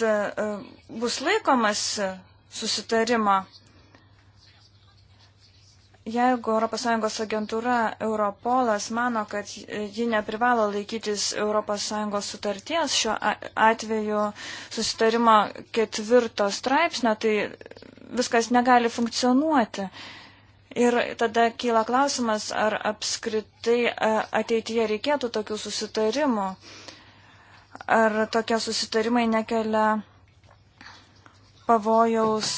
kad e, bus laikomas susitarimo. Jeigu ES agentūra Europolas mano, kad ji neprivalo laikytis ES sutarties šiuo atveju susitarimo ketvirto straipsnio, tai viskas negali funkcionuoti. Ir tada kyla klausimas, ar apskritai e, ateityje reikėtų tokių susitarimų. Uh, Ar tokie susitarimai nekelia pavojaus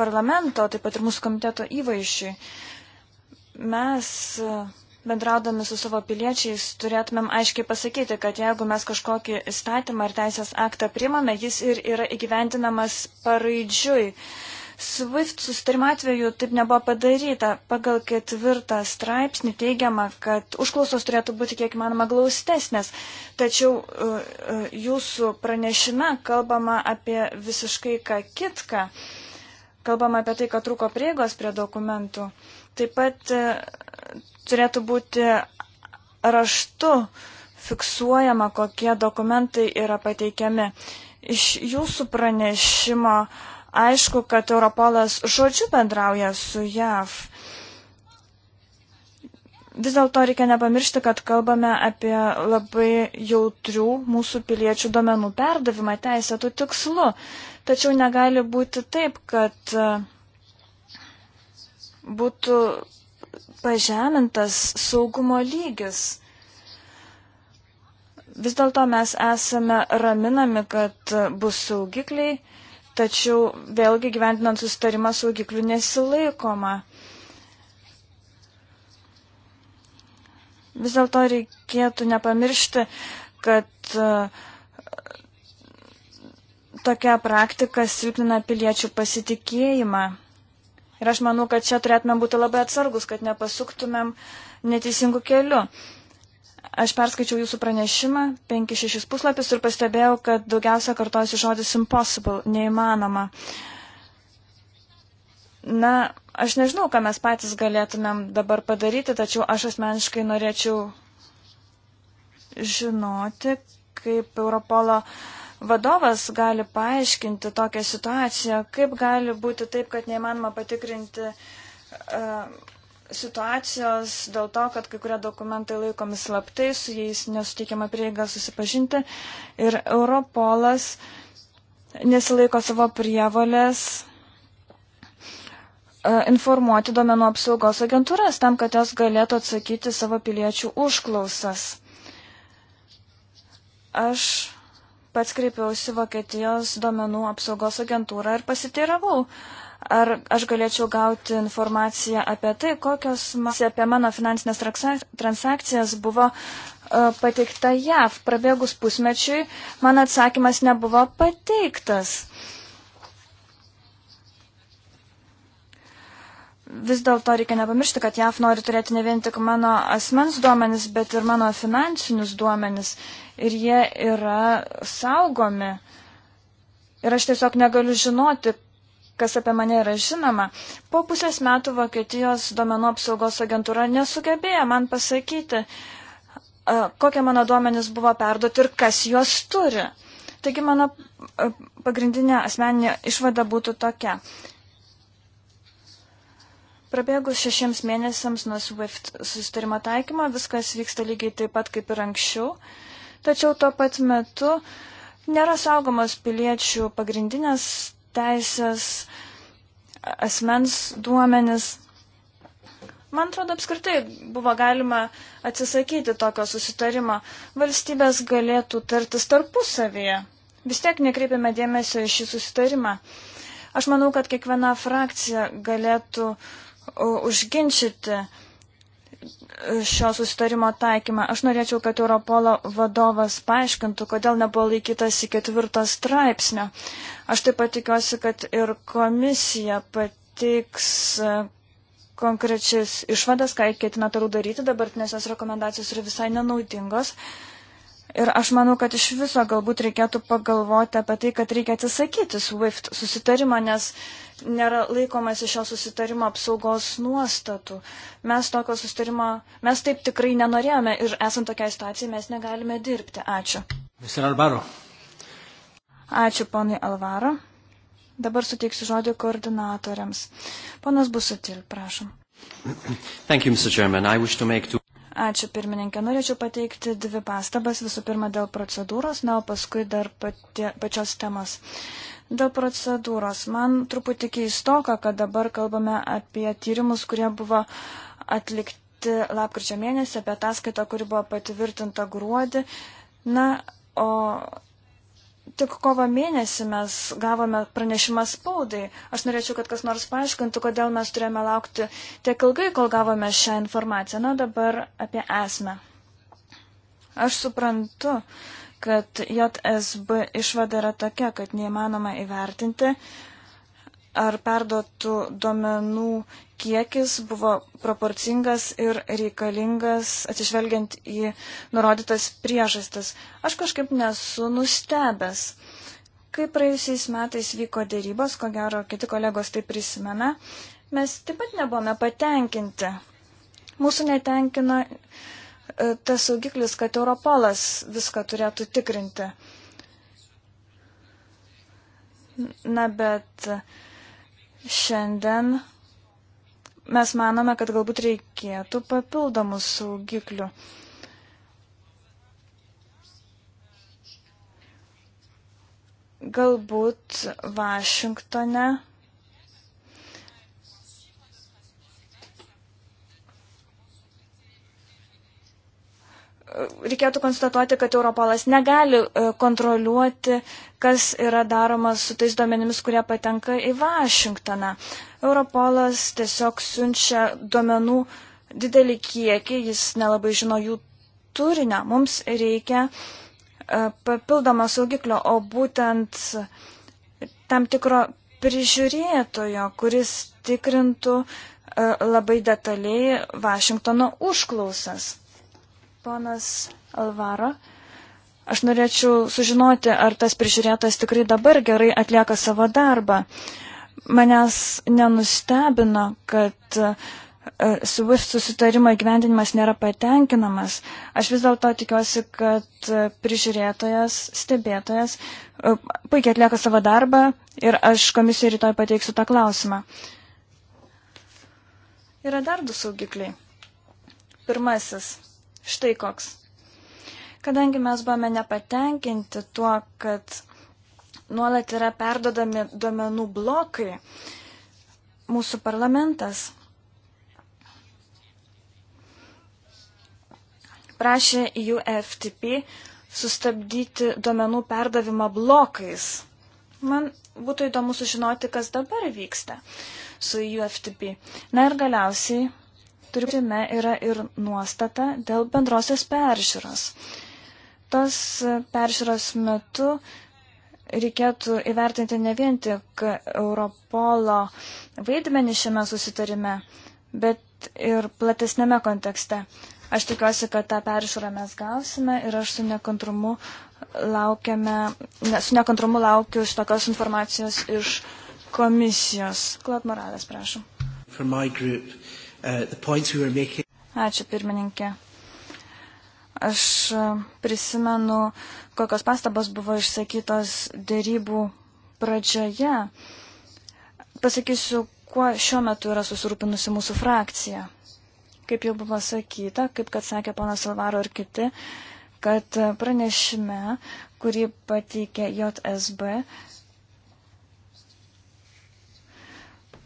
parlamento, taip pat ir mūsų komiteto įvaišiui? Mes bendraudami su savo piliečiais turėtumėm aiškiai pasakyti, kad jeigu mes kažkokį įstatymą ar teisės aktą primame, jis ir yra įgyventinamas paraidžiui. Uh, SWIFT sustarimo atveju taip nebuvo padaryta. Pagal ketvirtą straipsnį teigiama, kad užklausos turėtų būti kiek įmanoma glaustesnės. Tačiau e, e, jūsų pranešime kalbama apie visiškai ką kitką. Kalbama apie tai, kad trūko prieigos prie dokumentų. Taip pat e, turėtų būti raštu fiksuojama, kokie dokumentai yra pateikiami. Iš jūsų pranešimo uh, Aišku, kad Europolas žodžiu bendrauja su JAV. Vis dėlto reikia nepamiršti, kad kalbame apie labai jautrių mūsų piliečių domenų perdavimą teisėtų tikslu. Tačiau negali būti taip, kad e, būtų pažemintas saugumo lygis. Vis dėlto mes esame raminami, kad e, bus saugikliai tačiau vėlgi gyventinant susitarimą saugiklių nesilaikoma. Vis dėlto reikėtų nepamiršti, kad e, tokia praktika silpnina piliečių pasitikėjimą. Ir aš manau, kad čia turėtume būti labai atsargus, kad nepasuktumėm neteisingų kelių. Aš perskaičiau jūsų pranešimą, 5-6 puslapius ir pastebėjau, kad daugiausia kartosi žodis impossible, neįmanoma. Na, aš nežinau, ką mes patys galėtumėm dabar padaryti, tačiau aš asmeniškai norėčiau žinoti, kaip Europolo vadovas gali paaiškinti tokią situaciją, kaip gali būti taip, kad neįmanoma patikrinti uh, situacijos dėl to, kad kai kurie dokumentai laikomi slaptai, su jais nesuteikiama prieiga susipažinti ir Europolas nesilaiko savo prievalės e, informuoti domenų apsaugos agentūras tam, kad jos galėtų atsakyti savo piliečių užklausas. Aš pats kreipiausi Vokietijos domenų apsaugos agentūrą ir pasiteiravau, uh, Ar aš galėčiau gauti informaciją apie tai, kokios apie mano finansinės transakcijas buvo e, pateikta JAV. Prabėgus pusmečiui, man atsakymas nebuvo pateiktas. vis dėlto reikia nepamiršti, kad JAF nori turėti ne vien tik mano asmens duomenis, bet ir mano finansinius duomenis. Ir jie yra saugomi. Ir aš tiesiog negaliu žinoti, kas apie mane yra žinoma. Po pusės metų Vokietijos duomenų apsaugos agentūra nesugebėjo man pasakyti, e, kokie mano duomenys buvo perduoti ir kas juos turi. Taigi mano e, pagrindinė asmeninė išvada būtų tokia. Prabėgus šešiems mėnesiams nuo SWIFT susitarimo taikymo, viskas vyksta lygiai taip pat kaip ir anksčiau, tačiau tuo pat metu nėra saugomos piliečių pagrindinės teisės, asmens duomenis. Man atrodo, apskritai buvo galima atsisakyti tokio susitarimo. Valstybės galėtų tartis tarpusavyje. Vis tiek nekreipiame dėmesio į šį susitarimą. Aš manau, kad kiekviena frakcija galėtų užginčyti uh, šio susitarimo taikymą. Aš norėčiau, kad Europolo vadovas paaiškintų, kodėl nebuvo laikytasi ketvirto straipsnio. Aš taip pat tikiuosi, kad ir komisija patiks e, konkrečias išvadas, ką ketina toliau daryti, dabartinės jos rekomendacijos yra visai nenaudingos. Ir aš manau, kad iš viso galbūt reikėtų pagalvoti apie tai, kad reikia atsisakyti SWIFT susitarimo, nes nėra laikomasi šio susitarimo apsaugos nuostatų. Mes tokio susitarimo, mes taip tikrai nenorėjome ir esant tokiai situacijai mes negalime dirbti. Ačiū. Mr. Alvaro. Ačiū, ponai Alvaro. Dabar suteiksiu žodį koordinatoriams. Ponas Busutil, prašom. Thank you, Mr. Chairman. I wish to make two... Ačiū pirmininkė. Norėčiau pateikti dvi pastabas. Visų pirma, dėl procedūros, na, o paskui dar pati, pačios temos. Dėl procedūros. Man truputį keistoka, kad dabar kalbame apie tyrimus, kurie buvo atlikti lapkričio mėnesį, apie ataskaitą, kuri buvo patvirtinta gruodį. Na, o tik kovo mėnesį mes gavome pranešimą spaudai. Aš norėčiau, kad kas nors paaiškintų, kodėl mes turėjome laukti tiek ilgai, kol gavome šią informaciją. Na, dabar apie esmę. Aš suprantu, uh, kad JSB išvada yra tokia, kad neįmanoma įvertinti, ar perduotų duomenų kiekis buvo proporcingas ir reikalingas atsižvelgiant į nurodytas priežastis. Aš kažkaip nesu nustebęs. Kai praėjusiais metais vyko dėrybos, ko gero kiti kolegos tai prisimena, mes taip pat nebuvome patenkinti. Mūsų netenkino E, tas saugiklis, kad Europolas viską turėtų tikrinti. Na, bet šiandien mes manome, kad galbūt reikėtų papildomų saugiklių. Galbūt Vašingtone reikėtų konstatuoti, kad Europolas negali e, kontroliuoti, kas yra daroma su tais duomenimis, kurie patenka į Vašingtoną. Europolas tiesiog siunčia duomenų didelį kiekį, jis nelabai žino jų turinio. Mums reikia e, papildomą saugiklio, o būtent tam tikro prižiūrėtojo, kuris tikrintų e, labai detaliai Vašingtono užklausas ponas Alvaro. Aš norėčiau sužinoti, ar tas prižiūrėtas tikrai dabar gerai atlieka savo darbą. Manęs nenustebino, kad e, SWIFT susitarimo įgyvendinimas nėra patenkinamas. Aš vis dėlto tikiuosi, kad e, prižiūrėtojas, stebėtojas e, puikiai atlieka savo darbą ir aš komisijai rytoj pateiksiu tą klausimą. Yra dar du saugikliai. Pirmasis štai koks. Kadangi mes buvome nepatenkinti tuo, kad nuolat yra perdodami duomenų blokai, mūsų parlamentas prašė UFTP sustabdyti duomenų perdavimą blokais. Man būtų įdomu sužinoti, kas dabar vyksta su UFTP. Na ir galiausiai Turime yra ir nuostata dėl bendrosios peržiūros. Tos peržiūros metu reikėtų įvertinti ne vien tik Europolo vaidmenį šiame susitarime, bet ir platesnėme kontekste. Aš tikiuosi, kad tą peržiūrą mes gausime ir aš su nekantrumu, laukiame, ne, su nekantrumu laukiu šitokios informacijos iš komisijos. Klot Moralės, prašom. Uh, Ačiū pirmininkė. Aš uh, prisimenu, kokios pastabos buvo išsakytos dėrybų pradžioje. Pasakysiu, kuo šiuo metu yra susirūpinusi mūsų frakcija. Kaip jau buvo sakyta, kaip kad sakė ponas Alvaro ir kiti, kad uh, pranešime, kurį pateikė JSB,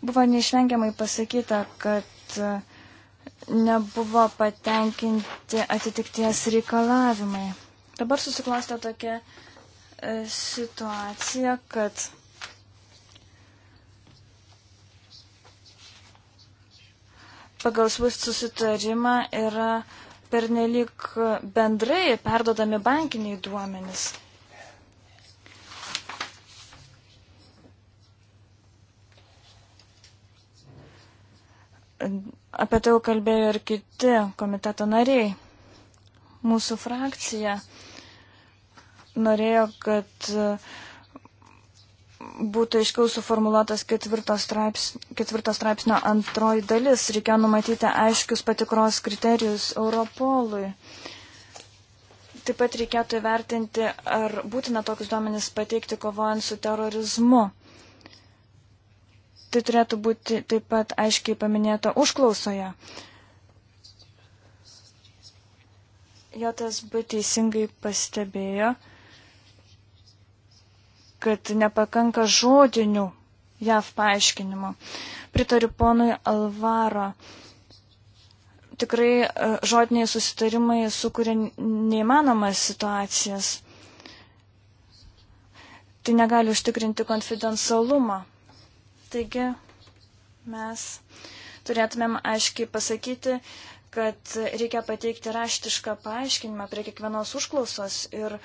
buvo neišvengiamai pasakyta, kad kad e, nebuvo patenkinti atitikties reikalavimai. Dabar susiklostė tokia e, situacija, kad pagal SWIFT susitarimą yra pernelyg bendrai perdodami bankiniai duomenys. Apie tai jau kalbėjo ir kiti komiteto nariai. Mūsų frakcija norėjo, kad e, būtų aiškiau suformuluotas ketvirto straipsnio, straipsnio antroji dalis. Reikėjo numatyti aiškius patikros kriterijus Europolui. Taip pat reikėtų įvertinti, ar būtina tokius duomenis pateikti kovojant su terorizmu. Tai turėtų būti taip pat aiškiai paminėta užklausoje. JSB teisingai pastebėjo, kad nepakanka žodinių JAV paaiškinimo. Pritariu ponui Alvaro. Tikrai e, žodiniai susitarimai sukuria neįmanomas situacijas. Tai negali užtikrinti konfidencialumą. Taigi mes turėtumėm aiškiai pasakyti, kad reikia pateikti raštišką paaiškinimą prie kiekvienos užklausos ir e,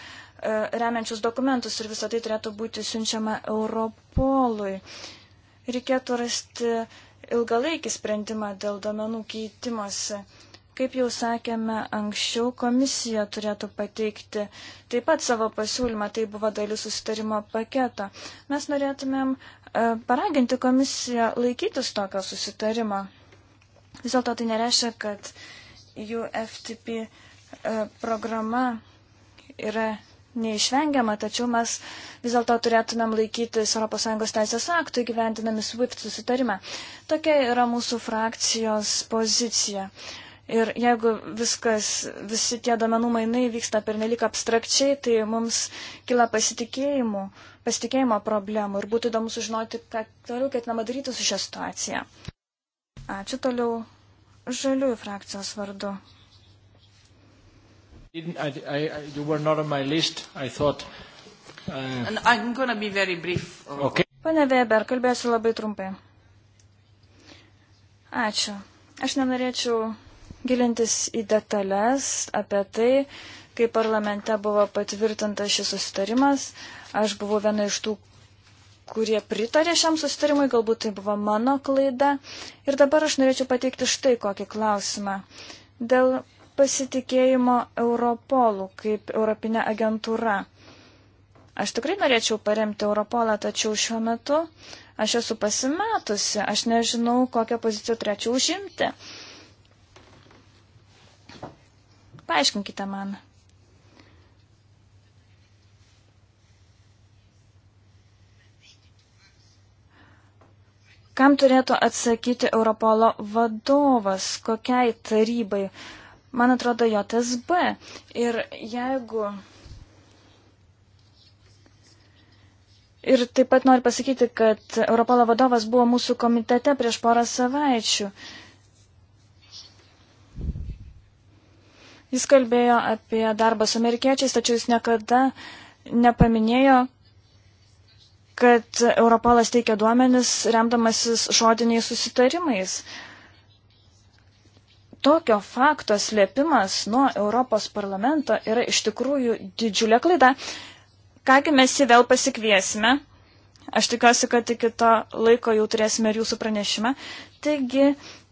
remiančius dokumentus ir visą tai turėtų būti siunčiama Europolui. Reikėtų rasti ilgalaikį sprendimą dėl domenų keitimosi. Kaip jau sakėme anksčiau, komisija turėtų pateikti taip pat savo pasiūlymą, tai buvo dalis susitarimo paketo. Mes norėtumėm e, paraginti komisiją laikytis tokio susitarimo. Vis dėlto tai nereiškia, kad UFTP e, programa yra neišvengiama, tačiau mes vis dėlto turėtumėm laikytis ES teisės aktų įgyvendinami SWIFT susitarimą. Tokia yra mūsų frakcijos pozicija. Uh, Ir jeigu viskas, visi tie domenų mainai vyksta pernelik abstrakčiai, tai mums kila pasitikėjimo, pasitikėjimo problemų ir būtų įdomu sužinoti, ką toliau ketinama daryti su šią situaciją. Ačiū toliau žaliųjų frakcijos vardu. Uh, Pane Weber, kalbėsiu labai trumpai. Ačiū. Aš nenorėčiau gilintis į detalės apie tai, kai parlamente buvo patvirtintas šis susitarimas. Aš buvau viena iš tų, kurie pritarė šiam susitarimui, galbūt tai buvo mano klaida. Ir dabar aš norėčiau pateikti štai kokį klausimą. Dėl pasitikėjimo Europolų kaip Europinė agentūra. Aš tikrai norėčiau paremti Europolą, tačiau šiuo metu aš esu pasimetusi, aš nežinau, kokią poziciją turėčiau užimti. Uh, Paaiškinkite man. Kam turėtų atsakyti Europolo vadovas, kokiai tarybai? Man atrodo, JSB. Ir jeigu. Ir taip pat noriu pasakyti, kad Europolo vadovas buvo mūsų komitete prieš porą savaičių. Uh, Jis kalbėjo apie darbą su amerikiečiais, tačiau jis niekada nepaminėjo, kad Europolas teikia duomenis remdamasis žodiniais susitarimais. Tokio fakto slėpimas nuo Europos parlamento yra iš tikrųjų didžiulė klaida. Kągi mes jį vėl pasikviesime. Aš tikiuosi, kad iki to laiko jau turėsime ir jūsų pranešimą. Taigi,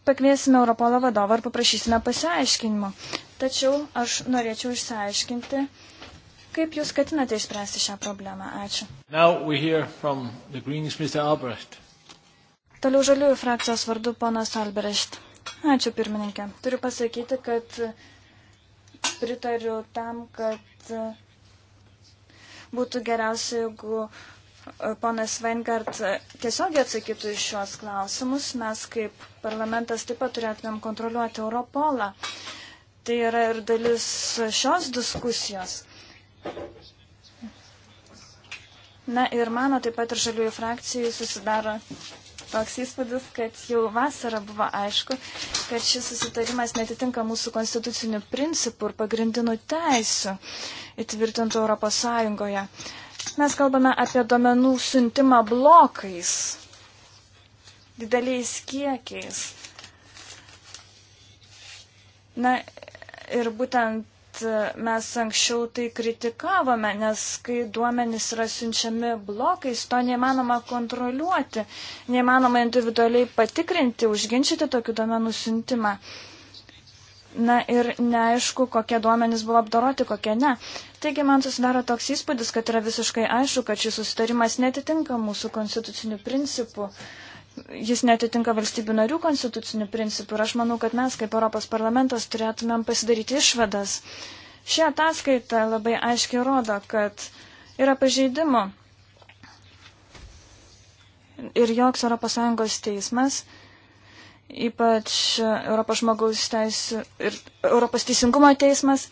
pakviesime Europolo vadovą ir paprašysime pasiaiškinimo. Tačiau aš norėčiau išsiaiškinti, kaip jūs ketinate išspręsti šią problemą. Ačiū. Greens, Toliau žaliųjų frakcijos vardu ponas Albrecht. Ačiū pirmininkė. Turiu pasakyti, kad pritariu tam, kad būtų geriausia, jeigu E, ponas Weingart e, tiesiogiai atsakytų iš šios klausimus, mes kaip parlamentas taip pat turėtumėm kontroliuoti Europolą. Tai yra ir dalis šios diskusijos. Na ir mano taip pat ir žaliųjų frakcijai susidaro toks įspūdis, kad jau vasara buvo aišku, kad šis susitarimas netitinka mūsų konstitucinių principų ir pagrindinių teisų įtvirtintų Europos Sąjungoje. Uh, Mes kalbame apie domenų siuntimą blokais, dideliais kiekiais. Na ir būtent e, mes anksčiau tai kritikavome, nes kai duomenys yra siunčiami blokais, to neįmanoma kontroliuoti, neįmanoma individualiai patikrinti, užginčyti tokių duomenų siuntimą. Uh, Na ir neaišku, kokie duomenys buvo apdoroti, kokie ne. Taigi man susidaro toks įspūdis, kad yra visiškai aišku, kad šis susitarimas netitinka mūsų konstitucinių principų. Jis netitinka valstybių narių konstitucinių principų ir aš manau, kad mes kaip Europos parlamentas turėtumėm pasidaryti išvadas. Ši ataskaita labai aiškiai rodo, kad yra pažeidimo ir joks ES teismas ypač Europos žmogaus teisų ir Europos teisingumo teismas,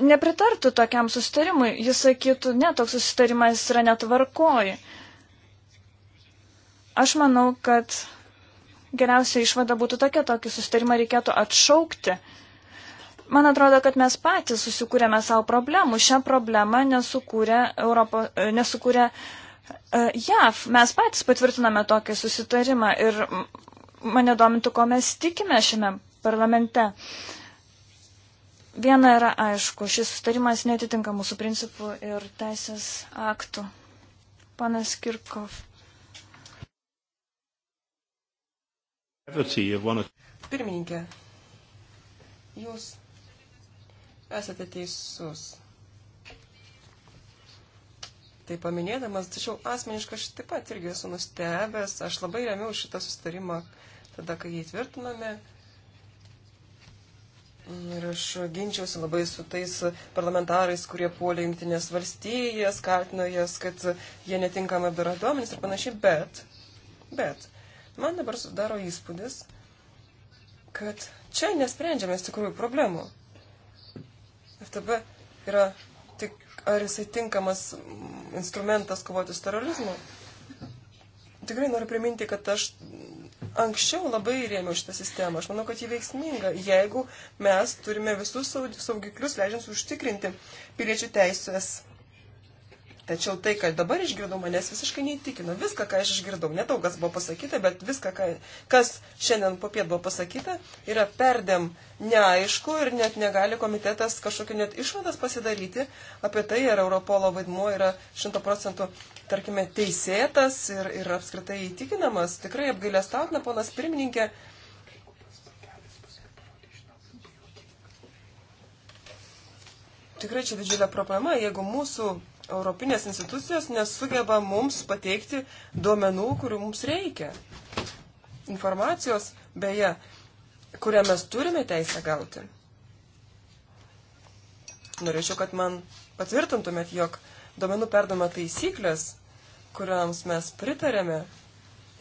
nepritartų tokiam sustarimui. Jis sakytų, ne, toks sustarimas yra netvarkoji. Aš manau, kad geriausia išvada būtų tokia, tokį sustarimą reikėtų atšaukti. Man atrodo, kad mes patys susikūrėme savo problemų. Šią problemą nesukūrė, Europo, nesukūrė uh, JAV. Mes patys patvirtiname tokį susitarimą ir mane domintų, ko mes tikime šiame parlamente. Viena yra aišku, šis sustarimas netitinka mūsų principų ir teisės aktų. Panas Kirkov. Pirmininkė, jūs esate teisus tai paminėdamas, tačiau asmeniškai aš taip pat irgi esu nustebęs, aš labai remiau šitą sustarimą tada, kai jį tvirtiname. Ir aš ginčiausi labai su tais parlamentarais, kurie puolė jungtinės valstijas, kaltino jas, kad jie netinkamai apdaro duomenys ir panašiai, bet, bet, man dabar sudaro įspūdis, kad čia nesprendžiame iš tikrųjų problemų. FTB yra ar jisai tinkamas instrumentas kovoti su terorizmu. Tikrai noriu priminti, kad aš anksčiau labai rėmiau šitą sistemą. Aš manau, kad ji veiksminga, jeigu mes turime visus saugiklius, leidžiant užtikrinti piliečių teisės Tačiau tai, kad dabar išgirdau, manęs visiškai neįtikino. Viską, ką aš išgirdau, nedaug kas buvo pasakyta, bet viską, ką, kas šiandien popiet buvo pasakyta, yra perdėm neaišku ir net negali komitetas kažkokio net išvadas pasidaryti apie tai, ar Europolo vaidmuo yra šimto procentų, tarkime, teisėtas ir, ir apskritai įtikinamas. Tikrai apgailestautina, ponas pirmininkė. Tikrai čia didžiulė problema, jeigu mūsų Europinės institucijos nesugeba mums pateikti duomenų, kurių mums reikia. Informacijos, beje, kurią mes turime teisę gauti. Norėčiau, kad man patvirtintumėt, jog duomenų perdama taisyklės, kuriams mes pritarėme,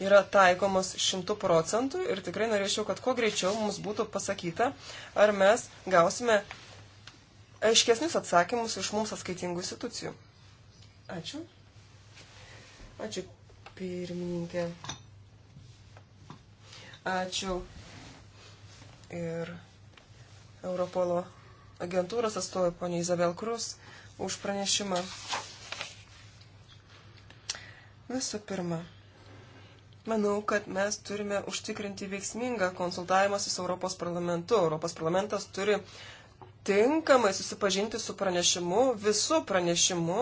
yra taikomos šimtų procentų ir tikrai norėčiau, kad kuo greičiau mums būtų pasakyta, ar mes gausime aiškesnius atsakymus iš mums atskaitingų institucijų. Ačiū. Ačiū, pirmininkė. Ačiū ir Europolo agentūros atstovai ponia Izabel Krus už pranešimą. Visų pirma, manau, kad mes turime užtikrinti veiksmingą konsultavimą su Europos parlamentu. Europos parlamentas turi tinkamai susipažinti su pranešimu, visų pranešimu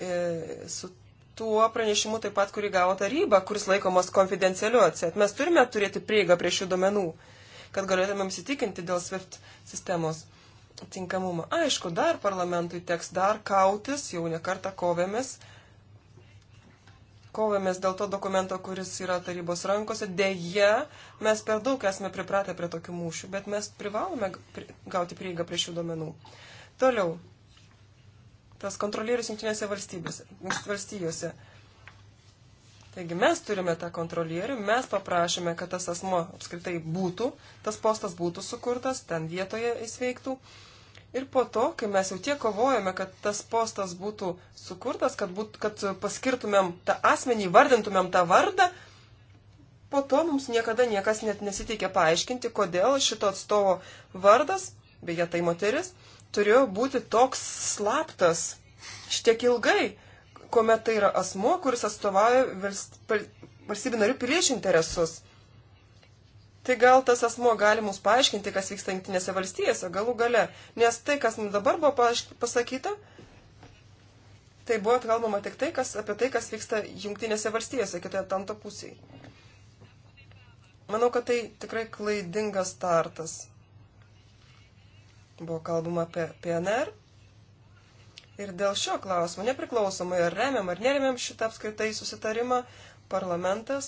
E, su tuo pranešimu taip pat, kurį gavo taryba, kuris laikomas konfidencialiu atset. Mes turime turėti prieigą prie šių domenų, kad galėtumėm įsitikinti dėl SWIFT sistemos tinkamumą. Aišku, dar parlamentui teks dar kautis, jau nekartą kovėmės. Kovėmės dėl to dokumento, kuris yra tarybos rankose. Deja, mes per daug esame pripratę prie tokių mūšių, bet mes privalome gauti prieigą prie šių domenų. Toliau, tas kontrolierius jungtinėse valstijose. Taigi mes turime tą kontrolierių, mes paprašėme, kad tas asmo apskritai būtų, tas postas būtų sukurtas, ten vietoje įsveiktų. Ir po to, kai mes jau tiek kovojame, kad tas postas būtų sukurtas, kad, būt, kad paskirtumėm tą asmenį, vardintumėm tą vardą, po to mums niekada niekas net nesiteikė paaiškinti, kodėl šito atstovo vardas, beje tai moteris, turėjo būti toks slaptas šitiek ilgai, kuomet tai yra asmo, kuris atstovauja valstybių narių piliečių interesus. Tai gal tas asmo gali mums paaiškinti, kas vyksta jungtinėse valstijose galų gale, nes tai, kas mums dabar buvo pasakyta, tai buvo kalbama tik tai, kas, apie tai, kas vyksta jungtinėse valstijose, kitoje tanto pusėje. Manau, kad tai tikrai klaidingas startas. Buvo kalbama apie PNR. Ir dėl šio klausimo, nepriklausomai ar remiam ar neremiam šitą apskritai susitarimą, parlamentas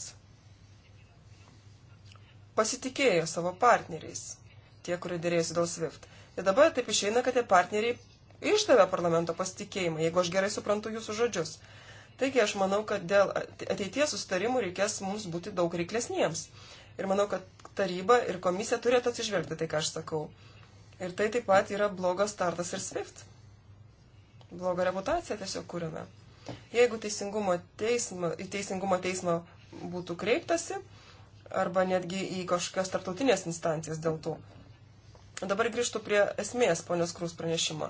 pasitikėjo savo partneriais, tie, kurie dėrėjosi dėl SWIFT. Ir dabar taip išeina, kad tie partneriai išdavė parlamento pasitikėjimą, jeigu aš gerai suprantu jūsų žodžius. Taigi aš manau, kad dėl ateities sustarimų reikės mums būti daug reiklesniems. Ir manau, kad taryba ir komisija turėtų atsižvelgti tai, ką aš sakau. Ir tai taip pat yra blogas startas ir SWIFT. Blogą reputaciją tiesiog kūrėme. Jeigu teisingumo teismo, į teisingumo teismą būtų kreiptasi, arba netgi į kažkokias tarptautinės instancijas dėl to. Dabar grįžtų prie esmės ponios Krus pranešimo.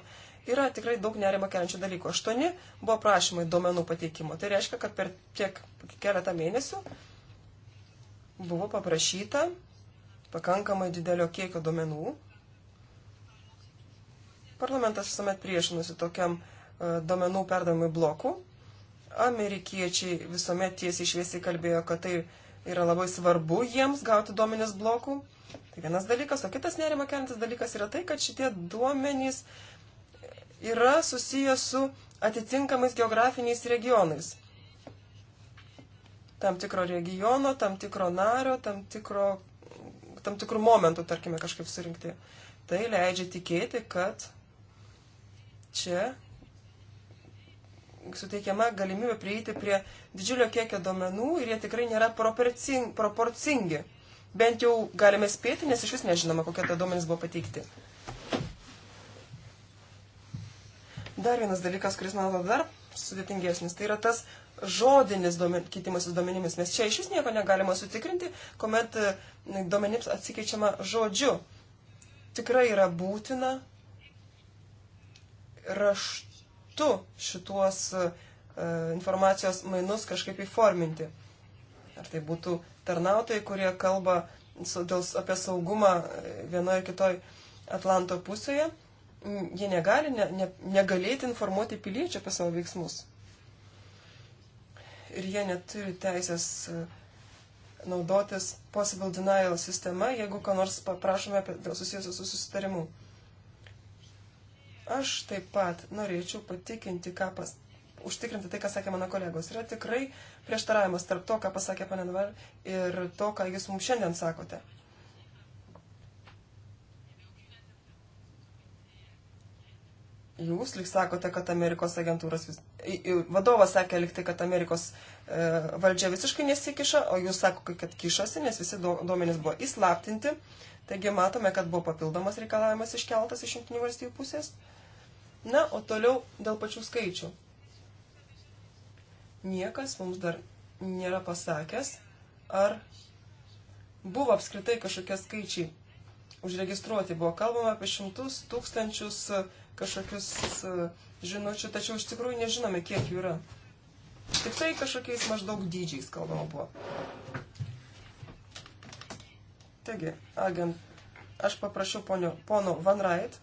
Yra tikrai daug nerima keliančių dalykų. Aštuoni buvo prašymai duomenų pateikimo. Tai reiškia, kad per tiek keletą mėnesių buvo paprašyta pakankamai didelio kiekio duomenų Parlamentas visuomet priešinusi tokiam e, domenų perdavimui blokų. Amerikiečiai visuomet tiesiai šviesiai kalbėjo, kad tai yra labai svarbu jiems gauti duomenis blokų. Tai vienas dalykas, o kitas nerima keliantis dalykas yra tai, kad šitie duomenys yra susijęs su atitinkamais geografiniais regionais. Tam tikro regiono, tam tikro nario, tam, tikro, tam tikrų momentų, tarkime, kažkaip surinkti. Tai leidžia tikėti, kad Čia suteikiama galimybė prieiti prie didžiulio kiekio domenų ir jie tikrai nėra proporcingi. Bent jau galime spėti, nes iš vis nežinoma, kokie tie duomenys buvo pateikti. Dar vienas dalykas, kuris man atrodo dar sudėtingesnis, tai yra tas žodinis duomen, keitimasis duomenimis, nes čia iš vis nieko negalima sutikrinti, kuomet e, duomenims atsikeičiama žodžiu. Tikrai yra būtina raštu šituos e, informacijos mainus kažkaip įforminti. Ar tai būtų tarnautojai, kurie kalba apie saugumą e, vienoje ar kitoje Atlanto pusėje, jie negali ne, ne, negalėti informuoti piliečių apie savo veiksmus. Ir jie neturi teisės e, naudotis possible denial sistema, jeigu ką nors paprašome dėl susijusios su susitarimu. Aš taip pat norėčiau patikinti, ką pas, užtikrinti tai, ką sakė mano kolegos. Yra tikrai prieštaravimas tarp to, ką pasakė pane Navar ir to, ką jūs mums šiandien sakote. Jūs lik sakote, kad Amerikos agentūros vis... vadovas sakė likti, kad Amerikos e, valdžia visiškai nesikiša, o jūs sakote, kad kišasi, nes visi duomenys buvo įslaptinti. E, Taigi matome, kad buvo papildomas reikalavimas iškeltas iš jungtinių valstybių pusės. Na, o toliau dėl pačių skaičių. Niekas mums dar nėra pasakęs, ar buvo apskritai kažkokie skaičiai užregistruoti. Buvo kalbama apie šimtus, tūkstančius kažkokius e, žinučių, tačiau iš tikrųjų nežinome, kiek jų yra. Tik tai kažkokiais maždaug dydžiais kalbama buvo. Taigi, agent, aš paprašiau ponio, pono Van Rait,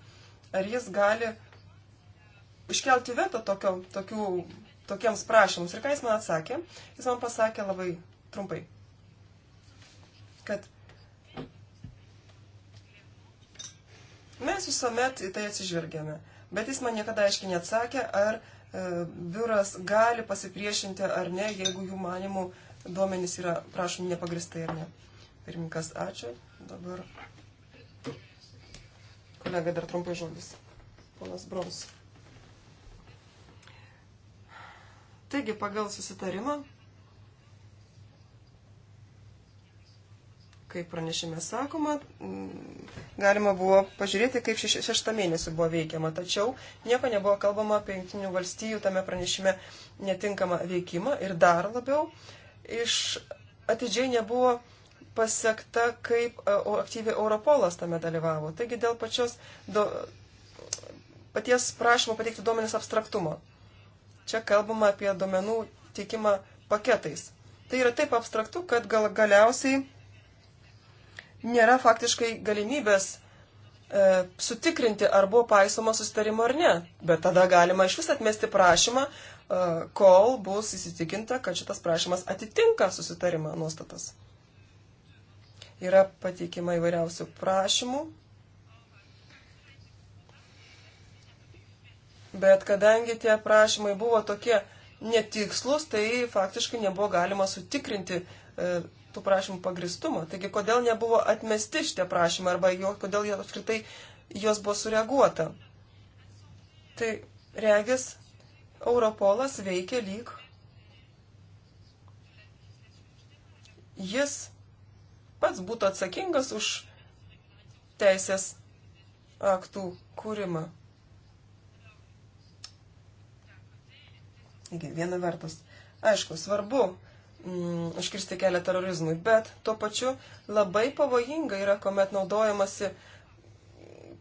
ar jis gali iškelti veto tokio, tokių, tokiems prašymams. Ir ką jis man atsakė? Jis man pasakė labai trumpai, kad mes visuomet į tai atsižvelgiame. Bet jis man niekada aiškiai neatsakė, ar e, biuras gali pasipriešinti ar ne, jeigu jų manimų duomenys yra prašomi nepagristai ar ne. Pirmininkas, ačiū. Dabar kolega dar trumpai žodis. Ponas Brons. Taigi, pagal susitarimą, kaip pranešime sakoma, galima buvo pažiūrėti, kaip šeštą mėnesį buvo veikiama, tačiau nieko nebuvo kalbama apie jungtinių valstybių tame pranešime netinkamą veikimą ir dar labiau iš atidžiai nebuvo pasiekta, kaip e, aktyviai Europolas tame dalyvavo. Taigi dėl pačios, do, paties prašymo pateikti duomenis abstraktumo. Čia kalbama apie duomenų teikimą paketais. Tai yra taip abstraktu, kad gal, galiausiai nėra faktiškai galimybės e, sutikrinti, ar buvo paisoma susitarimo ar ne. Bet tada galima iš vis atmesti prašymą, e, kol bus įsitikinta, kad šitas prašymas atitinka susitarimo nuostatas. Yra pateikima įvairiausių prašymų. Bet kadangi tie prašymai buvo tokie netikslus, tai faktiškai nebuvo galima sutikrinti e, tų prašymų pagristumą. Taigi, kodėl nebuvo atmesti šitie prašymai arba jo, kodėl jie apskritai jos buvo sureaguota. Tai regis, Europolas veikia lyg. Jis pats būtų atsakingas už teisės aktų kūrimą. Taigi, viena vertus, aišku, svarbu mm, užkirsti kelią terorizmui, bet tuo pačiu labai pavojinga yra, kuomet naudojamasi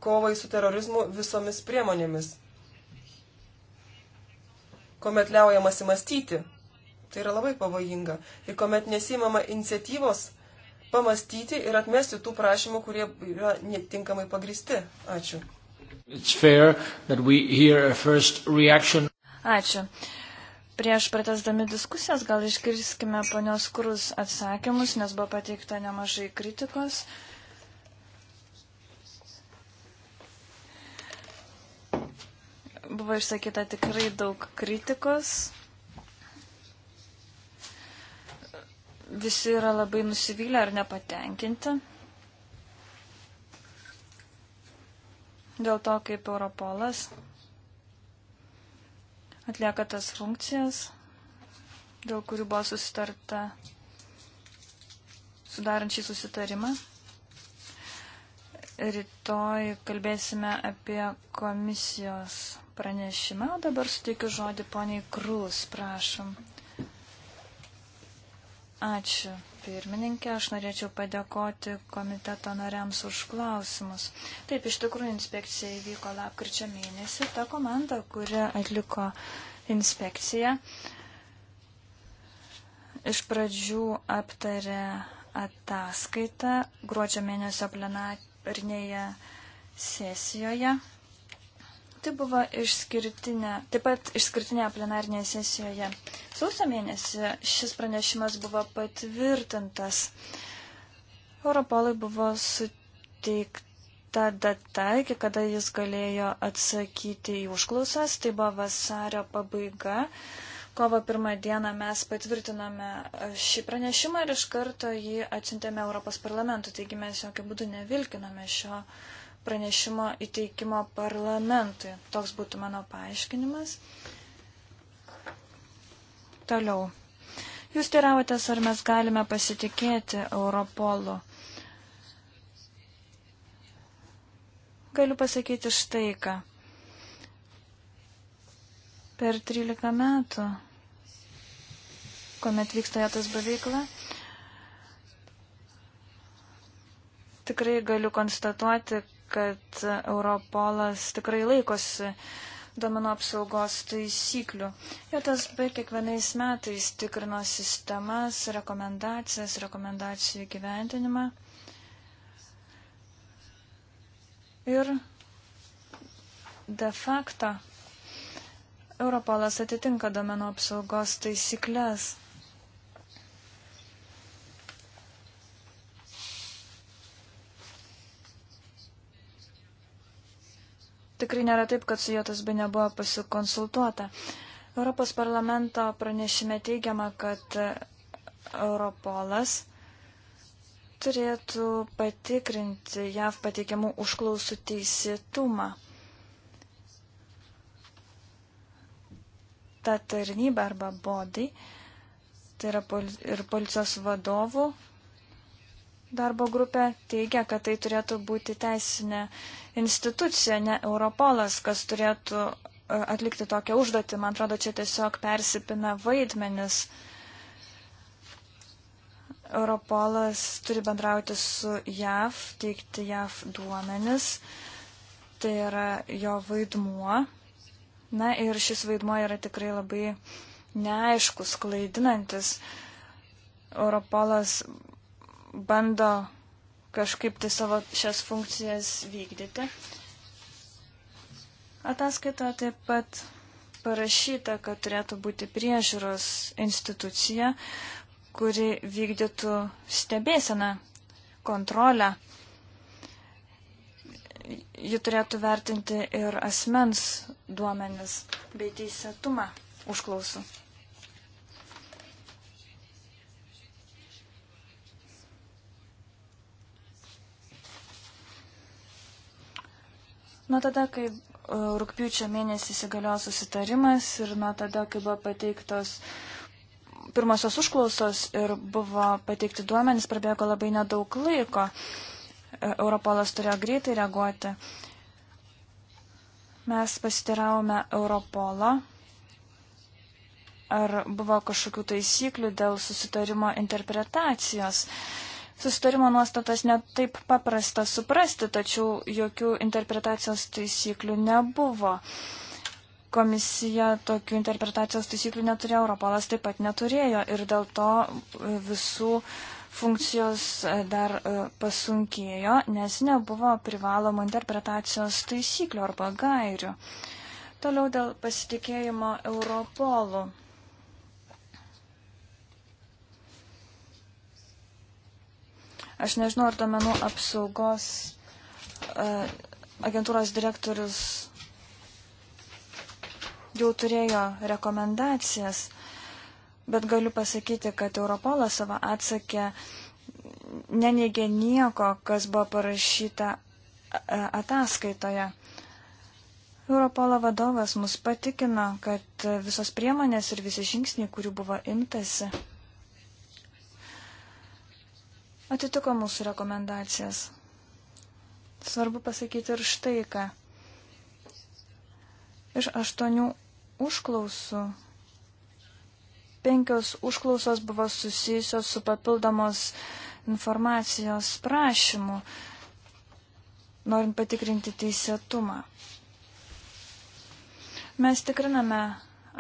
kovai su terorizmu visomis priemonėmis. Kuomet liaujamasi mąstyti, tai yra labai pavojinga. Ir kuomet nesimama iniciatyvos pamastyti ir atmesti tų prašymų, kurie yra netinkamai pagristi. Ačiū. Ačiū. Prieš pratesdami diskusijas gal išgirskime ponios Krus atsakymus, nes buvo pateikta nemažai kritikos. Buvo išsakyta tikrai daug kritikos visi yra labai nusivylę ar nepatenkinti. Dėl to, kaip Europolas atlieka tas funkcijas, dėl kurių buvo susitarta sudarant šį susitarimą. Rytoj kalbėsime apie komisijos pranešimą, o dabar suteikiu žodį poniai Krūs, prašom. Ačiū, pirmininkė. Aš norėčiau padėkoti komiteto nariams už klausimus. Taip, iš tikrųjų, inspekcija įvyko lapkričio mėnesį. Ta komanda, kuri atliko inspekciją, iš pradžių aptarė ataskaitą gruodžio mėnesio plenarinėje sesijoje. Tai buvo išskirtinė, taip pat išskirtinė plenarinėje sesijoje. Sausio mėnesį šis pranešimas buvo patvirtintas. Europolui buvo suteikta data, iki kada jis galėjo atsakyti į užklausas. Tai buvo vasario pabaiga. Kovo pirmą dieną mes patvirtinome šį pranešimą ir iš karto jį atsintėme Europos parlamentui. Taigi mes jokių būdų nevilkiname šio pranešimo pranešimo įteikimo parlamentui. Toks būtų mano paaiškinimas. Toliau. Jūs teravotės, ar mes galime pasitikėti Europolu. Galiu pasakyti štai ką. Per 13 metų, kuomet vyksta jatas beveikla, tikrai galiu konstatuoti, kad Europolas tikrai laikosi domino apsaugos taisyklių. JTSB kiekvienais metais tikrino sistemas, rekomendacijas, rekomendacijų gyventinimą. Ir de facto Europolas atitinka domeno apsaugos taisyklės. Tikrai nėra taip, kad su JOTSB nebuvo pasikonsultuota. Europos parlamento pranešime teigiama, kad Europolas turėtų patikrinti JAV pateikiamų užklausų teisėtumą. Ta tarnyba arba bodai, tai yra pol ir policijos vadovų darbo grupė, teigia, kad tai turėtų būti teisinė institucija, ne Europolas, kas turėtų e, atlikti tokią užduotį. Man atrodo, čia tiesiog persipina vaidmenis. Europolas turi bendrauti su JAV, teikti JAV duomenis. Tai yra jo vaidmuo. Na ir šis vaidmuo yra tikrai labai neaiškus, klaidinantis. Europolas bando kažkaip tai savo šias funkcijas vykdyti. Ataskaitoje taip pat parašyta, kad turėtų būti priežiūros institucija, kuri vykdytų stebėseną, kontrolę. Ji turėtų vertinti ir asmens duomenis bei teisėtumą užklausų. Nuo tada, kai e, rūpiučio mėnesį įsigaliojo susitarimas ir nuo tada, kai buvo pateiktos pirmosios užklausos ir buvo pateikti duomenys, prabėgo labai nedaug laiko. E, Europolas turėjo greitai reaguoti. Mes pasitiravome Europolą, ar buvo kažkokių taisyklių dėl susitarimo interpretacijos. Uh, Susitarimo nuostatas netaip paprasta suprasti, tačiau jokių interpretacijos taisyklių nebuvo. Komisija tokių interpretacijos taisyklių neturėjo, Europolas taip pat neturėjo ir dėl to e, visų funkcijos e, dar e, pasunkėjo, nes nebuvo privalomų interpretacijos taisyklių arba gairių. Toliau dėl pasitikėjimo Europolu. Aš nežinau, ar domenų apsaugos e, agentūros direktorius jau turėjo rekomendacijas, bet galiu pasakyti, kad Europolas savo atsakė neneigė nieko, kas buvo parašyta e, ataskaitoje. Europolo vadovas mus patikino, kad visos priemonės ir visi žingsniai, kurių buvo imtasi, atitiko mūsų rekomendacijas. Svarbu pasakyti ir štai ką. Iš aštuonių užklausų penkios užklausos buvo susijusios su papildomos informacijos prašymu, norint patikrinti teisėtumą. Mes tikriname,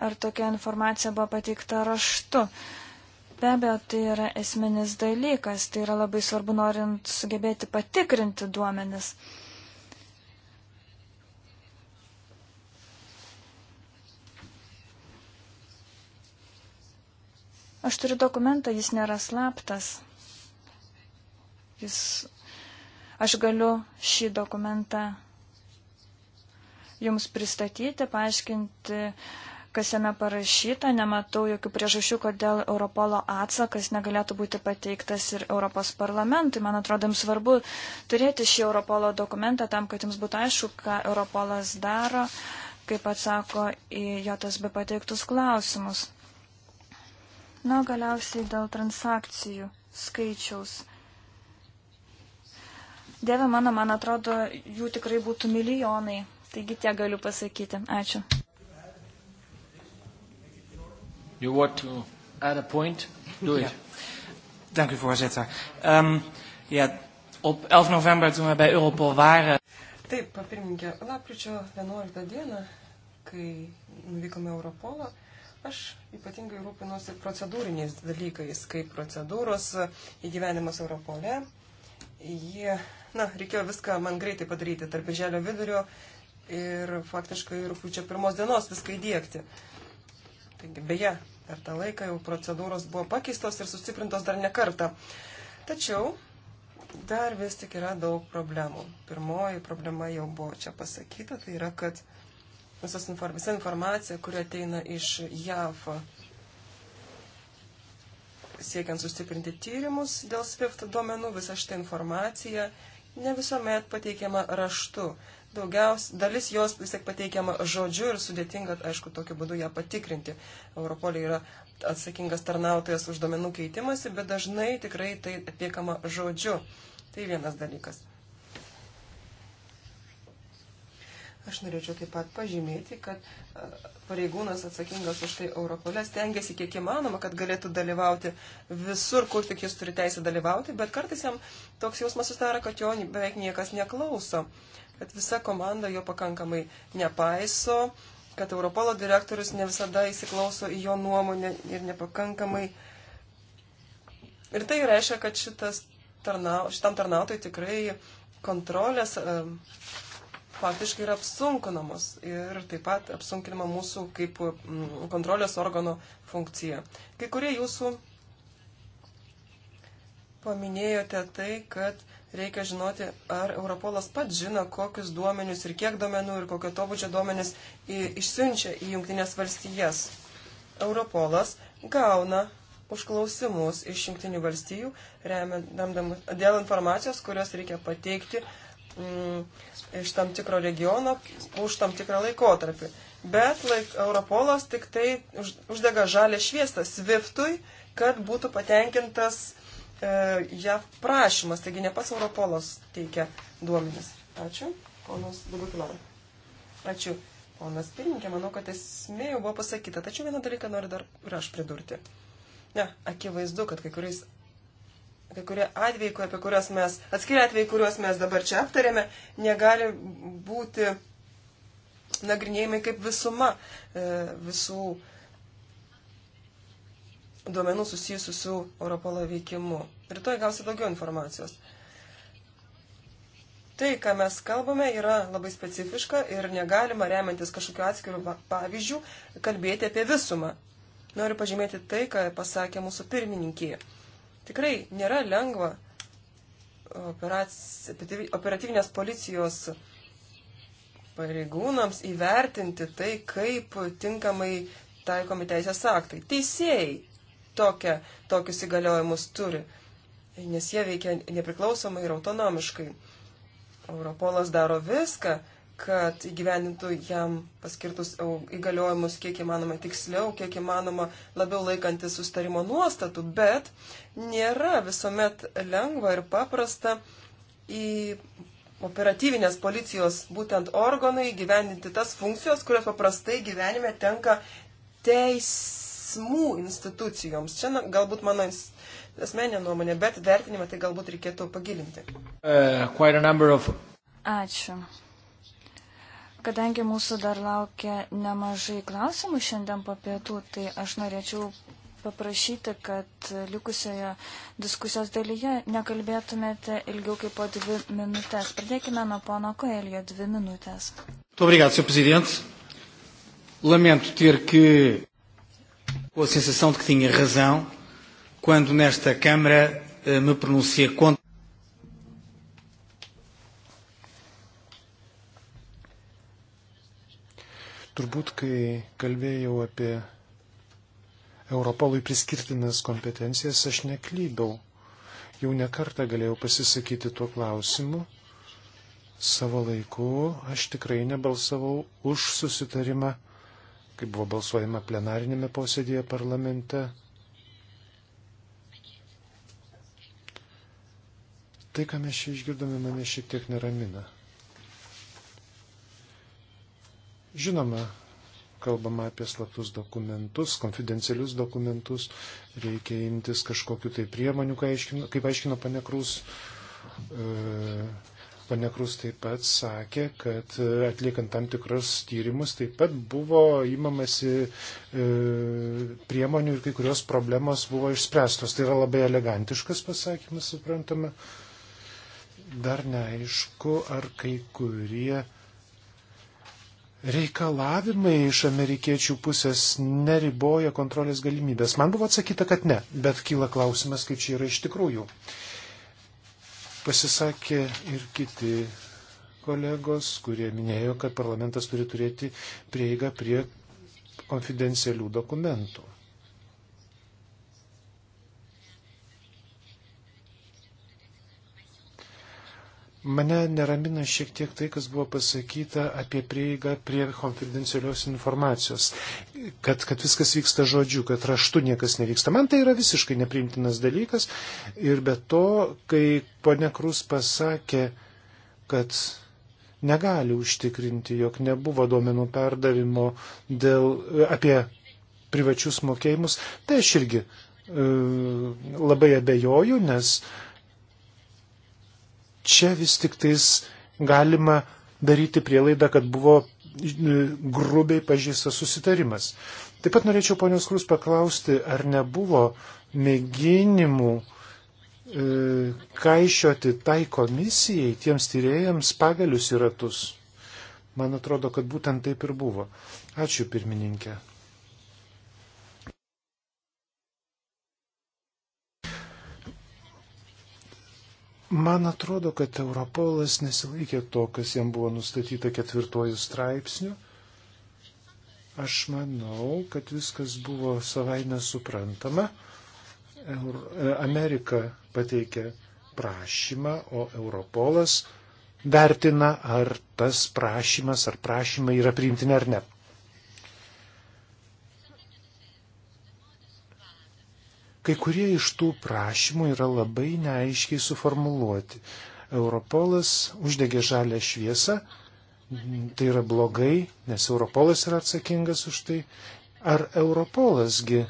ar tokia informacija buvo pateikta raštu. Be abejo, tai yra esminis dalykas, tai yra labai svarbu norint sugebėti patikrinti duomenis. Aš turiu dokumentą, jis nėra slaptas. Jis... Aš galiu šį dokumentą jums pristatyti, paaiškinti kas jame parašyta, nematau jokių priežasčių, kodėl Europolo atsakas negalėtų būti pateiktas ir Europos parlamentui. Man atrodo, jums svarbu turėti šį Europolo dokumentą tam, kad jums būtų aišku, ką Europolas daro, kaip atsako į JSB pateiktus klausimus. Na, galiausiai dėl transakcijų skaičiaus. Dieve mano, man atrodo, jų tikrai būtų milijonai. Taigi tie galiu pasakyti. Ačiū. You want to add a point? Do it. Ja. Dank u, voorzitter. Um, ja, op 11 november, toen we bij Europol waren. Taip, papirmininkė, lapkričio 11 dieną, kai nuvykome Europolą, aš ypatingai rūpinosi procedūriniais dalykais, kaip procedūros e, įgyvenimas Europole. Jie, na, reikėjo viską man greitai padaryti tarp birželio vidurio ir faktiškai rūpiučio pirmos dienos viską įdėkti. Uh, Taigi, beje, per tą laiką jau procedūros buvo pakeistos ir sustiprintos dar ne kartą. Tačiau dar vis tik yra daug problemų. Pirmoji problema jau buvo čia pasakyta, tai yra, kad visas, visa informacija, kuri ateina iš JAV siekiant sustiprinti tyrimus dėl SWIFT duomenų, visa šitą informaciją ne visuomet pateikiama raštu daugiaus, dalis jos vis tiek pateikiama žodžiu ir sudėtinga, aišku, tokiu būdu ją patikrinti. Europolė yra atsakingas tarnautojas už domenų keitimąsi, bet dažnai tikrai tai atliekama žodžiu. Tai vienas dalykas. Aš norėčiau taip pat pažymėti, kad pareigūnas atsakingas už tai Europolė stengiasi kiek įmanoma, kad galėtų dalyvauti visur, kur tik jis turi teisę dalyvauti, bet kartais jam toks jausmas susidaro, kad jo beveik niekas neklauso kad visa komanda jo pakankamai nepaiso, kad Europolo direktorius ne visada įsiklauso į jo nuomonę ir nepakankamai. Ir tai reiškia, kad šitas tarnau, šitam tarnautojui tikrai kontrolės e, faktiškai yra apsunkinamos ir taip pat apsunkinama mūsų kaip mm, kontrolės organo funkcija. Kai kurie jūsų paminėjote tai, kad reikia žinoti, ar Europolas pats žino, kokius duomenius ir kiek duomenų ir kokio tobučio duomenis išsiunčia į Junktinės valstijas. Europolas gauna užklausimus iš Junktinių valstijų remdam, dėl informacijos, kurios reikia pateikti mm, iš tam tikro regiono už tam tikrą laikotarpį. Bet laik, Europolas tik tai už, uždega žalę šviesą Swiftui, kad būtų patenkintas E, JAV prašymas, taigi ne pas Europolos teikia duomenis. Ačiū, ponas Dugutilar. Ačiū, ponas pirmininkė, manau, kad esmė jau buvo pasakyta, tačiau vieną dalyką noriu dar ir aš pridurti. Ne, akivaizdu, kad kai kuriais kai kurie atvejai, apie kuriuos mes, atskiri atvejai, kuriuos mes dabar čia aptarėme, negali būti nagrinėjimai kaip visuma e, visų duomenų susijusių su Europolo veikimu. Rytoj gausi daugiau informacijos. Tai, ką mes kalbame, yra labai specifiška ir negalima remiantis kažkokiu atskiriu pavyzdžiu kalbėti apie visumą. Noriu pažymėti tai, ką pasakė mūsų pirmininkė. Tikrai nėra lengva operac... operatyvinės policijos pareigūnams įvertinti tai, kaip tinkamai taikomi teisės aktai. Teisėjai tokia, tokius įgaliojimus turi, nes jie veikia nepriklausomai ir autonomiškai. Europolas daro viską, kad įgyvenintų jam paskirtus įgaliojimus kiek įmanoma tiksliau, kiek įmanoma labiau laikantis sustarimo nuostatų, bet nėra visuomet lengva ir paprasta į operatyvinės policijos būtent organai gyveninti tas funkcijos, kurios paprastai gyvenime tenka teis, veiksmų institucijoms. Čia na, galbūt mano asmeninė nuomonė, bet vertinimą tai galbūt reikėtų pagilinti. Uh, of... Ačiū. Kadangi mūsų dar laukia nemažai klausimų šiandien po pietų, tai aš norėčiau paprašyti, kad likusioje diskusijos dalyje nekalbėtumėte ilgiau kaip po dvi minutės. Pradėkime nuo pono Koelio dvi minutės. Obrigado, Sr. Presidente. Lamento ter que com a sensação de que tinha razão quando nesta Câmara eh, me pronuncia contra. Turbūt, kai kalbėjau apie Europolui priskirtinas kompetencijas, aš neklydau. Jau nekartą galėjau pasisakyti tuo klausimu. Savo laiku aš tikrai nebalsavau už susitarimą kaip buvo balsuojama plenarinėme posėdėje parlamente. Tai, ką mes čia išgirdome, mane šiek tiek neramina. Žinoma, kalbama apie slaptus dokumentus, konfidencialius dokumentus, reikia imtis kažkokiu tai priemonių, kaip aiškino panekrus. E, Pane Krus taip pat sakė, kad atliekant tam tikrus tyrimus taip pat buvo įmamasi e, priemonių ir kai kurios problemos buvo išspręstos. Tai yra labai elegantiškas pasakymas, suprantame. Dar neaišku, ar kai kurie reikalavimai iš amerikiečių pusės neriboja kontrolės galimybės. Man buvo atsakyta, kad ne, bet kyla klausimas, kaip čia yra iš tikrųjų. E, Pasisakė ir kiti kolegos, kurie minėjo, kad parlamentas turi turėti prieigą prie konfidencialių dokumentų. Mane neramina šiek tiek tai, kas buvo pasakyta apie prieigą prie konfidencialios informacijos, kad, kad viskas vyksta žodžiu, kad raštu niekas nevyksta. Man tai yra visiškai nepriimtinas dalykas ir be to, kai ponia Krus pasakė, kad negali užtikrinti, jog nebuvo duomenų perdavimo dėl, apie privačius mokėjimus, tai aš irgi e, labai abejoju, nes e, čia vis tik tais galima daryti prielaidą, kad buvo e, grubiai pažįstas susitarimas. Taip pat norėčiau ponios Krus paklausti, ar nebuvo mėginimų e, kaišioti tai komisijai, tiems tyrėjams pagalius į ratus. Man atrodo, kad būtent taip ir buvo. Ačiū pirmininkė. Man atrodo, kad Europolas nesilaikė to, kas jam buvo nustatyta ketvirtojų straipsnių. Aš manau, kad viskas buvo savai nesuprantama. Euro, e, Amerika pateikė prašymą, o Europolas vertina, ar tas prašymas ar prašymai yra priimtini ar ne. Kai kurie iš tų prašymų yra labai neaiškiai suformuluoti. Europolas uždegė žalę šviesą, tai yra blogai, nes Europolas yra atsakingas už tai. Ar Europolasgi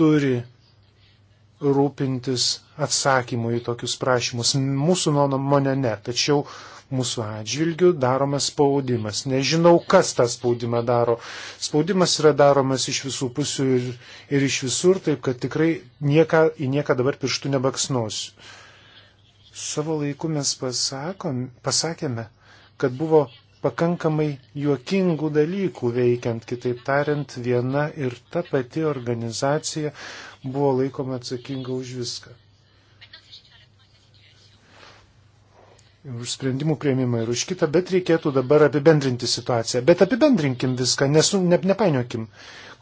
turi rūpintis atsakymu į tokius prašymus? Mūsų nuomonė ne, tačiau mūsų atžvilgių daromas spaudimas. Nežinau, kas tą spaudimą daro. Spaudimas yra daromas iš visų pusių ir, ir iš visur, taip kad tikrai nieka, į nieką dabar pirštų nebaksnosiu. Savo laiku mes pasakom, pasakėme, kad buvo pakankamai juokingų dalykų veikiant, kitaip tariant, viena ir ta pati organizacija buvo laikoma atsakinga už viską. ir už sprendimų prieimimą, ir už kitą, bet reikėtų dabar apibendrinti situaciją. Bet apibendrinkim viską, nesu, ne, nepainiokim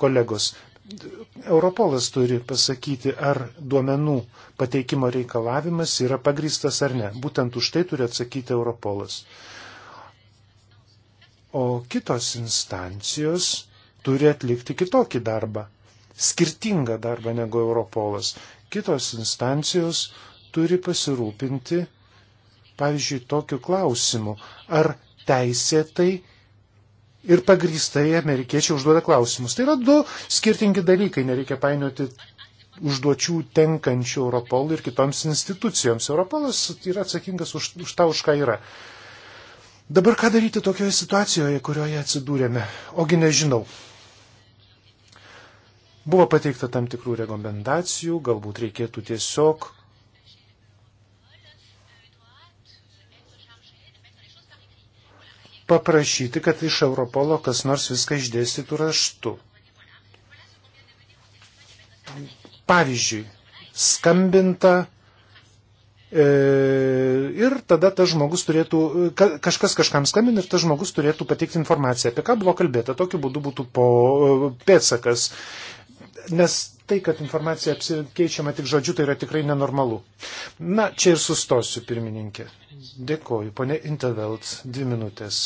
kolegos. Europolas turi pasakyti, ar duomenų pateikimo reikalavimas yra pagristas ar ne. Būtent už tai turi atsakyti Europolas. O kitos instancijos turi atlikti kitokį darbą, skirtingą darbą negu Europolas. Kitos instancijos turi pasirūpinti, pavyzdžiui, tokiu klausimu, ar teisėtai ir pagrįstai amerikiečiai užduoda klausimus. Tai yra du skirtingi dalykai, nereikia painioti užduočių tenkančių Europol ir kitoms institucijoms. Europolas yra atsakingas už, už tą, už ką yra. Dabar ką daryti tokioje situacijoje, kurioje atsidūrėme? Ogi nežinau. Buvo pateikta tam tikrų rekomendacijų, galbūt reikėtų tiesiog paprašyti, kad iš Europolo kas nors viską išdėstytų raštu. Pavyzdžiui, skambinta e, ir tada tas žmogus turėtų, kažkas kažkam skambina ir tas žmogus turėtų pateikti informaciją, apie ką buvo kalbėta, tokiu būdu būtų po e, pėtsakas. Nes tai, kad informacija apsikeičiama tik žodžiu, tai yra tikrai nenormalu. Na, čia ir sustosiu, pirmininkė. Dėkoju, ponė Intervelt, dvi minutės.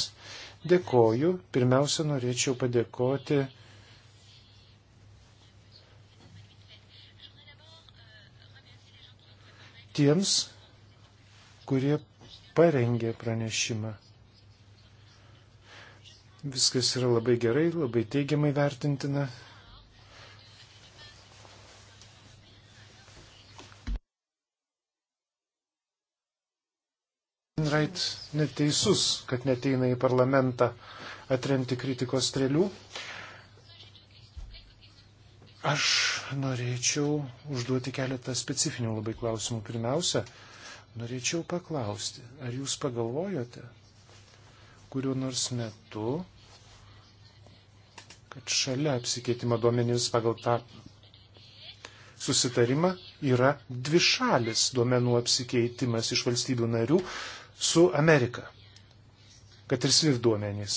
Dėkoju, pirmiausia, norėčiau padėkoti. Tiems, kurie parengė pranešimą. Viskas yra labai gerai, labai teigiamai vertintina, Rait neteisus, kad neteina į parlamentą atremti kritikos strėlių. Aš norėčiau užduoti keletą specifinių labai klausimų. Pirmiausia, norėčiau paklausti, ar jūs pagalvojote, kuriuo nors metu, kad šalia apsikeitimo duomenimis pagal tą susitarimą yra dvi šalis duomenų apsikeitimas iš valstybių narių su Amerika, kad ir SWIFT duomenys.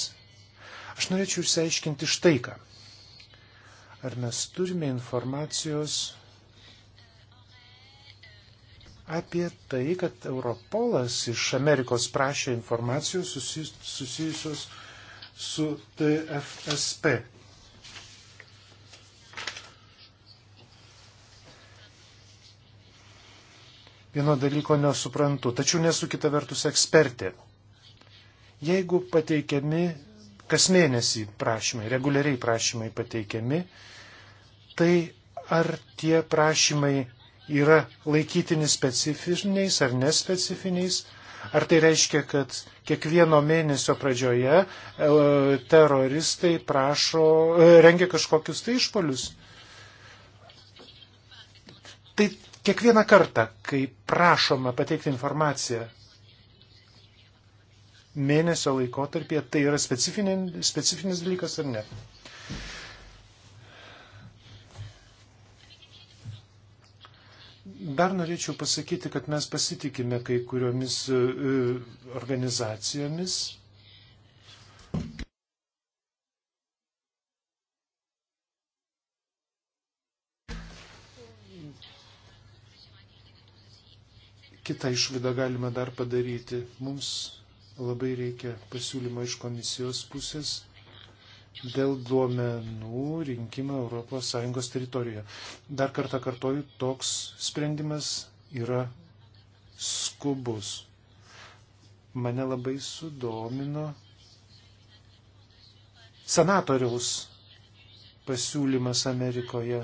Aš norėčiau išsiaiškinti štai ką. Ar mes turime informacijos apie tai, kad Europolas iš Amerikos prašė informacijos susijusios su TFSP vieno dalyko nesuprantu, tačiau nesu kita vertus ekspertė. Jeigu pateikiami kas mėnesį prašymai, reguliariai prašymai pateikiami, tai ar tie prašymai yra laikytini specifiniais ar nespecifiniais, Ar tai reiškia, kad kiekvieno mėnesio pradžioje e, teroristai prašo, e, rengia kažkokius tai išpolius? Kiekvieną kartą, kai prašoma pateikti informaciją mėnesio laikotarpyje, tai yra specifinis dalykas ar ne? Dar norėčiau pasakyti, kad mes pasitikime kai kuriomis e, organizacijomis, kitą išvadą galime dar padaryti. Mums labai reikia pasiūlymo iš komisijos pusės dėl duomenų rinkimo ES teritorijoje. Dar kartą kartoju, toks sprendimas yra skubus. Mane labai sudomino senatoriaus pasiūlymas Amerikoje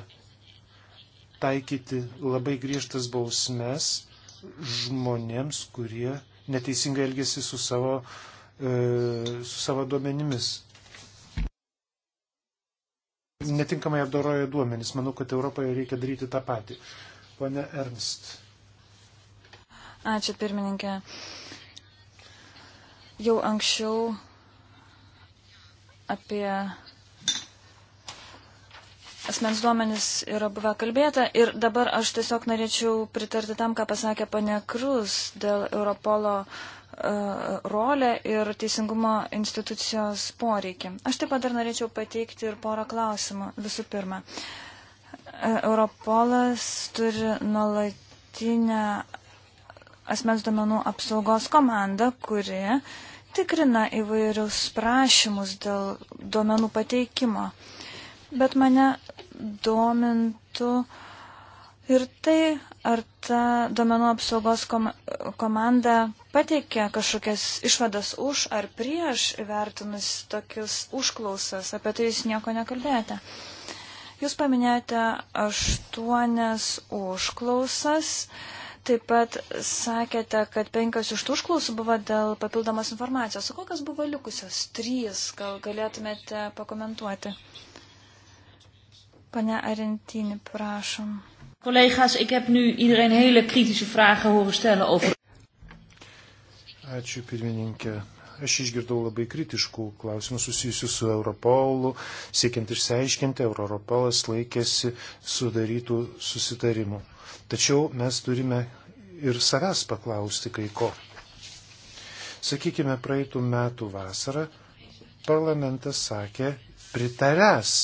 taikyti labai griežtas bausmes žmonėms, kurie neteisingai elgesi su savo, e, su savo duomenimis. Netinkamai apdoroja duomenys. Manau, kad Europoje reikia daryti tą patį. Pone Ernst. Ačiū pirmininkė. Jau anksčiau apie asmens duomenis yra buvę kalbėta ir dabar aš tiesiog norėčiau pritarti tam, ką pasakė pane Krus dėl Europolo uh, e, rolę ir teisingumo institucijos poreikį. Aš taip pat dar norėčiau pateikti ir porą klausimų. Visų pirma, e, Europolas turi nuolatinę asmens duomenų apsaugos komandą, kuri tikrina įvairius prašymus dėl duomenų pateikimo. Bet mane domintų ir tai, ar ta domenų apsaugos kom komanda pateikė kažkokias išvadas už ar prieš įvertinus tokius užklausas, apie tai jūs nieko nekalbėjote. Jūs paminėjote aštuonias užklausas, taip pat sakėte, kad penkios iš tų užklausų buvo dėl papildomos informacijos. O kokios buvo likusios? Trys, gal galėtumėte pakomentuoti? Pane Arentini, prašom. Collega's, ik heb nu iedereen hele kritische vragen horen stellen over. Ačiū pirmininkė. Aš išgirdau labai kritiškų klausimų susijusių su Europolu, siekiant išsiaiškinti, Europolas laikėsi sudarytų susitarimų. Tačiau mes turime ir savęs paklausti kai ko. Sakykime, praeitų metų vasarą parlamentas sakė pritaręs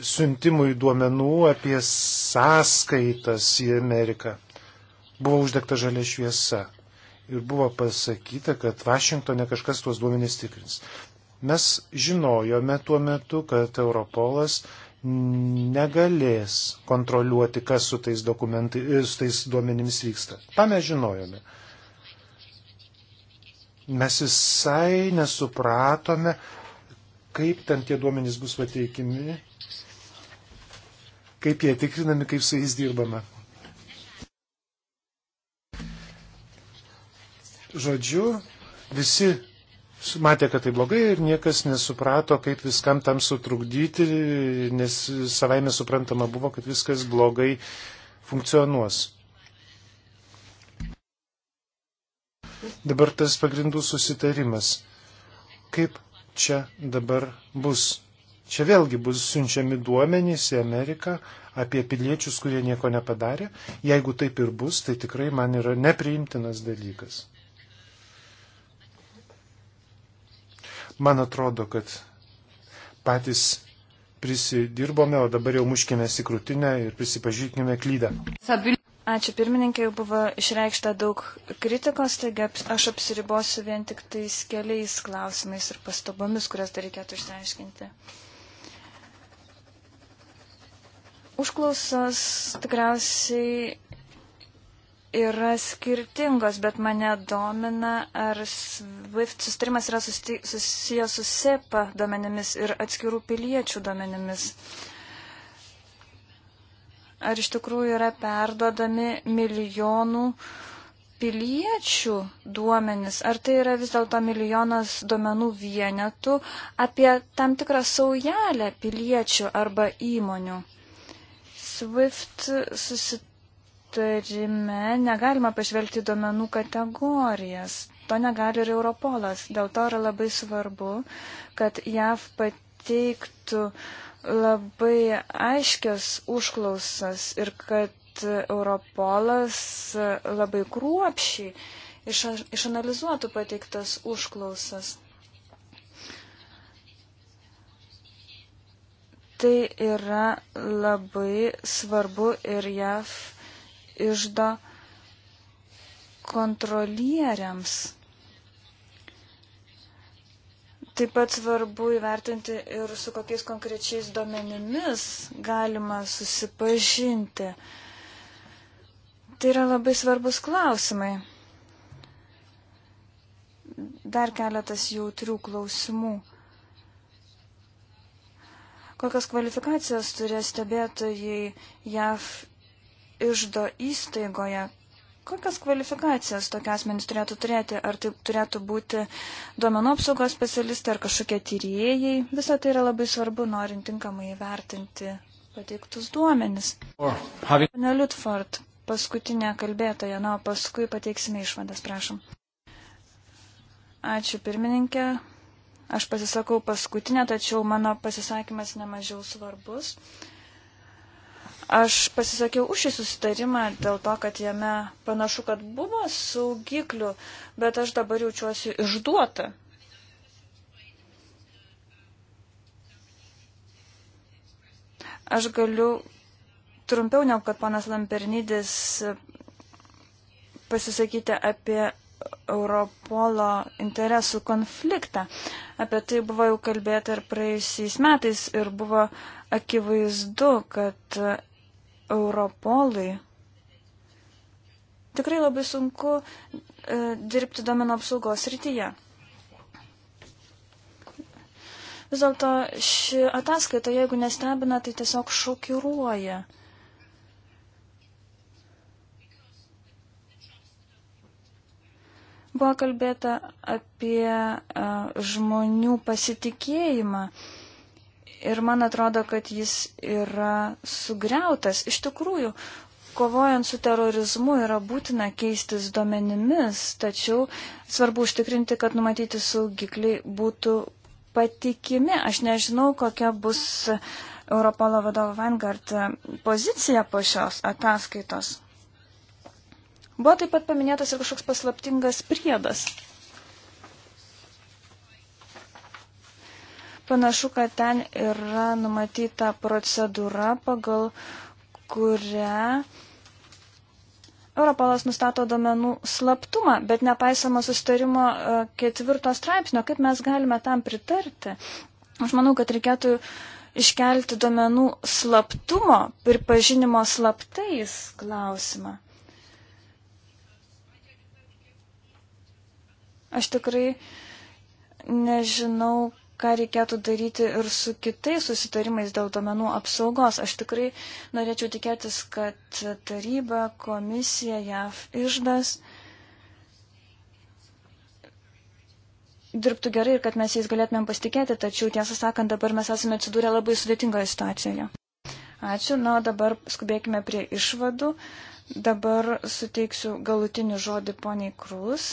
siuntimui duomenų apie sąskaitas į Ameriką. Buvo uždegta žalia šviesa ir buvo pasakyta, kad Vašingtone kažkas tuos duomenys tikrins. Mes žinojome tuo metu, kad Europolas negalės kontroliuoti, kas su tais, e, su tais duomenimis vyksta. Ta mes žinojome. Mes visai nesupratome, kaip ten tie duomenys bus pateikimi kaip jie tikrinami, kaip su jais dirbama. Žodžiu, visi matė, kad tai blogai ir niekas nesuprato, kaip viskam tam sutrukdyti, nes savaime suprantama buvo, kad viskas blogai funkcionuos. Dabar tas pagrindų susitarimas. Kaip čia dabar bus? Čia vėlgi bus siunčiami duomenys į Ameriką apie piliečius, kurie nieko nepadarė. Jeigu taip ir bus, tai tikrai man yra nepriimtinas dalykas. Man atrodo, kad patys prisidirbome, o dabar jau muškime į krūtinę ir prisipažykime klydą. Ačiū pirmininkai, jau buvo išreikšta daug kritikos, taigi aš apsiribosiu vien tik tais keliais klausimais ir pastabomis, kurias dar reikėtų išsiaiškinti. užklausos tikriausiai yra skirtingos, bet mane domina, ar SWIFT sustarimas yra susijęs su SEPA duomenimis ir atskirų piliečių duomenimis. Ar iš tikrųjų yra perduodami milijonų piliečių duomenis, ar tai yra vis dėlto milijonas duomenų vienetų apie tam tikrą saujelę piliečių arba įmonių. SWIFT susitarime negalima pažvelgti duomenų kategorijas. To negali ir Europolas. Dėl to yra labai svarbu, kad JAV pateiktų labai aiškias užklausas ir kad Europolas labai kruopšiai išanalizuotų pateiktas užklausas. Tai yra labai svarbu ir JAV išdo kontrolieriams. Taip pat svarbu įvertinti ir su kokiais konkrečiais duomenimis galima susipažinti. Tai yra labai svarbus klausimai. Dar keletas jautrių klausimų. Kokios kvalifikacijos turės stebėtojai JAV išdo įstaigoje? Kokias kvalifikacijas tokie asmenys turėtų turėti? Ar tai turėtų būti duomenų apsaugos specialistai ar kažkokie tyrėjai? Visą tai yra labai svarbu, norint tinkamai įvertinti pateiktus duomenis. Pane Liutford, paskutinė kalbėtoja, na, paskui pateiksime išvadas, prašom. Ačiū pirmininkė, Aš pasisakau paskutinę, tačiau mano pasisakymas nemažiau svarbus. Aš pasisakiau už šį susitarimą dėl to, kad jame panašu, kad buvo saugiklių, bet aš dabar jaučiuosi išduota. Aš galiu trumpiau negu kad panas Lampernydis pasisakyti apie Europolo interesų konfliktą. Apie tai buvo jau kalbėta ir praėjusiais metais ir buvo akivaizdu, kad Europolui tikrai labai sunku e, dirbti domeno apsaugos rytyje. Vis dėlto ši ataskaita, jeigu nestebina, tai tiesiog šokiruoja. E, buvo kalbėta apie žmonių pasitikėjimą. Ir man atrodo, kad jis yra sugriautas. Iš tikrųjų, kovojant su terorizmu yra būtina keistis duomenimis, tačiau svarbu užtikrinti, kad numatyti saugikliai būtų patikimi. Aš nežinau, kokia bus Europolo vadovo Vanguard pozicija po šios ataskaitos. Buvo taip pat paminėtas ir kažkoks paslaptingas priedas. Panašu, kad ten yra numatyta procedūra, pagal kurią Europolas nustato domenų slaptumą, bet nepaisama sustarimo e, ketvirto straipsnio, kaip mes galime tam pritarti. Aš manau, kad reikėtų iškelti domenų slaptumo, pripažinimo slaptais klausimą. Aš tikrai nežinau, ką reikėtų daryti ir su kitais susitarimais dėl domenų apsaugos. Aš tikrai norėčiau tikėtis, kad taryba, komisija, JAF išdas dirbtų gerai ir kad mes jais galėtumėm pasitikėti, tačiau tiesą sakant, dabar mes esame atsidūrę labai sudėtingoje situacijoje. Ačiū. Na, dabar skubėkime prie išvadų. Dabar suteiksiu galutinį žodį poniai Krus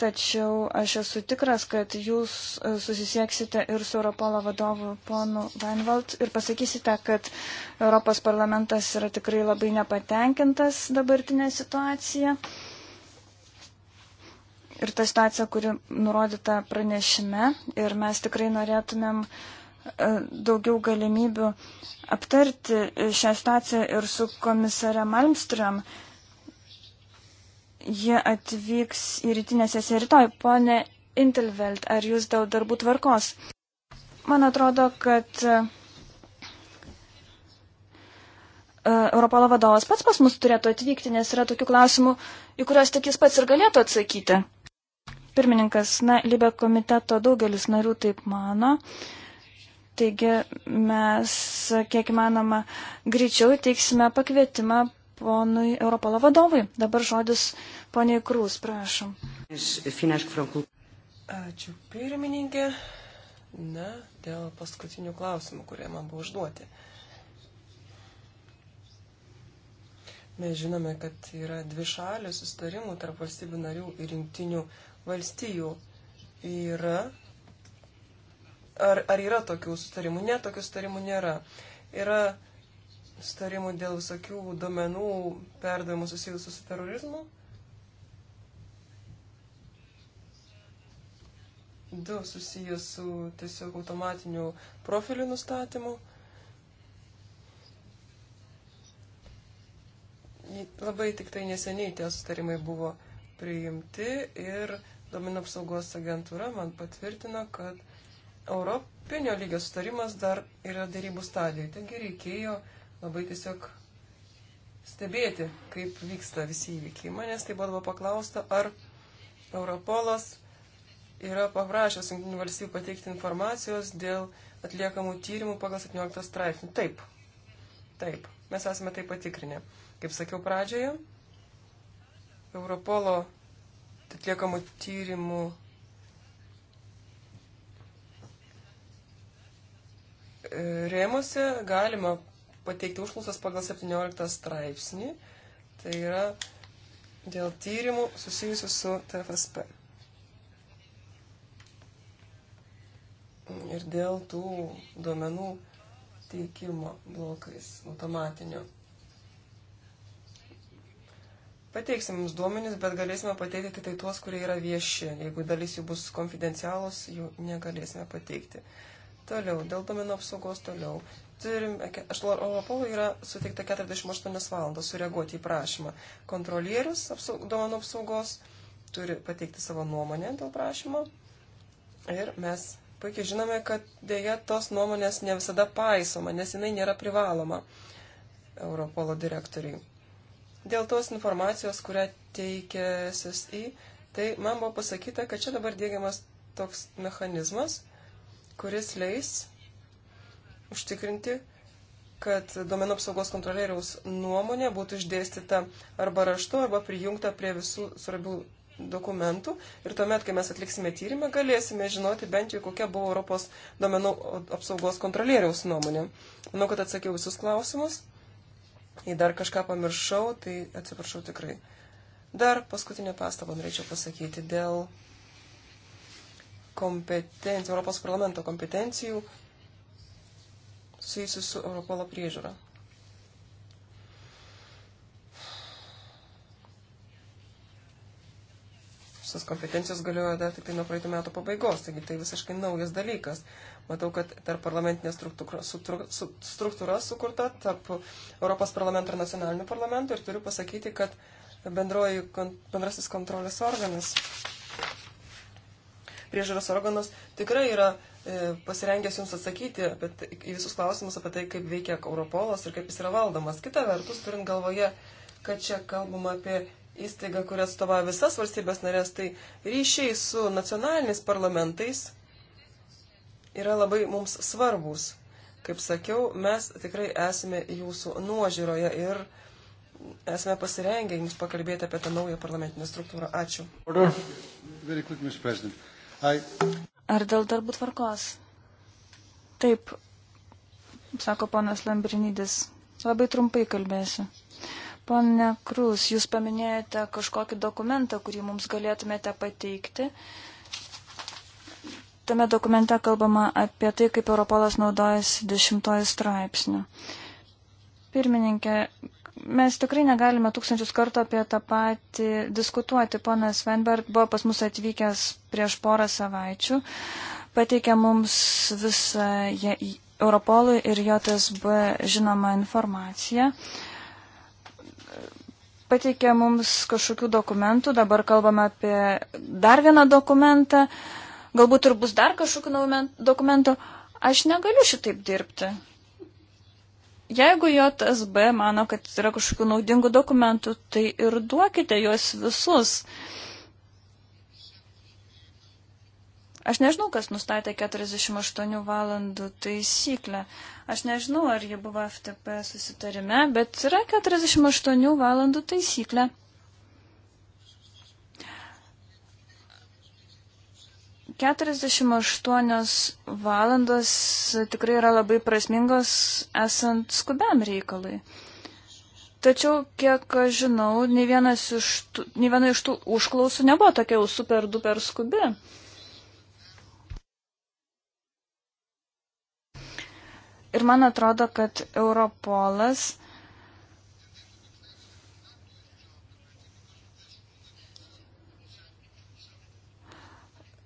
tačiau aš esu tikras, kad jūs e, susisieksite ir su Europolo vadovu ponu Weinwald ir pasakysite, kad Europos parlamentas yra tikrai labai nepatenkintas dabartinė situacija. Ir ta situacija, kuri nurodyta pranešime, ir mes tikrai norėtumėm e, daugiau galimybių aptarti šią situaciją ir su komisare Malmström, Jie atvyks į rytinę sesiją rytoj. Pone Intelvelt, ar jūs dėl darbų tvarkos? Man atrodo, kad e, Europolo vadovas pats pas mus turėtų atvykti, nes yra tokių klausimų, į kuriuos tik jis pats ir galėtų atsakyti. Pirmininkas, na, Libė komiteto daugelis narių taip mano. Taigi mes, kiek įmanoma, greičiau teiksime pakvietimą ponui Europolo vadovui. Dabar žodis poniai Krūs, prašom. Ačiū, pirmininkė. Na, dėl paskutinių klausimų, kurie man buvo užduoti. Mes žinome, kad yra dvi šalių sustarimų tarp valstybių narių ir rinktinių valstijų. Yra. Ar, ar yra tokių sustarimų? Ne, tokių sustarimų nėra. Yra sutarimų dėl visokių duomenų perdavimų susijusių su terorizmu. Du susijęs su tiesiog automatiniu profiliu nustatymu. Labai tik tai neseniai tie sutarimai buvo priimti ir Domino apsaugos agentūra man patvirtino, kad europinio lygio sutarimas dar yra dėrybų stadijoje. Taigi reikėjo uh, labai tiesiog stebėti, kaip vyksta visi įvykiai. Manęs taip pat buvo paklausta, ar Europolas yra paprašęs Junktinių valstybių pateikti informacijos dėl atliekamų tyrimų pagal 17 straipsnį. Taip, taip, mes esame tai patikrinę. Kaip sakiau pradžioje, Europolo atliekamų tyrimų rėmose galima pateikti užklausas pagal 17 straipsnį, tai yra dėl tyrimų susijusių su TFSP. Ir dėl tų duomenų teikimo blokais automatinio. Pateiksim jums duomenis, bet galėsime pateikti tik tai tuos, kurie yra vieši. Jeigu dalis jų bus konfidencialus, jų negalėsime pateikti. Toliau, dėl domenų apsaugos toliau. Turim, Europolui yra suteikta 48 valandas sureaguoti į prašymą. Kontrolierius apsaug, domenų apsaugos turi pateikti savo nuomonę dėl prašymo. Ir mes puikiai žinome, kad dėja tos nuomonės ne visada paisoma, nes jinai nėra privaloma Europolo direktoriai. Dėl tos informacijos, kurią teikia SSI, tai man buvo pasakyta, kad čia dabar dėgiamas toks mechanizmas, kuris leis užtikrinti, kad domenų apsaugos kontrolieriaus nuomonė būtų išdėstyta arba raštu, arba prijungta prie visų svarbių dokumentų. Ir tuomet, kai mes atliksime tyrimą, galėsime žinoti bent jau, kokia buvo Europos domenų apsaugos kontrolieriaus nuomonė. Manau, kad atsakiau visus klausimus. Jei dar kažką pamiršau, tai atsiprašau tikrai. Dar paskutinę pastabą norėčiau pasakyti dėl kompetencijų, Europos parlamento kompetencijų susijusių su Europolo priežiūra. Šios kompetencijos galioja dar tik tai nuo praeitų metų pabaigos, taigi tai visiškai naujas dalykas. Matau, kad tarp parlamentinė struktūra, struktūra sukurta tarp Europos parlamento ir nacionalinių parlamentų ir turiu pasakyti, kad bendroji, bendrasis kontrolės organas priežaros organas tikrai yra e, pasirengęs jums atsakyti apie, tai, į visus klausimus apie tai, kaip veikia Europolas ir kaip jis yra valdomas. Kita vertus, turint galvoje, kad čia kalbama apie įstaigą, kuri atstovauja visas valstybės narės, tai ryšiai su nacionaliniais parlamentais yra labai mums svarbus. Kaip sakiau, mes tikrai esame jūsų nuožiūroje ir esame pasirengę jums pakalbėti apie tą naują parlamentinę struktūrą. Ačiū. Order. Very quick, Mr. President. Ar dėl darbų tvarkos? Taip, sako ponas Lambrinidis. Labai trumpai kalbėsiu. Pone Krus, jūs paminėjote kažkokį dokumentą, kurį mums galėtumėte pateikti. Tame dokumente kalbama apie tai, kaip Europolas naudojasi dešimtojų straipsnių. Pirmininkė, mes tikrai negalime tūkstančius kartų apie tą patį diskutuoti. Ponas Weinberg buvo pas mus atvykęs prieš porą savaičių, pateikė mums visą Europolui ir JSB žinomą informaciją. Pateikė mums kažkokių dokumentų, dabar kalbame apie dar vieną dokumentą, galbūt ir bus dar kažkokių dokumentų. Aš negaliu šitaip dirbti. Jeigu JSB mano, kad yra kažkokių naudingų dokumentų, tai ir duokite juos visus. Aš nežinau, kas nustatė 48 valandų taisyklę. Aš nežinau, ar ji buvo FTP susitarime, bet yra 48 valandų taisyklė. 48 valandos tikrai yra labai prasmingos esant skubiam reikalui. Tačiau, kiek aš žinau, nei, iš tų, nei viena iš tų užklausų nebuvo tokia jau super duper skubi. Ir man atrodo, kad Europolas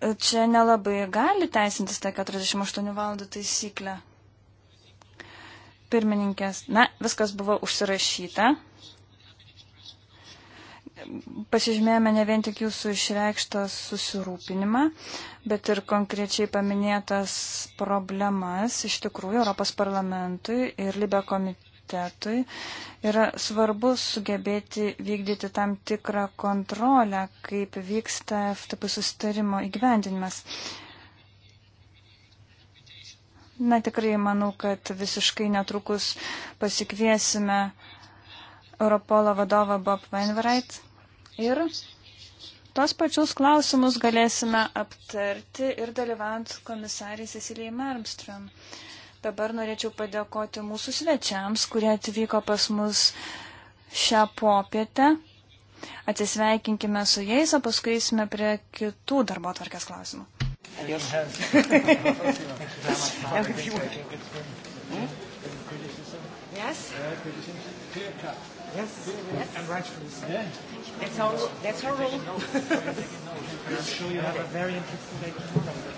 čia nelabai gali teisintis tą 48 valandų taisyklę. Pirmininkės, na, viskas buvo užsirašyta. Pasižymėjome ne vien tik jūsų išreikštą susirūpinimą, bet ir konkrečiai paminėtas problemas iš tikrųjų Europos parlamentui ir Libė komitetui komitetui yra svarbu sugebėti vykdyti tam tikrą kontrolę, kaip vyksta FTP sustarimo įgyvendinimas. Na tikrai manau, kad visiškai netrukus pasikviesime Europolo vadovą Bob Wainwright ir Tos pačius klausimus galėsime aptarti ir dalyvant komisarį Cecilijai Marmström. Dabar norėčiau padėkoti mūsų svečiams, kurie atvyko pas mus šią popietę. Atsisveikinkime su jais, o paskui eisime prie kitų darbo atvarkės klausimų. Adios. yes. Yes. yes. And rightfully so. Yeah. That's our that's our rule. I'm sure you have a very interesting day tomorrow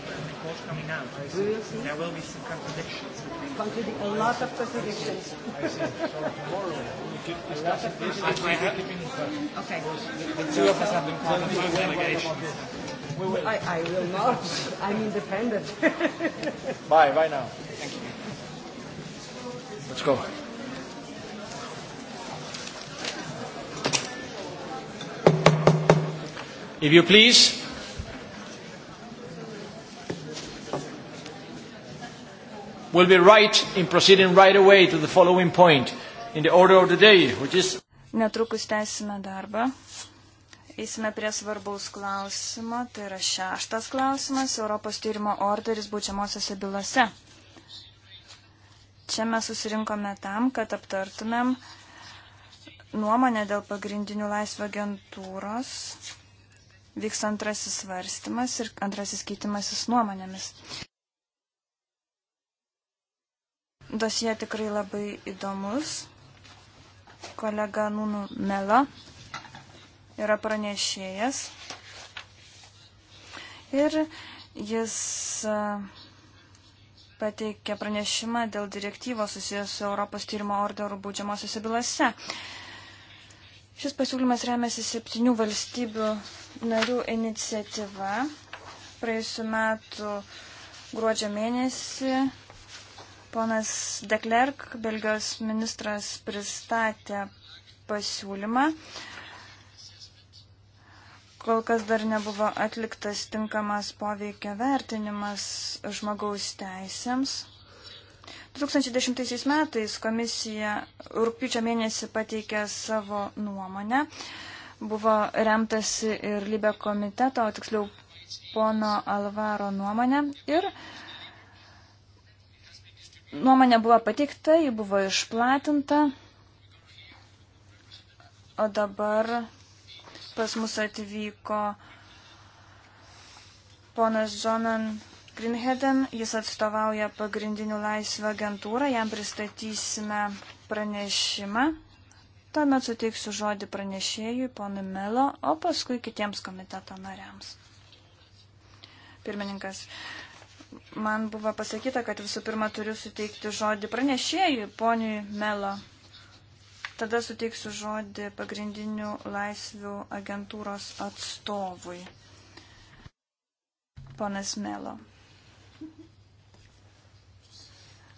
report coming out, I see. Will see? There will be some contradictions between Contradic- A lot of contradictions. I see. So tomorrow we keep discussing this. I have been Okay. The two of us have been part of the delegations. We will. I, I will not. I'm independent. bye. Bye now. Thank you. Let's go. If you please. will be right in proceeding right away to the following point in the order of the day, which is... Netrukus tęsime darbą. Eisime prie svarbaus klausimo, tai yra šeštas klausimas, Europos tyrimo orderis būčiamosiose bylose. Čia mes susirinkome tam, kad aptartumėm nuomonę dėl pagrindinių laisvą agentūros. Vyks antrasis svarstymas ir antrasis keitimasis nuomonėmis. Dosie tikrai labai įdomus. Kolega Nūnų Mela yra pranešėjas. Ir jis e, pateikė pranešimą dėl direktyvos susijęs su Europos tyrimo orderų būdžiamosiose bylose. Šis pasiūlymas remiasi septynių valstybių narių iniciatyva. Praėjusiu metu gruodžio mėnesį Ponas Deklerk, Belgijos ministras, pristatė pasiūlymą. Kol kas dar nebuvo atliktas tinkamas poveikio vertinimas žmogaus teisėms. 2010 metais komisija rūpiučio mėnesį pateikė savo nuomonę. Buvo remtasi ir Libė komiteto, o tiksliau pono Alvaro nuomonę. Ir uh, Nuomonė buvo pateikta, ji buvo išplatinta, o dabar pas mus atvyko ponas Jonan Greenheden, jis atstovauja pagrindinių laisvę agentūrą, jam pristatysime pranešimą. Tuomet suteiksiu žodį pranešėjui, ponui Melo, o paskui kitiems komiteto nariams. Pirmininkas, man buvo pasakyta, kad visų pirma turiu suteikti žodį pranešėjui, poniui Melo. Tada suteiksiu žodį pagrindinių laisvių agentūros atstovui. Ponas Melo.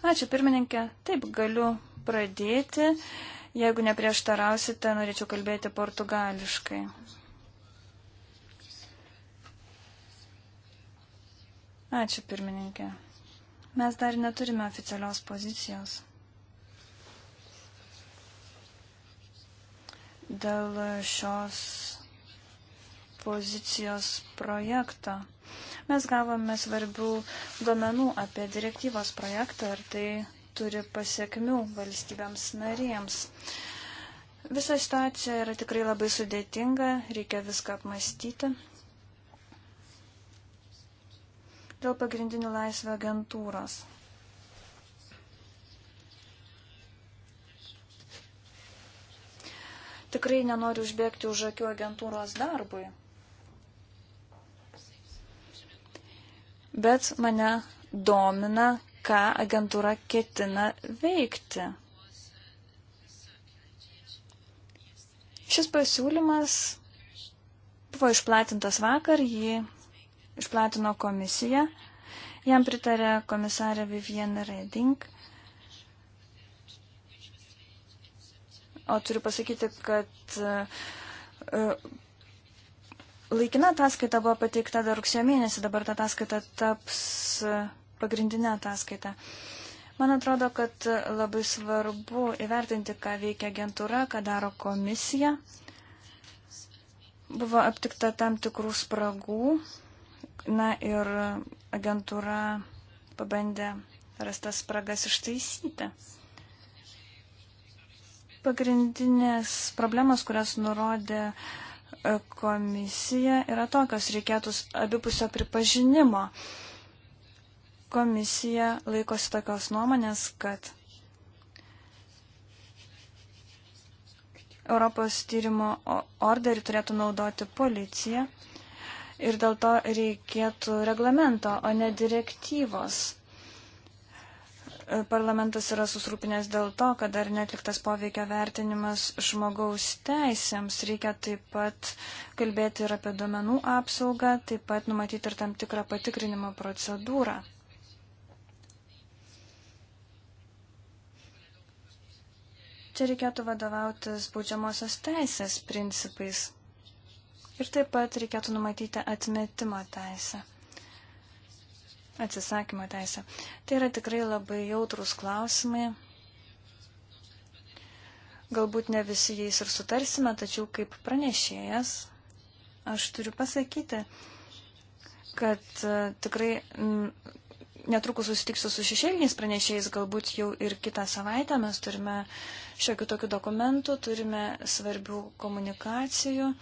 Ačiū, pirmininkė. Taip, galiu pradėti. Jeigu neprieštarausite, norėčiau kalbėti portugališkai. Ačiū pirmininkė. Mes dar neturime oficialios pozicijos. Dėl šios pozicijos projekto. Mes gavome svarbių duomenų apie direktyvos projektą ir tai turi pasiekmių valstybėms narėms. Visa situacija yra tikrai labai sudėtinga, reikia viską apmastyti. dėl pagrindinių laisvę agentūros. Tikrai nenoriu užbėgti už akių agentūros darbui. Bet mane domina, ką agentūra ketina veikti. Šis pasiūlymas buvo išplatintas vakar, jį išplatino komisija. Jam pritarė komisarė Vivienne Reding. O turiu pasakyti, kad e, e, laikina ataskaita buvo pateikta dar rugsėjo mėnesį, dabar ta ataskaita taps e, pagrindinė ataskaita. Man atrodo, kad labai svarbu įvertinti, ką veikia agentūra, ką daro komisija. Buvo aptikta tam tikrų spragų, Na ir agentūra pabandė rastas spragas ištaisyti. Pagrindinės problemas, kurias nurodė e, komisija, yra tokios reikėtų abipusio pripažinimo. Komisija laikosi tokios nuomonės, kad Europos tyrimo orderį turėtų naudoti policija ir dėl to reikėtų reglamento, o ne direktyvos. Parlamentas yra susirūpinęs dėl to, kad dar netliktas poveikio vertinimas žmogaus teisėms. Reikia taip pat kalbėti ir apie duomenų apsaugą, taip pat numatyti ir tam tikrą patikrinimo procedūrą. Čia reikėtų vadovautis baudžiamosios teisės principais. Ir taip pat reikėtų numatyti atmetimo teisę. Atsisakymo teisę. Tai yra tikrai labai jautrus klausimai. Galbūt ne visi jais ir sutarsime, tačiau kaip pranešėjas aš turiu pasakyti, kad e, tikrai mm, netrukus susitiksiu su šešėliniais pranešėjais, galbūt jau ir kitą savaitę mes turime šiokių tokių dokumentų, turime svarbių komunikacijų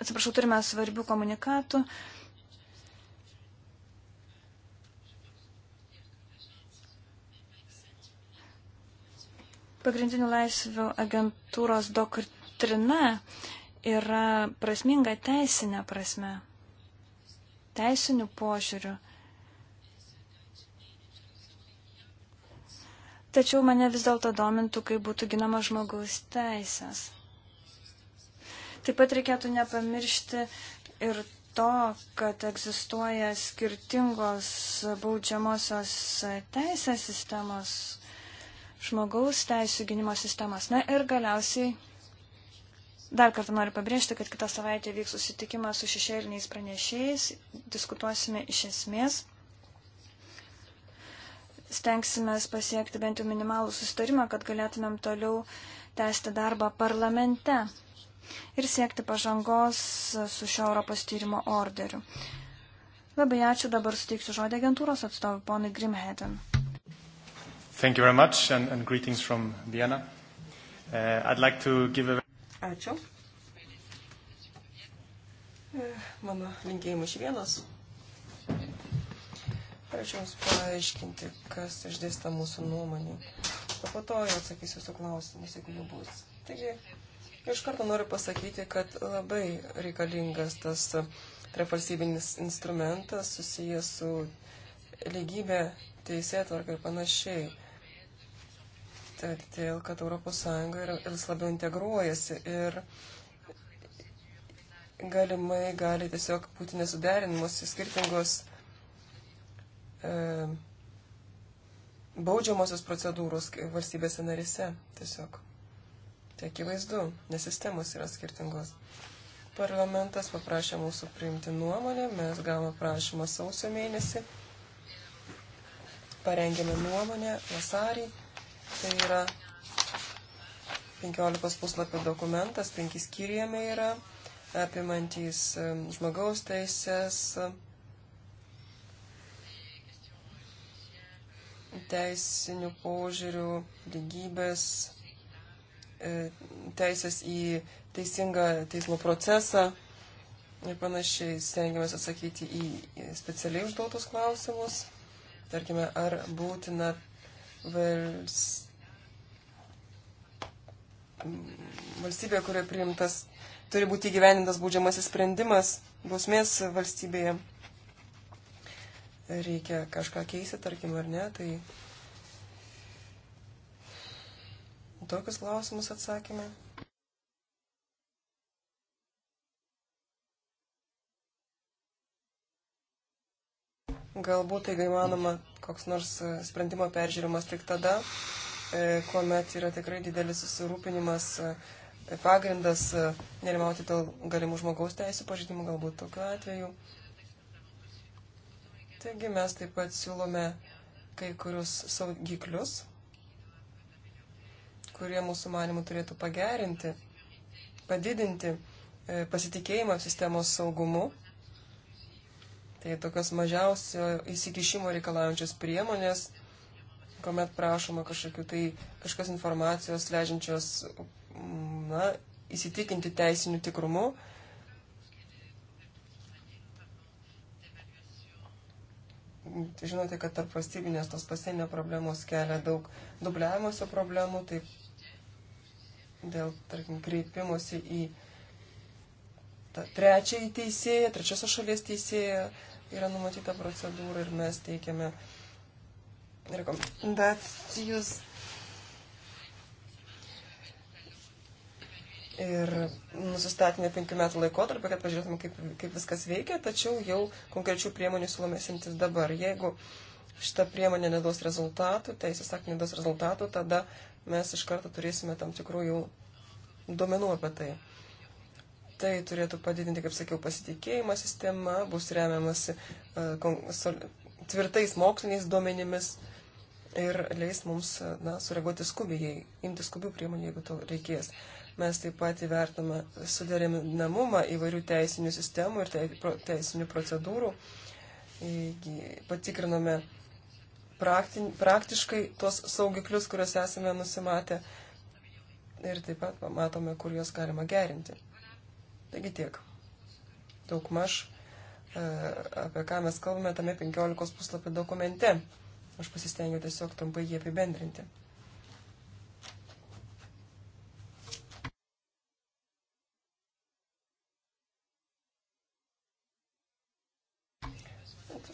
atsiprašau, turime svarbių komunikatų. Pagrindinių laisvių agentūros doktrina yra prasminga teisinė prasme, teisinių požiūrių. Tačiau mane vis dėlto domintų, kaip būtų ginama žmogaus teisės. Taip pat reikėtų nepamiršti ir to, kad egzistuoja skirtingos baudžiamosios teisės sistemos, žmogaus teisų gynimo sistemos. Na ir galiausiai Dar kartą noriu pabrėžti, kad kitą savaitę vyks susitikimas su šešėliniais pranešėjais, diskutuosime iš esmės, stengsime pasiekti bent jau minimalų sustarimą, kad galėtumėm toliau tęsti darbą parlamente ir siekti pažangos su šio Europos tyrimo orderiu. Labai ačiū, dabar suteiksiu žodį agentūros atstovui ponui Grimheden. Thank you very much and, and greetings from Vienna. Uh, I'd like to give a... Ačiū. E, mano linkėjimai iš vienos. Norėčiau Jums paaiškinti, kas išdėsta mūsų nuomonį. O po to jau atsakysiu su klausimus, jeigu jų bus. Taigi, Iš karto noriu pasakyti, kad labai reikalingas tas trefalsybinis instrumentas susijęs su lygybė, teisėtvarka ir panašiai. Todėl, kad ES vis labiau integruojasi ir galimai gali tiesiog būti nesuderinamos skirtingos e, baudžiamosios procedūros valstybėse narise. Tiesiog. Tai akivaizdu, nes sistemos yra skirtingos. Parlamentas paprašė mūsų priimti nuomonę, mes gavome prašymą sausio mėnesį, parengėme nuomonę vasarį, tai yra 15 puslapio dokumentas, 5 skyriame yra, apimantys žmogaus teisės, teisinių požiūrių, lygybės, E, teisės į teisingą teismo procesą ir panašiai stengiamės atsakyti į specialiai užduotus klausimus. Tarkime, ar būtina vals... valstybė, kurioje priimtas, turi būti įgyvenintas būdžiamasis sprendimas bausmės valstybėje. Reikia kažką keisti, tarkim, ar ne, tai tokius klausimus atsakymai. Galbūt tai įmanoma koks nors e, sprendimo peržiūrimas tik tada, e, kuomet yra tikrai didelis susirūpinimas e, pagrindas nerimauti dėl galimų žmogaus teisų pažydimų, galbūt tokiu atveju. Taigi mes taip pat siūlome kai kurius saugiklius kurie mūsų manimų turėtų pagerinti, padidinti e, pasitikėjimą sistemos saugumu. Tai tokios mažiausio įsikišimo reikalaujančios priemonės, kuomet prašoma kažkokių tai kažkas informacijos leidžiančios na, įsitikinti teisiniu tikrumu. Žinote, kad tarp valstybinės tos pasienio problemos kelia daug dubliavimuose problemų, taip dėl, tarkim, kreipimosi į tą trečiąjį teisėją, trečiosios šalies teisėją yra numatyta procedūra ir mes teikiame rekomendacijas. Ir nusistatėme penkių metų laikotarpį, kad pažiūrėtume, kaip, kaip viskas veikia, tačiau jau konkrečių priemonių siūlome simtis dabar. Jeigu šita priemonė neduos rezultatų, teisės aktai neduos rezultatų, tada uh, mes iš karto turėsime tam tikrų jau duomenų apie tai. Tai turėtų padidinti, kaip sakiau, pasitikėjimą sistema, bus remiamasi e, tvirtais moksliniais duomenimis ir leis mums e, na, sureaguoti skubiai, imti skubių priemonių, jeigu to reikės. Mes taip pat įvertame suderinamumą įvairių teisinių sistemų ir teisinių procedūrų. Patikrinome praktin, praktiškai tuos saugiklius, kuriuos esame nusimatę. Ir taip pat pamatome, kur juos galima gerinti. Taigi tiek. Daugmaž e, apie ką mes kalbame tame 15 puslapio dokumente. Aš pasistengiu tiesiog trumpai jį apibendrinti.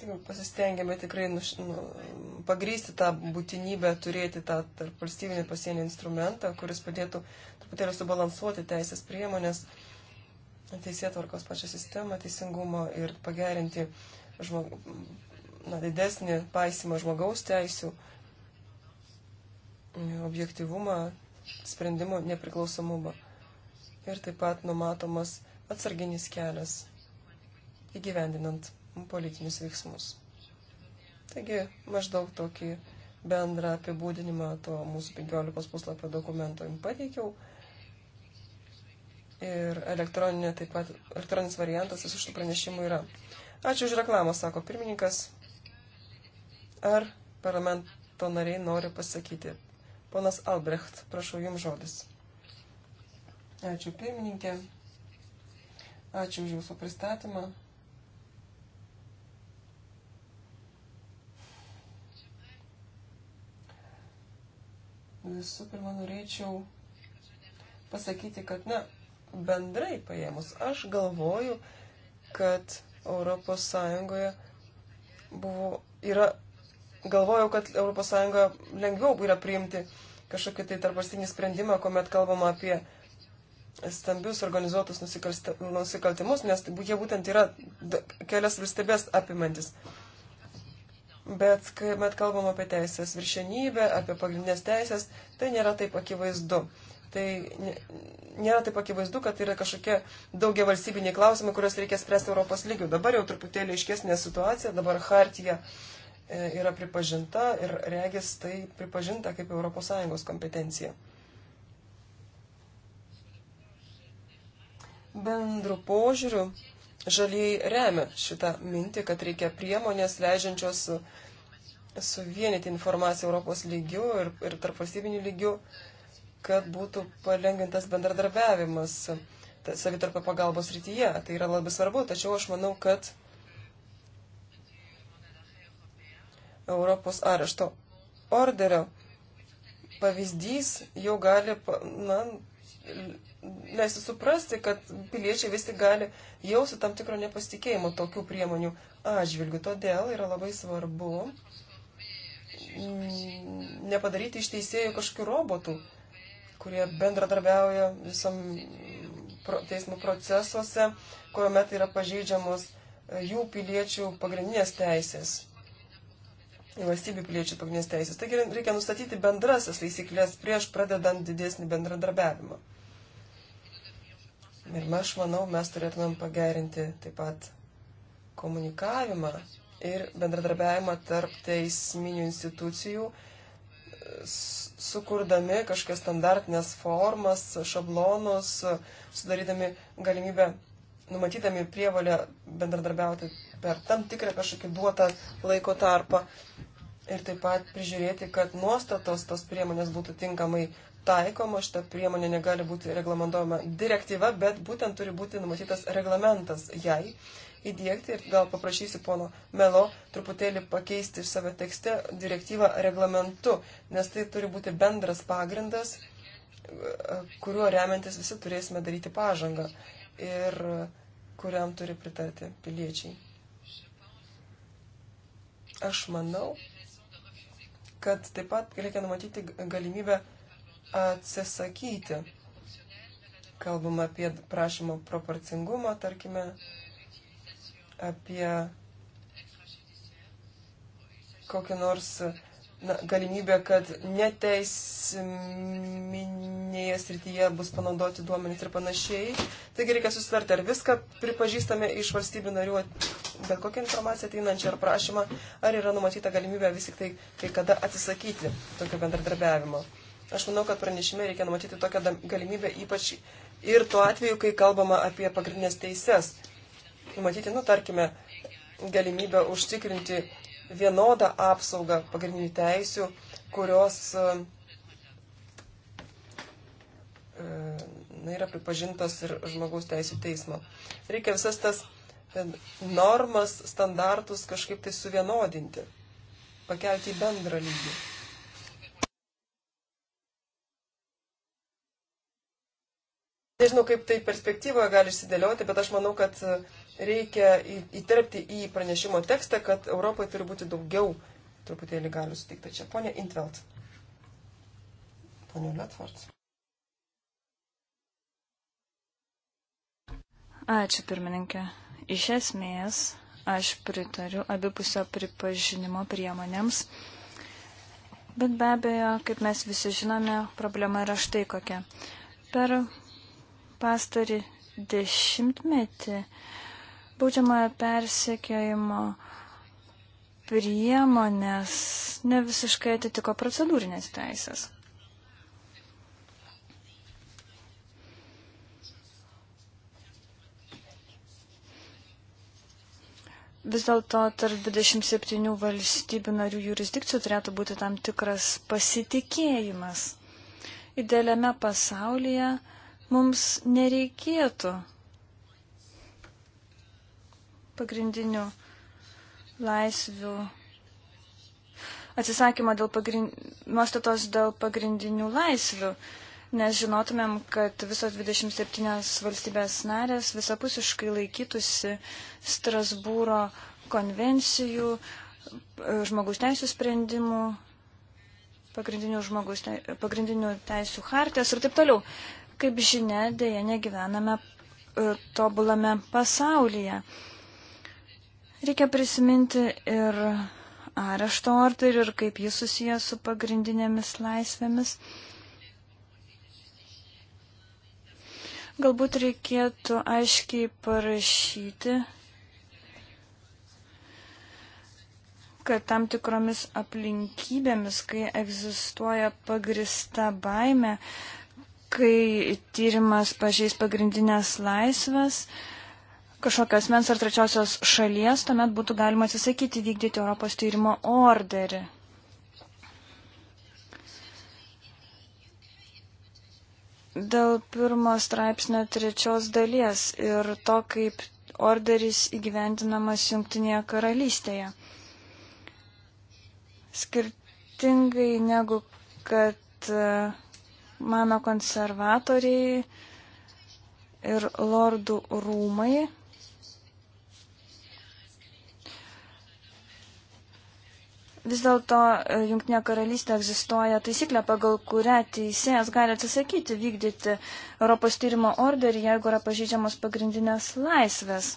valstybių pasistengėme tikrai nuš, nu, pagrysti tą būtinybę turėti tą tarp valstybinį pasienį instrumentą, kuris padėtų truputėlį subalansuoti teisės priemonės, teisėtvarkos pačią sistemą, teisingumo ir pagerinti žmog, na, didesnį paisimą žmogaus teisų, objektivumą, sprendimo nepriklausomumą. Ir taip pat numatomas atsarginis kelias įgyvendinant politinius veiksmus. Taigi maždaug tokį bendrą apibūdinimą to mūsų 15 puslapio dokumento jums pateikiau. Ir elektroninė taip pat, elektroninis variantas visų šitų pranešimų yra. Ačiū už reklamą, sako pirmininkas. Ar parlamento nariai nori pasakyti? Ponas Albrecht, prašau jums žodis. Ačiū pirmininkė. Ačiū už jūsų pristatymą. Visų pirma, norėčiau pasakyti, kad, na, bendrai paėmus, aš galvoju, kad ES buvo, yra, galvojau, kad ES lengviau yra priimti kažkokį tai tarpvalstybinį sprendimą, kuomet kalbama apie stambius organizuotus nusikaltimus, nes tai jie būtent yra kelias valstybės apimantis. Bet kai met kalbam apie teisės viršenybę, apie pagrindinės teisės, tai nėra taip akivaizdu. Tai nėra taip akivaizdu, kad tai yra kažkokie daugia valstybiniai klausimai, kuriuos reikia spręsti Europos lygių. Dabar jau truputėlį iškesnė situacija, dabar Hartija e, yra pripažinta ir regis tai pripažinta kaip ES kompetencija. Bendru požiūriu Žaliai remia šitą mintį, kad reikia priemonės leidžiančios suvienyti informaciją Europos lygių ir, ir tarp valstybinių lygių, kad būtų palengvintas bendradarbiavimas savitarpio pagalbos rytyje. Tai yra labai svarbu, tačiau aš manau, kad Europos arešto orderio pavyzdys jau gali na, leisti suprasti, kad piliečiai vis tik gali jausti tam tikro nepasitikėjimo tokių priemonių atžvilgių. Todėl yra labai svarbu mm, nepadaryti iš teisėjų kažkokių robotų, kurie bendradarbiauja visam teismo procesuose, kuomet yra pažeidžiamos e, jų piliečių pagrindinės teisės. Valstybių piliečių pagrindinės teisės. Taigi reikia nustatyti bendrasias taisyklės prieš pradedant didesnį bendradarbiavimą. Ir aš manau, mes turėtumėm pagerinti taip pat komunikavimą ir bendradarbiavimą tarp teisminių institucijų, sukurdami kažkokias standartinės formas, šablonus, sudarydami galimybę, numatydami prievalę bendradarbiauti per tam tikrą kažkokį duotą laiko tarpą ir taip pat prižiūrėti, kad nuostatos tos priemonės būtų tinkamai taikoma, šita priemonė negali būti reglamentojama direktyva, bet būtent turi būti numatytas reglamentas jai įdėkti ir gal paprašysiu pono Melo truputėlį pakeisti iš savo tekste direktyvą reglamentu, nes tai turi būti bendras pagrindas, kuriuo remiantis visi turėsime daryti pažangą ir kuriam turi pritarti piliečiai. Aš manau, kad taip pat reikia numatyti galimybę atsisakyti. Kalbam apie prašymą proporcingumo, tarkime, apie kokią nors na, galimybę, kad neteisminėje srityje bus panaudoti duomenys ir panašiai. Taigi reikia susitarti, ar viską pripažįstame iš valstybių narių, bet kokią informaciją ateinančią ar prašymą, ar yra numatyta galimybė vis tik tai kai kada atsisakyti tokio bendradarbiavimo. Aš manau, kad pranešime reikia numatyti tokią galimybę, ypač ir tuo atveju, kai kalbama apie pagrindinės teises. Numatyti, nu, tarkime, galimybę užtikrinti vienodą apsaugą pagrindinių teisių, kurios e, e, na, yra pripažintos ir žmogaus teisų teismo. Reikia visas tas e, normas, standartus kažkaip tai suvienodinti, pakelti į bendrą lygį. Nežinau, kaip tai perspektyvoje gali išsidėlioti, bet aš manau, kad e, reikia įterpti į pranešimo tekstą, kad Europai turi būti daugiau truputėlį galių suteikta čia. Pone Intveld. Pone Letvards. Ačiū, pirmininkė. Iš esmės, aš pritariu abipusio pripažinimo priemonėms. Bet be abejo, kaip mes visi žinome, problema yra štai kokia. Per pastarį dešimtmetį baudžiamojo persekiojimo priemonės ne visiškai atitiko procedūrinės teisės. Vis dėlto tarp 27 valstybių narių jurisdikcijų turėtų būti tam tikras pasitikėjimas. Idealiame pasaulyje uh, Mums nereikėtų pagrindinių laisvių, atsisakymo dėl pagrind... nuostatos dėl pagrindinių laisvių, nes žinotumėm, kad visos 27 valstybės narės visapusiškai laikytųsi Strasbūro konvencijų, žmogaus teisų sprendimų, pagrindinių, žmogus, pagrindinių teisų hartės ir taip toliau. Kaip žinia, dėja negyvename e, tobulame pasaulyje. Reikia prisiminti ir arešto orderį ir kaip jis susijęs su pagrindinėmis laisvėmis. Galbūt reikėtų aiškiai parašyti, kad tam tikromis aplinkybėmis, kai egzistuoja pagrista baime, kai tyrimas pažeis pagrindinės laisvės kažkokios mens ar trečiosios šalies, tuomet būtų galima atsisakyti vykdyti Europos tyrimo orderį. Dėl pirmo straipsnio trečios dalies ir to, kaip orderis įgyvendinamas Junktinėje karalystėje. Skirtingai negu kad uh, mano konservatoriai ir lordų rūmai. Vis dėlto e, Junktinė karalystė egzistuoja taisyklė, pagal kurią teisėjas gali atsisakyti vykdyti Europos tyrimo orderį, jeigu yra pažydžiamos pagrindinės laisvės.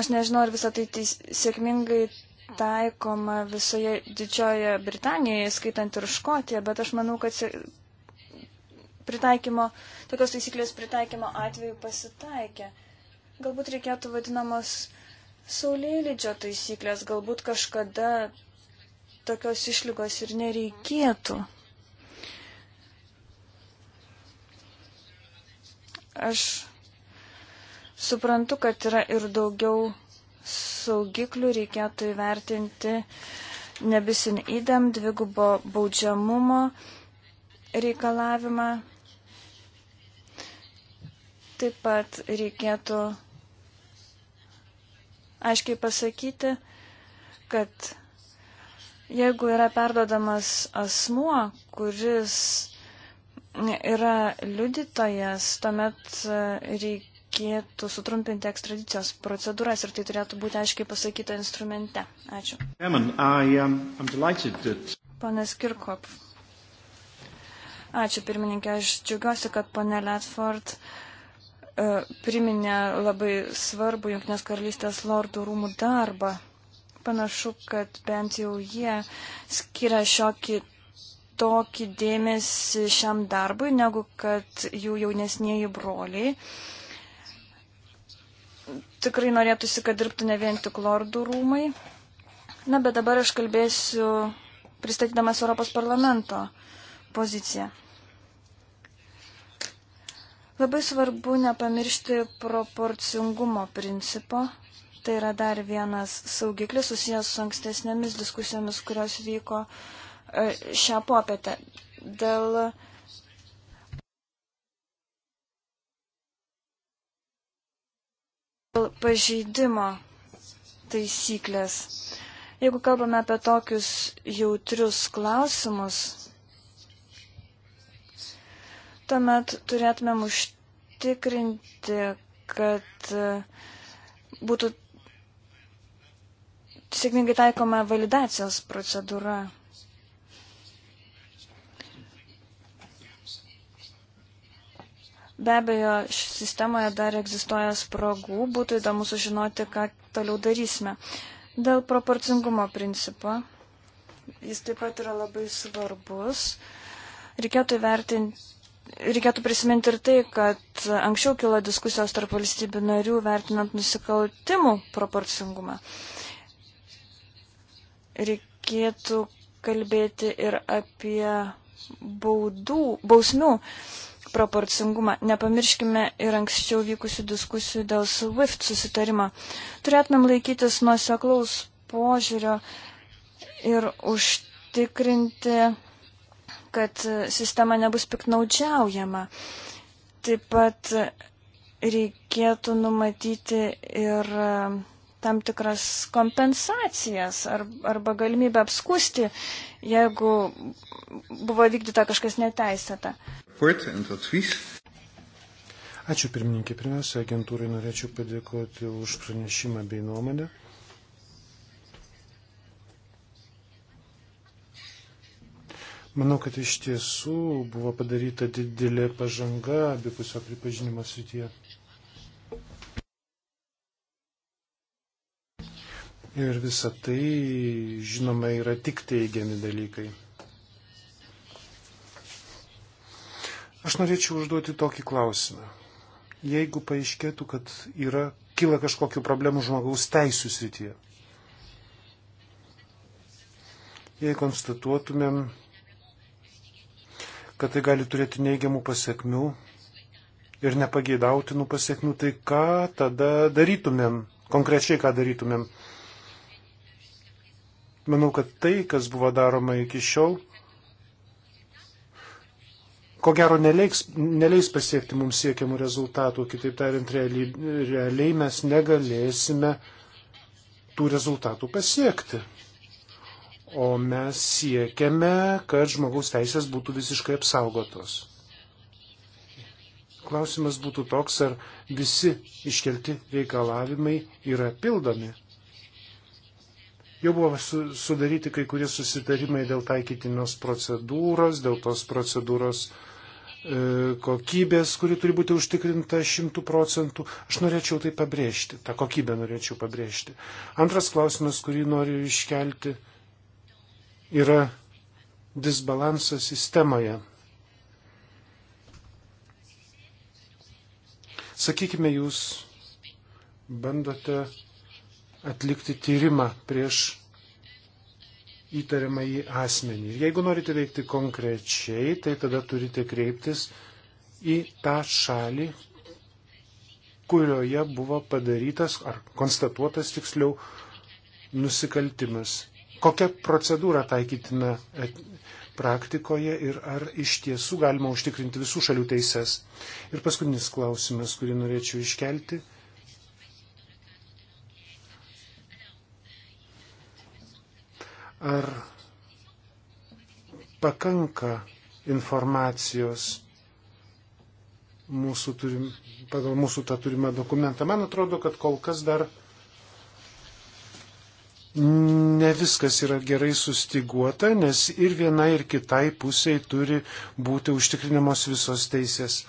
Aš nežinau, ar visą tai teis, sėkmingai taikoma visoje Didžiojoje Britanijoje, skaitant ir Škotiją, bet aš manau, kad pritaikymo, tokios taisyklės pritaikymo atveju pasitaikė. Galbūt reikėtų vadinamos saulėlydžio taisyklės, galbūt kažkada tokios išlygos ir nereikėtų. Aš suprantu, kad yra ir daugiau saugiklių reikėtų įvertinti nebisin įdėm dvigubo baudžiamumo reikalavimą. Taip pat reikėtų aiškiai pasakyti, kad jeigu yra perdodamas asmuo, kuris yra liudytojas, tuomet reikia reikėtų sutrumpinti ekstradicijos procedūras ir tai turėtų būti aiškiai pasakyta instrumente. Ačiū. Um, Panas Kirkop. Ačiū pirmininkė, aš džiaugiuosi, kad pane Letford uh, e, priminė labai svarbu Junktinės karalystės lordų rūmų darbą. Panašu, kad bent jau jie skiria šiokį tokį dėmesį šiam darbui, negu kad jų jaunesnėji broliai. Uh, tikrai norėtųsi, kad dirbtų ne vien tik lordų rūmai. Na, bet dabar aš kalbėsiu pristatydamas Europos parlamento poziciją. Labai svarbu nepamiršti proporcingumo principo. Tai yra dar vienas saugiklis susijęs su ankstesnėmis diskusijomis, kurios vyko e, šią popietę. Dėl uh, pažeidimo taisyklės. Jeigu kalbame apie tokius jautrius klausimus, tuomet turėtumėm užtikrinti, kad e, būtų sėkmingai taikoma validacijos procedūra. Be abejo, sistemoje dar egzistuoja spragų, būtų įdomu sužinoti, ką toliau darysime. Dėl proporcingumo principo, jis taip pat yra labai svarbus. Reikėtų vertinti. Reikėtų prisiminti ir tai, kad anksčiau kilo diskusijos tarp valstybių narių vertinant nusikaltimų proporcingumą. Reikėtų kalbėti ir apie baudų, bausmių proporcingumą. Nepamirškime ir anksčiau vykusių diskusijų dėl SWIFT susitarimo. Turėtumėm laikytis nuoseklaus požiūrio ir užtikrinti, kad sistema nebus piknaudžiaujama. Taip pat reikėtų numatyti ir tam tikras kompensacijas ar, arba galimybę apskusti, jeigu buvo vykdyta kažkas neteisėta. Ačiū pirmininkė. Pirmiausia, agentūrai norėčiau padėkoti už pranešimą bei nuomonę. Manau, kad iš tiesų buvo padaryta didelė pažanga abipusio pripažinimo srityje. Ir visa tai, žinoma, yra tik teigiami dalykai. Aš norėčiau užduoti tokį klausimą. Jeigu paaiškėtų, kad yra, kyla kažkokių problemų žmogaus teisų srityje, jei konstatuotumėm, kad tai gali turėti neigiamų pasiekmių ir nepageidautinų pasiekmių, tai ką tada darytumėm, konkrečiai ką darytumėm? manau, kad tai, kas buvo daroma iki šiol, ko gero neleiks, neleis pasiekti mums siekiamų rezultatų. Kitaip tariant, realiai, realiai mes negalėsime tų rezultatų pasiekti. O mes siekiame, kad žmogaus teisės būtų visiškai apsaugotos. Klausimas būtų toks, ar visi iškelti reikalavimai yra pildomi. Jau buvo su, sudaryti kai kurie susitarimai dėl taikytinos procedūros, dėl tos procedūros e, kokybės, kuri turi būti užtikrinta šimtų procentų. Aš norėčiau tai pabrėžti, tą kokybę norėčiau pabrėžti. Antras klausimas, kurį noriu iškelti, yra disbalansas sistemoje. Sakykime, jūs bandote atlikti tyrimą prieš įtariamą į asmenį. Ir jeigu norite veikti konkrečiai, tai tada turite kreiptis į tą šalį, kurioje buvo padarytas ar konstatuotas tiksliau nusikaltimas. Kokia procedūra taikytina praktikoje ir ar iš tiesų galima užtikrinti visų šalių teises. Ir paskutinis klausimas, kurį norėčiau iškelti Ar pakanka informacijos mūsų turim, pagal mūsų tą turimą dokumentą? Man atrodo, kad kol kas dar ne viskas yra gerai sustiguota, nes ir viena, ir kitai pusiai turi būti užtikrinamos visos teisės.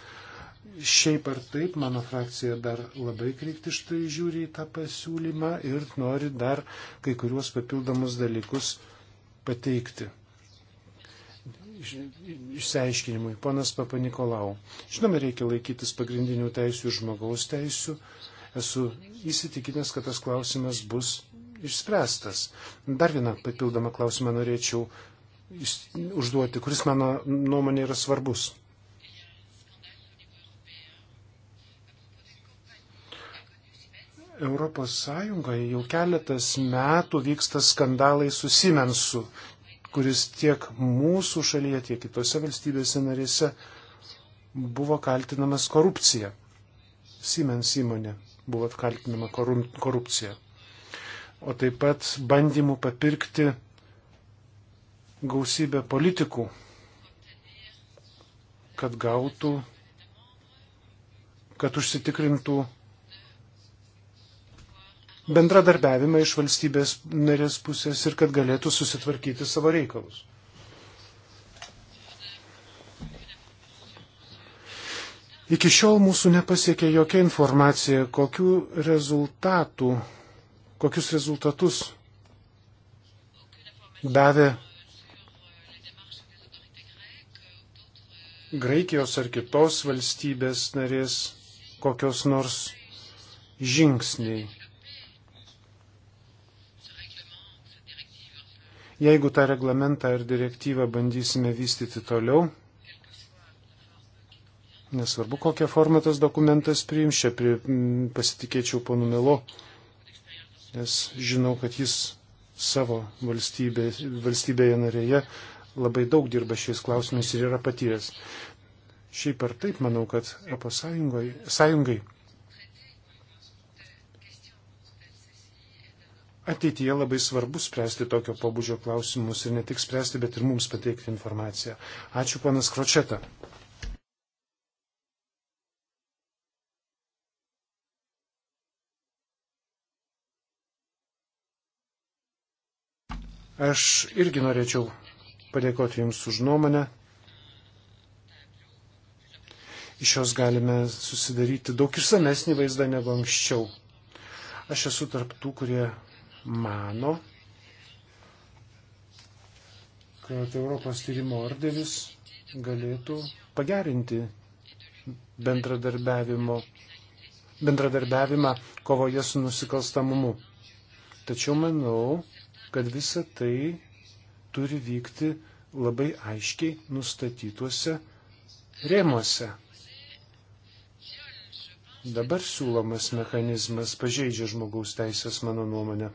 Šiaip ar taip, mano frakcija dar labai kritiškai žiūri į tą pasiūlymą ir nori dar kai kuriuos papildomus dalykus pateikti išsiaiškinimui. Ponas Papa Nikolau. Žinoma, reikia laikytis pagrindinių teisių ir žmogaus teisių. Esu įsitikinęs, kad tas klausimas bus išspręstas. Dar vieną papildomą klausimą norėčiau užduoti, kuris mano nuomonė yra svarbus. Europos Sąjungoje jau keletas metų vyksta skandalai su Siemensu, kuris tiek mūsų šalyje, tiek kitose valstybėse narėse buvo kaltinamas korupcija. Siemens įmonė buvo kaltinama korupcija. O taip pat bandymų papirkti gausybę politikų, kad gautų, kad užsitikrintų bendradarbiavimą iš valstybės narės pusės ir kad galėtų susitvarkyti savo reikalus. Iki šiol mūsų nepasiekė jokia informacija, kokiu rezultatu, kokius rezultatus davė Graikijos ar kitos valstybės narės kokios nors žingsniai. Jeigu tą reglamentą ar direktyvą bandysime vystyti toliau, nesvarbu kokią formą tas dokumentas priims, čia pri, pasitikėčiau ponu Melo, nes žinau, kad jis savo valstybė, valstybėje narėje labai daug dirba šiais klausimais ir yra patyręs. Šiaip ar taip, manau, kad ES sąjungai ateityje labai svarbu spręsti tokio pobūdžio klausimus ir ne tik spręsti, bet ir mums pateikti informaciją. Ačiū, panas Kročeta. Aš irgi norėčiau padėkoti Jums už nuomonę. Iš jos galime susidaryti daug išsamesnį vaizdą negu anksčiau. Aš esu tarp tų, kurie mano, kad Europos tyrimo orderis galėtų pagerinti bendradarbiavimą kovoje su nusikalstamumu. Tačiau manau, kad visa tai turi vykti labai aiškiai nustatytuose rėmuose. Dabar siūlomas mechanizmas pažeidžia žmogaus teisės mano nuomonę.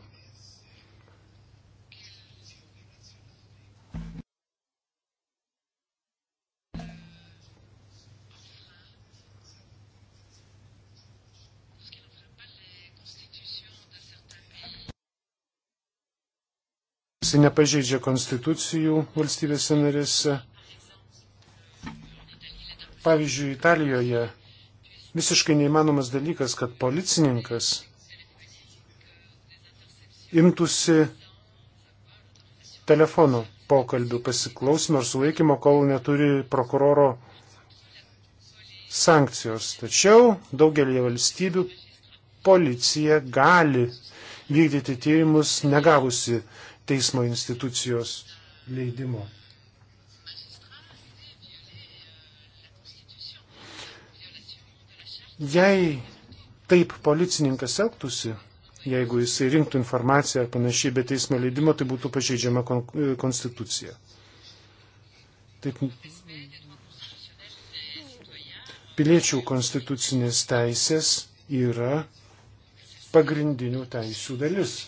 jisai nepažeidžia konstitucijų valstybėse narėse. Pavyzdžiui, Italijoje visiškai neįmanomas dalykas, kad policininkas imtųsi telefonų pokalbių pasiklausimą ar sulaikymą, kol neturi prokuroro sankcijos. Tačiau daugelį valstybių policija gali vykdyti tyrimus negavusi teismo institucijos leidimo. Jei taip policininkas elgtųsi, jeigu jisai rinktų informaciją ar panašiai be teismo leidimo, tai būtų pažeidžiama kon konstitucija. Taip, piliečių konstitucinės teisės yra pagrindinių teisų dalis.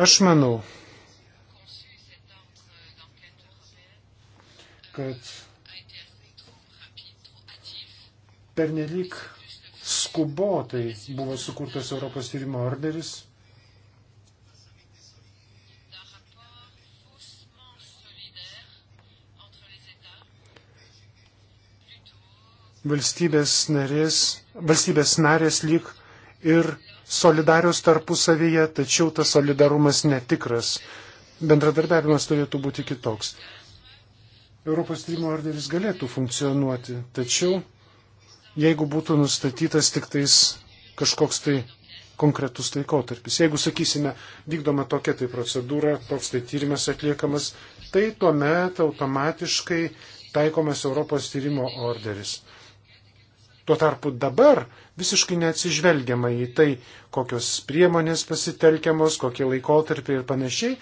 Aš manau, kad pernelyg skubotai buvo sukurtas Europos tyrimo orderis valstybės narės, valstybės narės lyg ir solidarios tarpusavyje, tačiau tas solidarumas netikras. Bendradarbiavimas turėtų būti kitoks. Europos tyrimo orderis galėtų funkcionuoti, tačiau jeigu būtų nustatytas tik tais kažkoks tai konkretus taikotarpis. Jeigu, sakysime, vykdoma tokia tai procedūra, toks tai tyrimas atliekamas, tai tuomet automatiškai taikomas Europos tyrimo orderis. Tuo tarpu dabar visiškai neatsižvelgiama į tai, kokios priemonės pasitelkiamos, kokie laikotarpiai ir panašiai.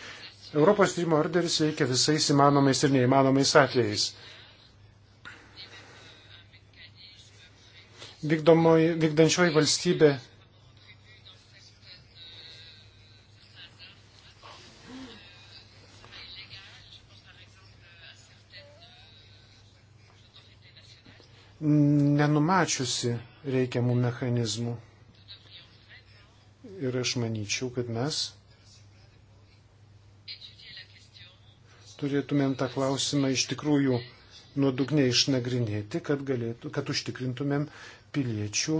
Europos tyrimo orderis veikia visais įmanomais ir neįmanomais atvejais. Vykdomoji, vykdančioji valstybė nenumačiusi reikiamų mechanizmų. Ir aš manyčiau, kad mes turėtumėm tą klausimą iš tikrųjų nuodugniai išnagrinėti, kad, galėtų, kad užtikrintumėm piliečių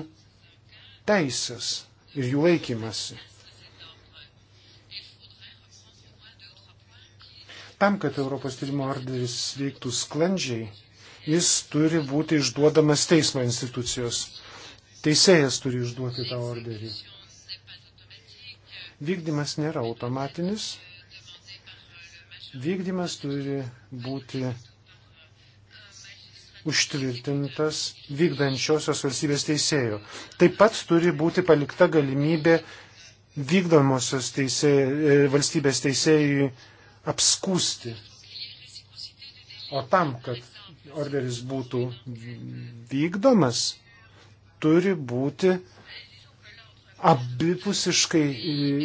teisės ir jų laikymasi. Tam, kad Europos tyrimo orderis veiktų sklandžiai, jis turi būti išduodamas teismo institucijos. Teisėjas turi išduoti tą orderį. Vykdymas nėra automatinis. Vykdymas turi būti užtvirtintas vykdančiosios valstybės teisėjo. Taip pat turi būti palikta galimybė vykdomosios teisė, e, valstybės teisėjui apskūsti O tam, kad orderis būtų vykdomas, turi būti abipusiškai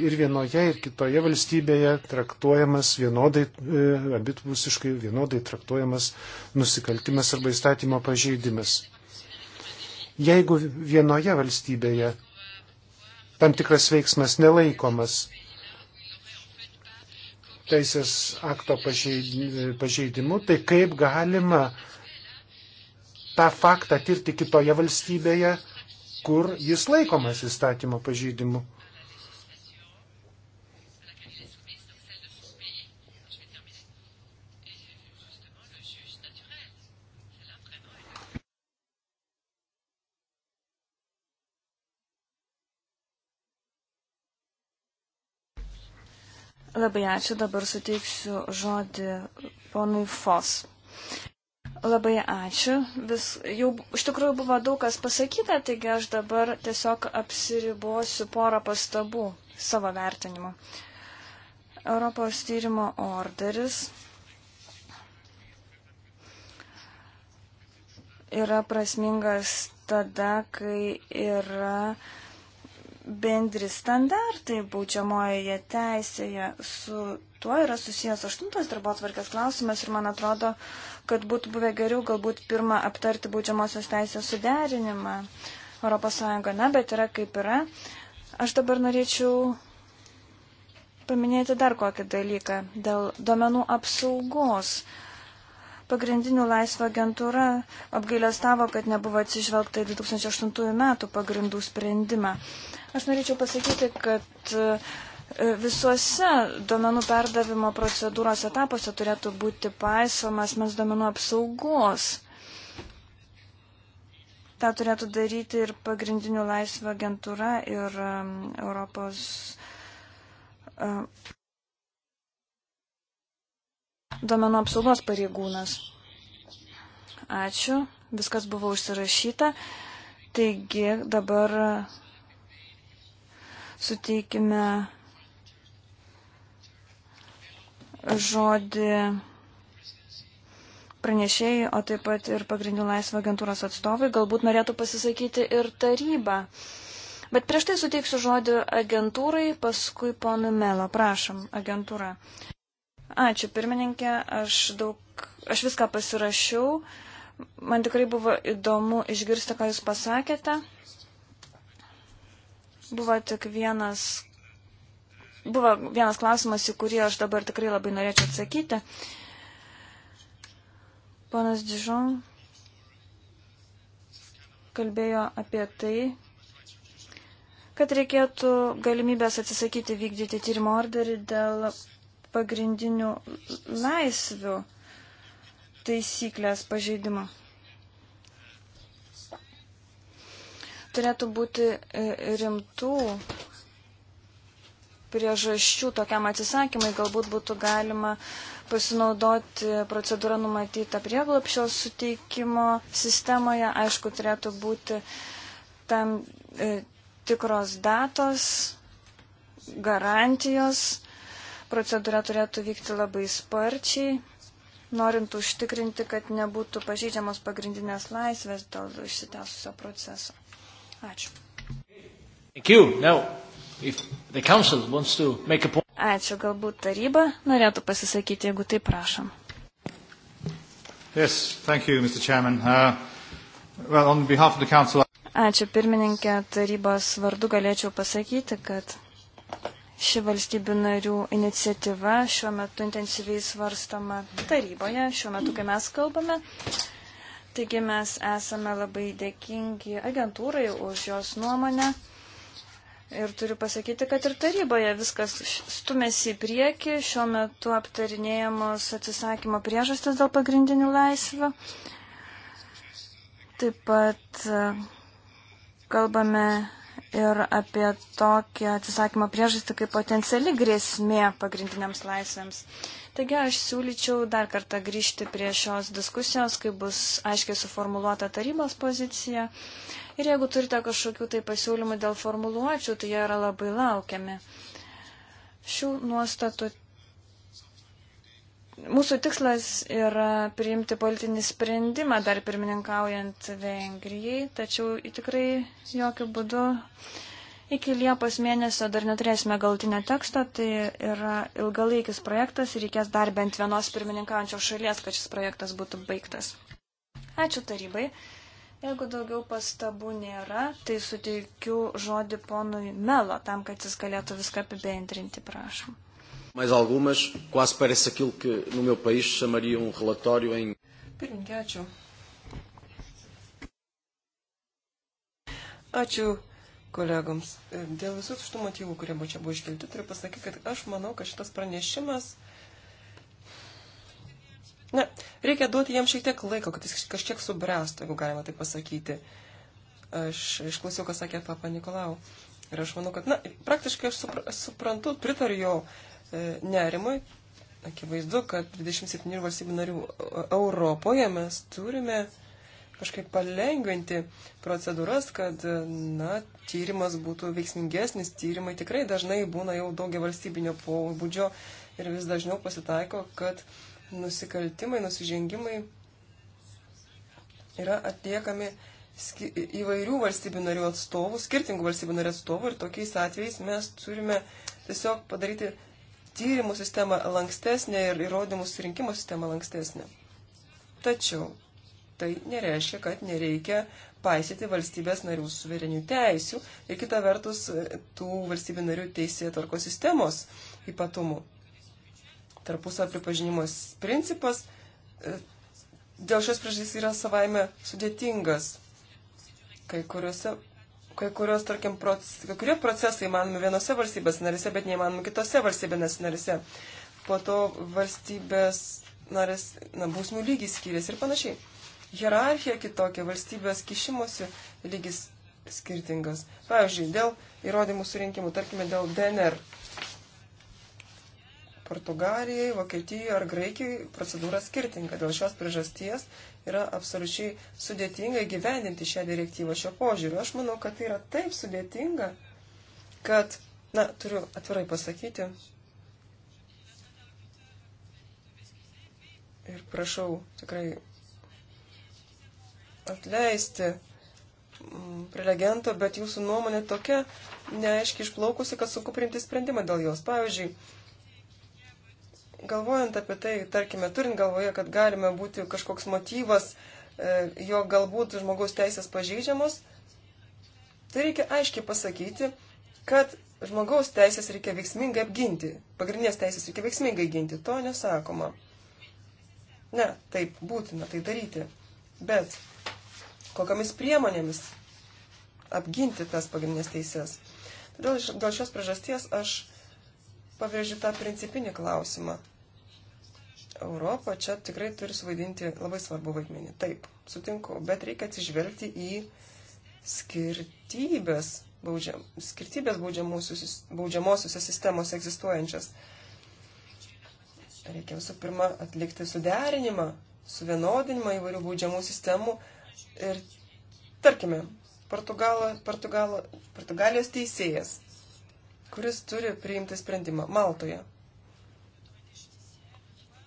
ir vienoje, ir kitoje valstybėje traktuojamas vienodai, e, abipusiškai vienodai traktuojamas nusikaltimas arba įstatymo pažeidimas. Jeigu vienoje valstybėje tam tikras veiksmas nelaikomas teisės akto pažeidimu, tai kaip galima tą faktą tirti kitoje valstybėje, kur jis laikomas įstatymo pažeidimu. Labai ačiū, dabar suteiksiu žodį ponui Fos. Labai ačiū. Vis, jau iš tikrųjų buvo daug kas pasakyta, taigi aš dabar tiesiog apsiribosiu porą pastabų savo vertinimu. Europos tyrimo orderis yra prasmingas tada, kai yra uh, bendri standartai baudžiamojoje teisėje. Su tuo yra susijęs aštuntas darbo atvarkės klausimas ir man atrodo, kad būtų buvę geriau galbūt pirmą aptarti baudžiamosios teisės suderinimą ES, na, bet yra kaip yra. Aš dabar norėčiau paminėti dar kokį dalyką dėl domenų apsaugos pagrindinių laisvą agentūra apgailestavo, kad nebuvo atsižvelgta į 2008 metų pagrindų sprendimą. Aš norėčiau pasakyti, kad e, visuose duomenų perdavimo procedūros etapuose turėtų būti paisomas mes duomenų apsaugos. Ta turėtų daryti ir pagrindinių laisvę agentūra ir um, Europos. Um, e, Domenų apsaugos pareigūnas. Ačiū, viskas buvo užsirašyta. Taigi dabar suteikime žodį pranešėjai, o taip pat ir pagrindinių laisvą agentūros atstovai. Galbūt norėtų pasisakyti ir taryba. Bet prieš tai suteiksiu žodį agentūrai, paskui ponu Melo. Prašom, agentūra. Ačiū, pirmininkė, aš, daug, aš viską pasirašiau. Man tikrai buvo įdomu išgirsti, ką Jūs pasakėte. Buvo tik vienas, buvo vienas klausimas, į kurį aš dabar tikrai labai norėčiau atsakyti. Ponas Dižon kalbėjo apie tai, kad reikėtų galimybės atsisakyti vykdyti tyrimo orderį dėl pagrindinių laisvių taisyklės pažeidimo. turėtų būti e, rimtų priežasčių tokiam atsisakymai, galbūt būtų galima pasinaudoti procedūrą numatytą prieglapšio suteikimo sistemoje. Aišku, turėtų būti tam e, tikros datos, garantijos. Procedūra turėtų vykti labai sparčiai, norint užtikrinti, kad nebūtų pažydžiamos pagrindinės laisvės dėl išsitęsusio proceso. Ačiū. No. Ačiū, galbūt taryba norėtų pasisakyti, jeigu tai prašom. Yes, thank you, Mr. Chairman. Uh, well, on behalf of the Council... Ačiū pirmininkė, tarybos vardu galėčiau pasakyti, kad ši valstybių narių iniciatyva šiuo metu intensyviai svarstama taryboje, šiuo metu, kai mes kalbame. Uh, Taigi mes esame labai dėkingi agentūrai už jos nuomonę. Ir turiu pasakyti, kad ir taryboje viskas stumėsi į priekį, šiuo metu aptarinėjamos atsisakymo priežastis dėl pagrindinių laisvių. Taip pat e, kalbame ir apie tokį atsisakymą priežastį kaip potenciali grėsmė pagrindiniams laisvėms. Taigi aš siūlyčiau dar kartą grįžti prie šios diskusijos, kai bus aiškiai suformuluota tarybos pozicija. Ir jeigu turite kažkokių tai pasiūlymų dėl formuluočių, tai jie yra labai laukiami. Šių nuostatų Mūsų tikslas yra priimti politinį sprendimą dar pirmininkaujant Vengrijai, tačiau tikrai jokių būdų iki Liepos mėnesio dar neturėsime galtinio teksto, tai yra ilgalaikis projektas ir reikės dar bent vienos pirmininkaujančios šalies, kad šis projektas būtų baigtas. Ačiū tarybai. Jeigu daugiau pastabų nėra, tai suteikiu žodį ponui Melo, tam, kad jis galėtų viską apibendrinti, prašom. Mais algumas, quase parece aquilo que no meu país chamaria um relatório em. Pirmininkė, ačiū. Ačiū kolegams. E, dėl visų šitų motyvų, kurie buvo čia buvo iškelti, turiu pasakyti, kad aš manau, kad šitas pranešimas. Na, reikia duoti jam šiek tiek laiko, kad jis kažkiek subręstų, jeigu galima tai pasakyti. Aš išklausiau, ką sakė papa Nikolau. Ir aš manau, kad, na, praktiškai aš suprantu, pritariu jo E, nerimui. Akivaizdu, kad 27 valstybių narių e, Europoje mes turime kažkaip palengventi procedūras, kad, e, na, tyrimas būtų veiksmingesnis. Tyrimai tikrai dažnai būna jau daugia valstybinio pobūdžio ir vis dažniau pasitaiko, kad nusikaltimai, nusižengimai yra atliekami įvairių valstybių narių atstovų, skirtingų valstybių narių atstovų ir tokiais atvejais mes turime tiesiog padaryti tyrimų sistemą lankstesnę ir įrodymų surinkimo sistemą lankstesnę. Tačiau tai nereiškia, kad nereikia paisyti valstybės narių suverenių teisių ir kita vertus e, tų valstybių narių teisė tvarko sistemos ypatumų. Tarpusą pripažinimas principas e, dėl šios priežastys yra savaime sudėtingas. Kai kuriuose kai, kurios, tarkim, proces, kai kurie procesai įmanomi vienose valstybės narise, bet neįmanomi kitose valstybės narise. Po to valstybės narės, na, bausmų lygis skiriasi ir panašiai. Hierarchija kitokia, valstybės kišimosi lygis skirtingas. Pavyzdžiui, dėl įrodymų surinkimų, tarkime, dėl DNR. Portugalijai, Vokietijai ar Graikijai procedūra skirtinga. Dėl šios priežasties yra absoliučiai sudėtinga gyvendinti šią direktyvą šio požiūriu. Aš manau, kad tai yra taip sudėtinga, kad, na, turiu atvirai pasakyti. Ir prašau tikrai atleisti mm, prelegento, bet jūsų nuomonė tokia neaiškiai išplaukusi, kad sunku priimti sprendimą dėl jos. Pavyzdžiui, galvojant apie tai, tarkime, turint galvoje, kad galime būti kažkoks motyvas, e, jo galbūt žmogaus teisės pažeidžiamos, tai reikia aiškiai pasakyti, kad žmogaus teisės reikia veiksmingai apginti, pagrindinės teisės reikia veiksmingai ginti, to nesakoma. Ne, taip, būtina tai daryti, bet kokiamis priemonėmis apginti tas pagrindinės teisės. Todėl dėl šios priežasties aš pabrėžiu tą principinį klausimą. Europa čia tikrai turi suvaidinti labai svarbu vaidmenį. Taip, sutinku, bet reikia atsižvelgti į skirtybės, baudžiam, skirtybės baudžiamosiuose sistemose egzistuojančias. Reikia visų pirma atlikti suderinimą, suvienodinimą įvairių baudžiamų sistemų ir, tarkime, Portugalo, Portugalo, Portugalijos teisėjas, kuris turi priimti sprendimą Maltoje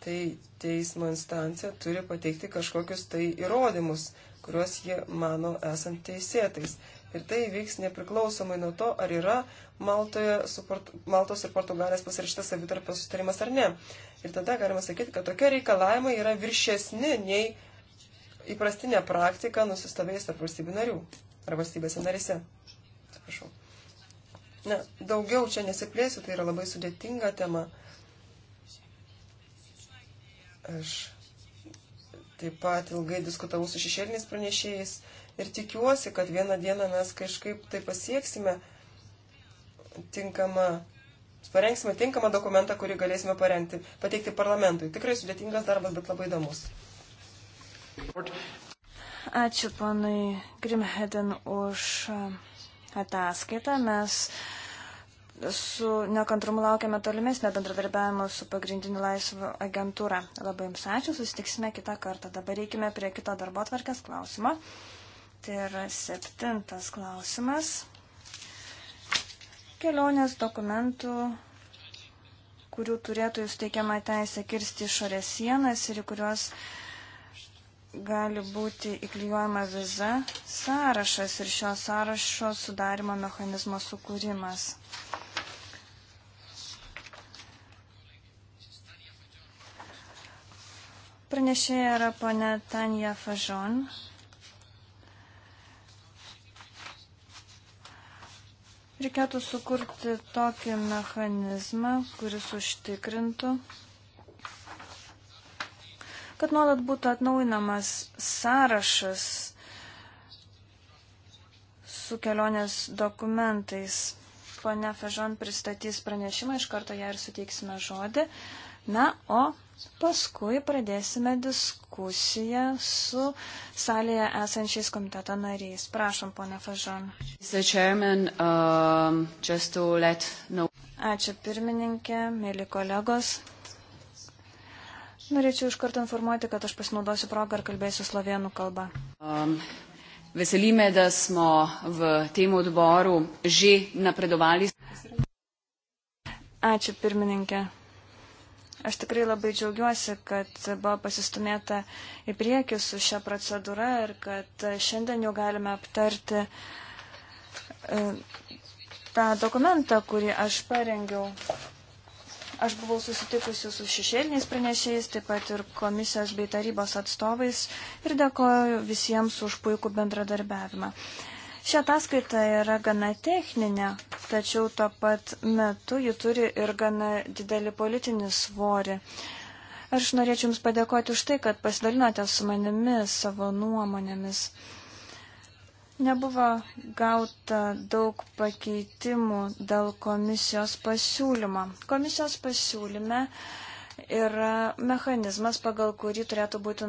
tai teismo instancija turi pateikti kažkokius tai įrodymus, kuriuos jie mano esant teisėtais. Ir tai vyks nepriklausomai nuo to, ar yra Maltoje su Port Maltos ir Portugalės pasirašytas savitarpio sutarimas ar ne. Ir tada galima sakyti, kad tokie reikalavimai yra viršesni nei įprastinė praktika nusistovėjus tarp valstybių narių ar valstybėse narise. Atsiprašau. Na, daugiau čia nesiplėsiu, tai yra labai sudėtinga tema. Aš taip pat ilgai diskutavau su šešėliniais pranešėjais ir tikiuosi, kad vieną dieną mes kažkaip tai pasieksime tinkamą, parengsime tinkamą dokumentą, kurį galėsime parengti, pateikti parlamentui. Tikrai sudėtingas darbas, bet labai įdomus. Ačiū ponui Grimheden už ataskaitą. Mes su nekantrumu laukiame tolimesnio bendradarbiavimo su pagrindiniu laisvu agentūra. Labai jums ačiū, susitiksime kitą kartą. Dabar reikime prie kito darbo tvarkės klausimo. Tai yra septintas klausimas. Kelionės dokumentų, kurių turėtų jūs teikiama teisė kirsti išorės sienas ir į kuriuos gali būti įklijuojama viza, sąrašas ir šio sąrašo sudarimo mechanizmo sukūrimas. Pranešėja yra ponė Tanja Fažon. Reikėtų sukurti tokį mechanizmą, kuris užtikrintų, kad nuolat būtų atnaujinamas sąrašas su kelionės dokumentais. Pone Fežon pristatys pranešimą, iš karto ją ir suteiksime žodį. Uh, Na, o paskui pradėsime diskusiją su salėje esančiais komiteto nariais. Prašom, ponė Fažon. Um, Ačiū pirmininkė, mėly kolegos. Norėčiau iš karto informuoti, kad aš pasinaudosiu progą ir kalbėsiu slovėnų kalbą. Um, veseli me, da smo v tem odboru že napredovali. Ačiū pirmininkė. Aš tikrai labai džiaugiuosi, kad buvo pasistumėta į priekį su šia procedūra ir kad šiandien jau galime aptarti e, tą dokumentą, kurį aš parengiau. Aš buvau susitikusi su šešėliniais pranešėjais, taip pat ir komisijos bei tarybos atstovais ir dėkoju visiems už puikų bendradarbiavimą. Uh, Ši ataskaita yra gana techninė, tačiau tuo pat metu ji turi ir gana didelį politinį svorį. Aš norėčiau Jums padėkoti už tai, kad pasidalinote su manimi savo nuomonėmis. Nebuvo gauta daug pakeitimų dėl komisijos pasiūlymo. Komisijos pasiūlyme uh, yra mechanizmas, pagal kurį turėtų būti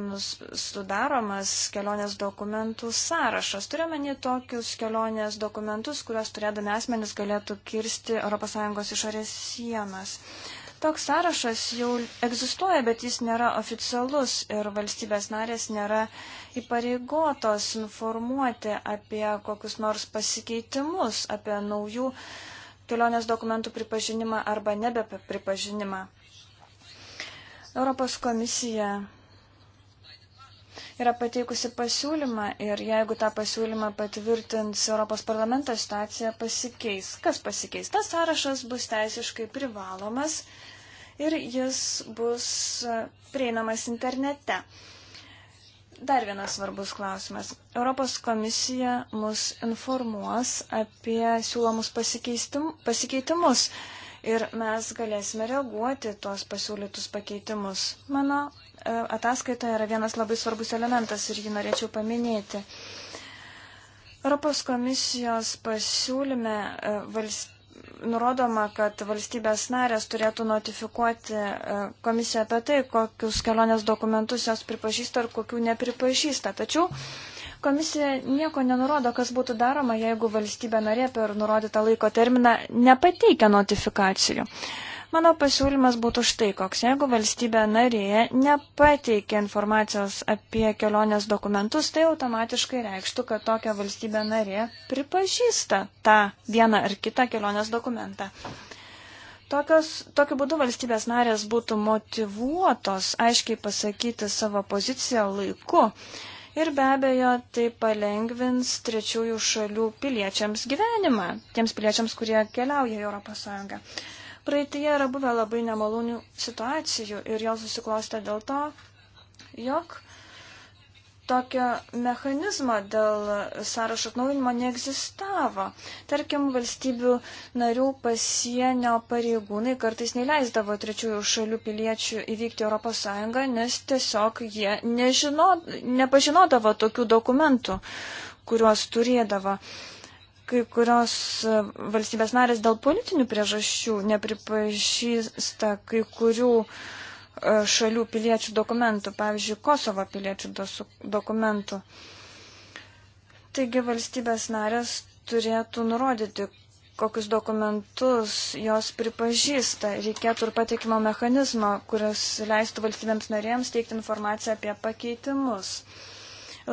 sudaromas kelionės dokumentų sąrašas. Turime ne tokius kelionės dokumentus, kuriuos turėdami asmenys galėtų kirsti ES išorės sienas. Toks sąrašas jau egzistuoja, bet jis nėra oficialus ir valstybės narės nėra įpareigotos informuoti apie kokius nors pasikeitimus, apie naujų kelionės dokumentų pripažinimą arba nebepripažinimą. Europos komisija yra pateikusi pasiūlymą ir jeigu tą pasiūlymą patvirtins Europos parlamentas, situacija pasikeis. Kas pasikeis? Tas sąrašas bus teisiškai privalomas ir jis bus prieinamas internete. Dar vienas svarbus klausimas. Europos komisija mus informuos apie siūlomus pasikeitimus ir mes galėsime reaguoti tuos pasiūlytus pakeitimus. Mano e, ataskaitoje yra vienas labai svarbus elementas ir jį norėčiau paminėti. Europos komisijos pasiūlyme e, valstybės nurodoma, kad valstybės narės turėtų notifikuoti e, komisiją apie tai, kokius kelionės dokumentus jos pripažįsta ar kokių nepripažįsta. Tačiau Komisija nieko nenurodo, kas būtų daroma, jeigu valstybė narė per nurodytą laiko terminą nepateikia notifikacijų. Mano pasiūlymas būtų štai koks. Jeigu valstybė narė nepateikia informacijos apie kelionės dokumentus, tai automatiškai reikštų, kad tokia valstybė narė pripažįsta tą vieną ar kitą kelionės dokumentą. Tokios, tokiu būdu valstybės narės būtų motivuotos aiškiai pasakyti savo poziciją laiku. Uh, ir be abejo tai palengvins trečiųjų šalių piliečiams gyvenimą, tiems piliečiams, kurie keliauja į ES. Praeitie yra buvę labai nemalonių situacijų ir jos susiklostė dėl to, jog tokio mechanizmo dėl sąrašo atnaujinimo neegzistavo. Tarkim, valstybių narių pasienio pareigūnai kartais neleisdavo trečiųjų šalių piliečių įvykti ES, nes tiesiog jie nežino, nepažinodavo tokių dokumentų, kuriuos turėdavo. Kai kurios valstybės narės dėl politinių priežasčių nepripažįsta kai kurių uh, E, šalių piliečių dokumentų, pavyzdžiui, Kosovo piliečių dokumentų. Taigi valstybės narės turėtų nurodyti, kokius dokumentus jos pripažįsta. Reikėtų ir patikimo mechanizmo, kuris leistų valstybėms narėms teikti informaciją apie pakeitimus.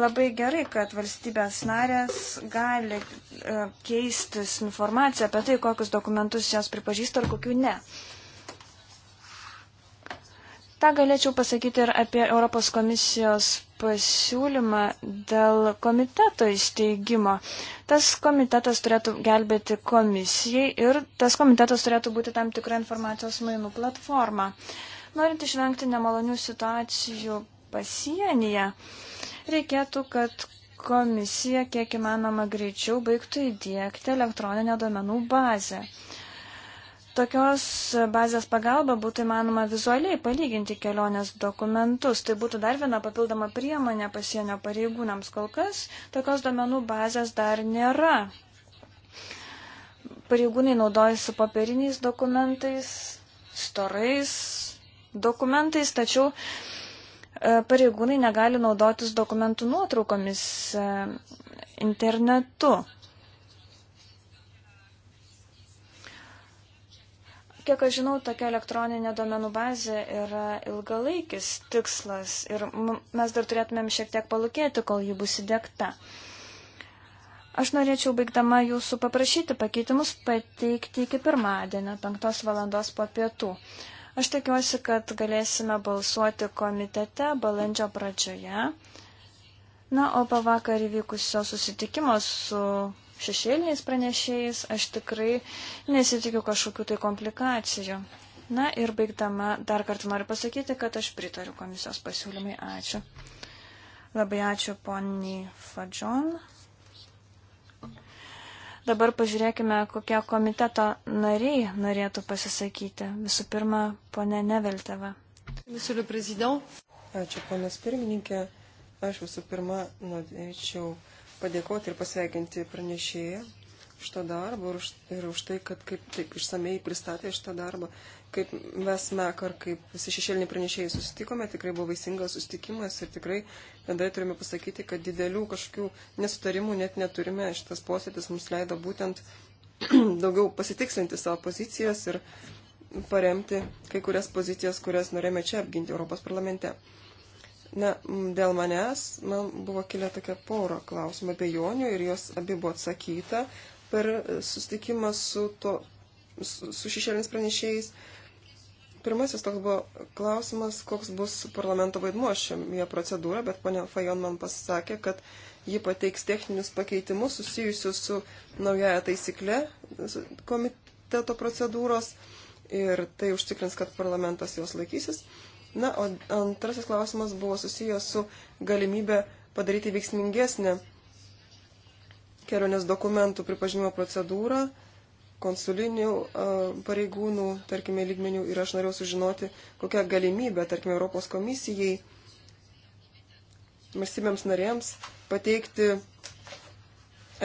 Labai gerai, kad valstybės narės gali e, keistis informaciją apie tai, kokius dokumentus jos pripažįsta ir kokių ne. Uh, Ta galėčiau pasakyti ir apie Europos komisijos pasiūlymą dėl komiteto įsteigimo. Tas komitetas turėtų gelbėti komisijai ir tas komitetas turėtų būti tam tikra informacijos mainų platforma. Norint išvengti nemalonių situacijų pasienyje, reikėtų, kad komisija kiek įmanoma greičiau baigtų įdėkti elektroninę domenų bazę. Tokios bazės pagalba būtų įmanoma vizualiai palyginti kelionės dokumentus. Tai būtų dar viena papildoma priemonė pasienio pareigūnams. Kol kas tokios domenų bazės dar nėra. Pareigūnai naudojasi popieriniais dokumentais, storais dokumentais, tačiau e, pareigūnai negali naudotis dokumentų nuotraukomis e, internetu. Kiek aš žinau, tokia elektroninė domenų bazė yra ilgalaikis tikslas ir mes dar turėtumėm šiek tiek palūkėti, kol ji bus įdėkta. Aš norėčiau baigdama jūsų paprašyti pakeitimus pateikti iki pirmadienio, 5 valandos po pietų. Aš tikiuosi, kad galėsime balsuoti komitete balandžio pradžioje. Na, o pavakar įvykusio susitikimo su šešėliniais pranešėjais, aš tikrai nesitikiu kažkokių tai komplikacijų. Na ir baigdama, dar kartą noriu pasakyti, kad aš pritariu komisijos pasiūlymai. Ačiū. Labai ačiū poniai Fadžon. Dabar pažiūrėkime, kokie komiteto nariai norėtų pasisakyti. Visų pirma, ponė Nevelteva. Ačiū, ponas pirmininkė. Aš visų pirma norėčiau. Nu, padėkoti ir pasveikinti pranešėją už tą darbą ir už tai, kad kaip taip išsamei pristatė šitą darbą. Kaip mes mekar, kaip visi šešėliniai pranešėjai susitikome, tikrai buvo vaisingas susitikimas ir tikrai bendrai turime pasakyti, kad didelių kažkokių nesutarimų net neturime. Šitas posėdis mums leido būtent daugiau pasitikslinti savo pozicijas ir paremti kai kurias pozicijas, kurias norėjome čia apginti Europos parlamente. Na, dėl manęs man buvo kilę tokia pora klausimų abejonių ir jos abi buvo atsakyta per sustikimą su, to, su, su šešėlinis pranešėjais. Pirmasis toks buvo klausimas, koks bus parlamento vaidmuo šioje procedūroje, bet ponia Fajon man pasakė, kad ji pateiks techninius pakeitimus susijusius su naujaja taisykle komiteto procedūros ir tai užtikrins, kad parlamentas jos laikysis. Na, o antrasis klausimas buvo susijęs su galimybė padaryti veiksmingesnę kelionės dokumentų pripažinimo procedūrą konsulinių pareigūnų, tarkime, lygmenių ir aš norėjau sužinoti, kokią galimybę, tarkime, Europos komisijai, valstybėms narėms pateikti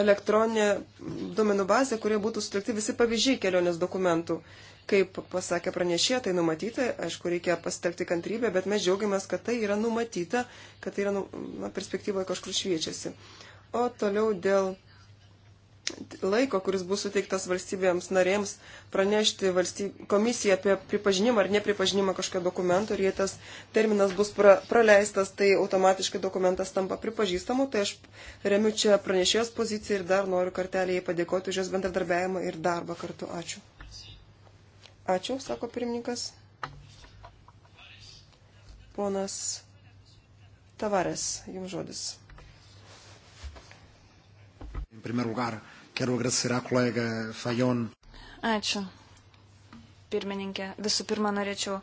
elektroninė duomenų bazė, kurioje būtų sutelkti visi pavyzdžiai kelionės dokumentų. Kaip pasakė pranešė, tai numatyta, aišku, reikia pasitelkti kantrybę, bet mes džiaugiamės, kad tai yra numatyta, kad tai yra nu, na, perspektyvoje kažkur šviečiasi. O toliau dėl laiko, kuris bus suteiktas valstybėms narėms pranešti valstyb... komisiją apie pripažinimą ar nepripažinimą kažkokio dokumento ir jei tas terminas bus pra... praleistas, tai automatiškai dokumentas tampa pripažįstamu, tai aš remiu čia pranešėjos poziciją ir dar noriu kartelėje padėkoti už jos bendradarbiavimą ir darbą kartu. Ačiū. Ačiū, sako pirmininkas. Ponas Tavares, jums žodis. Em primeiro lugar, Quero agradecer à colega Fajon. Ačiū. Pirmininkė, visų pirma, norėčiau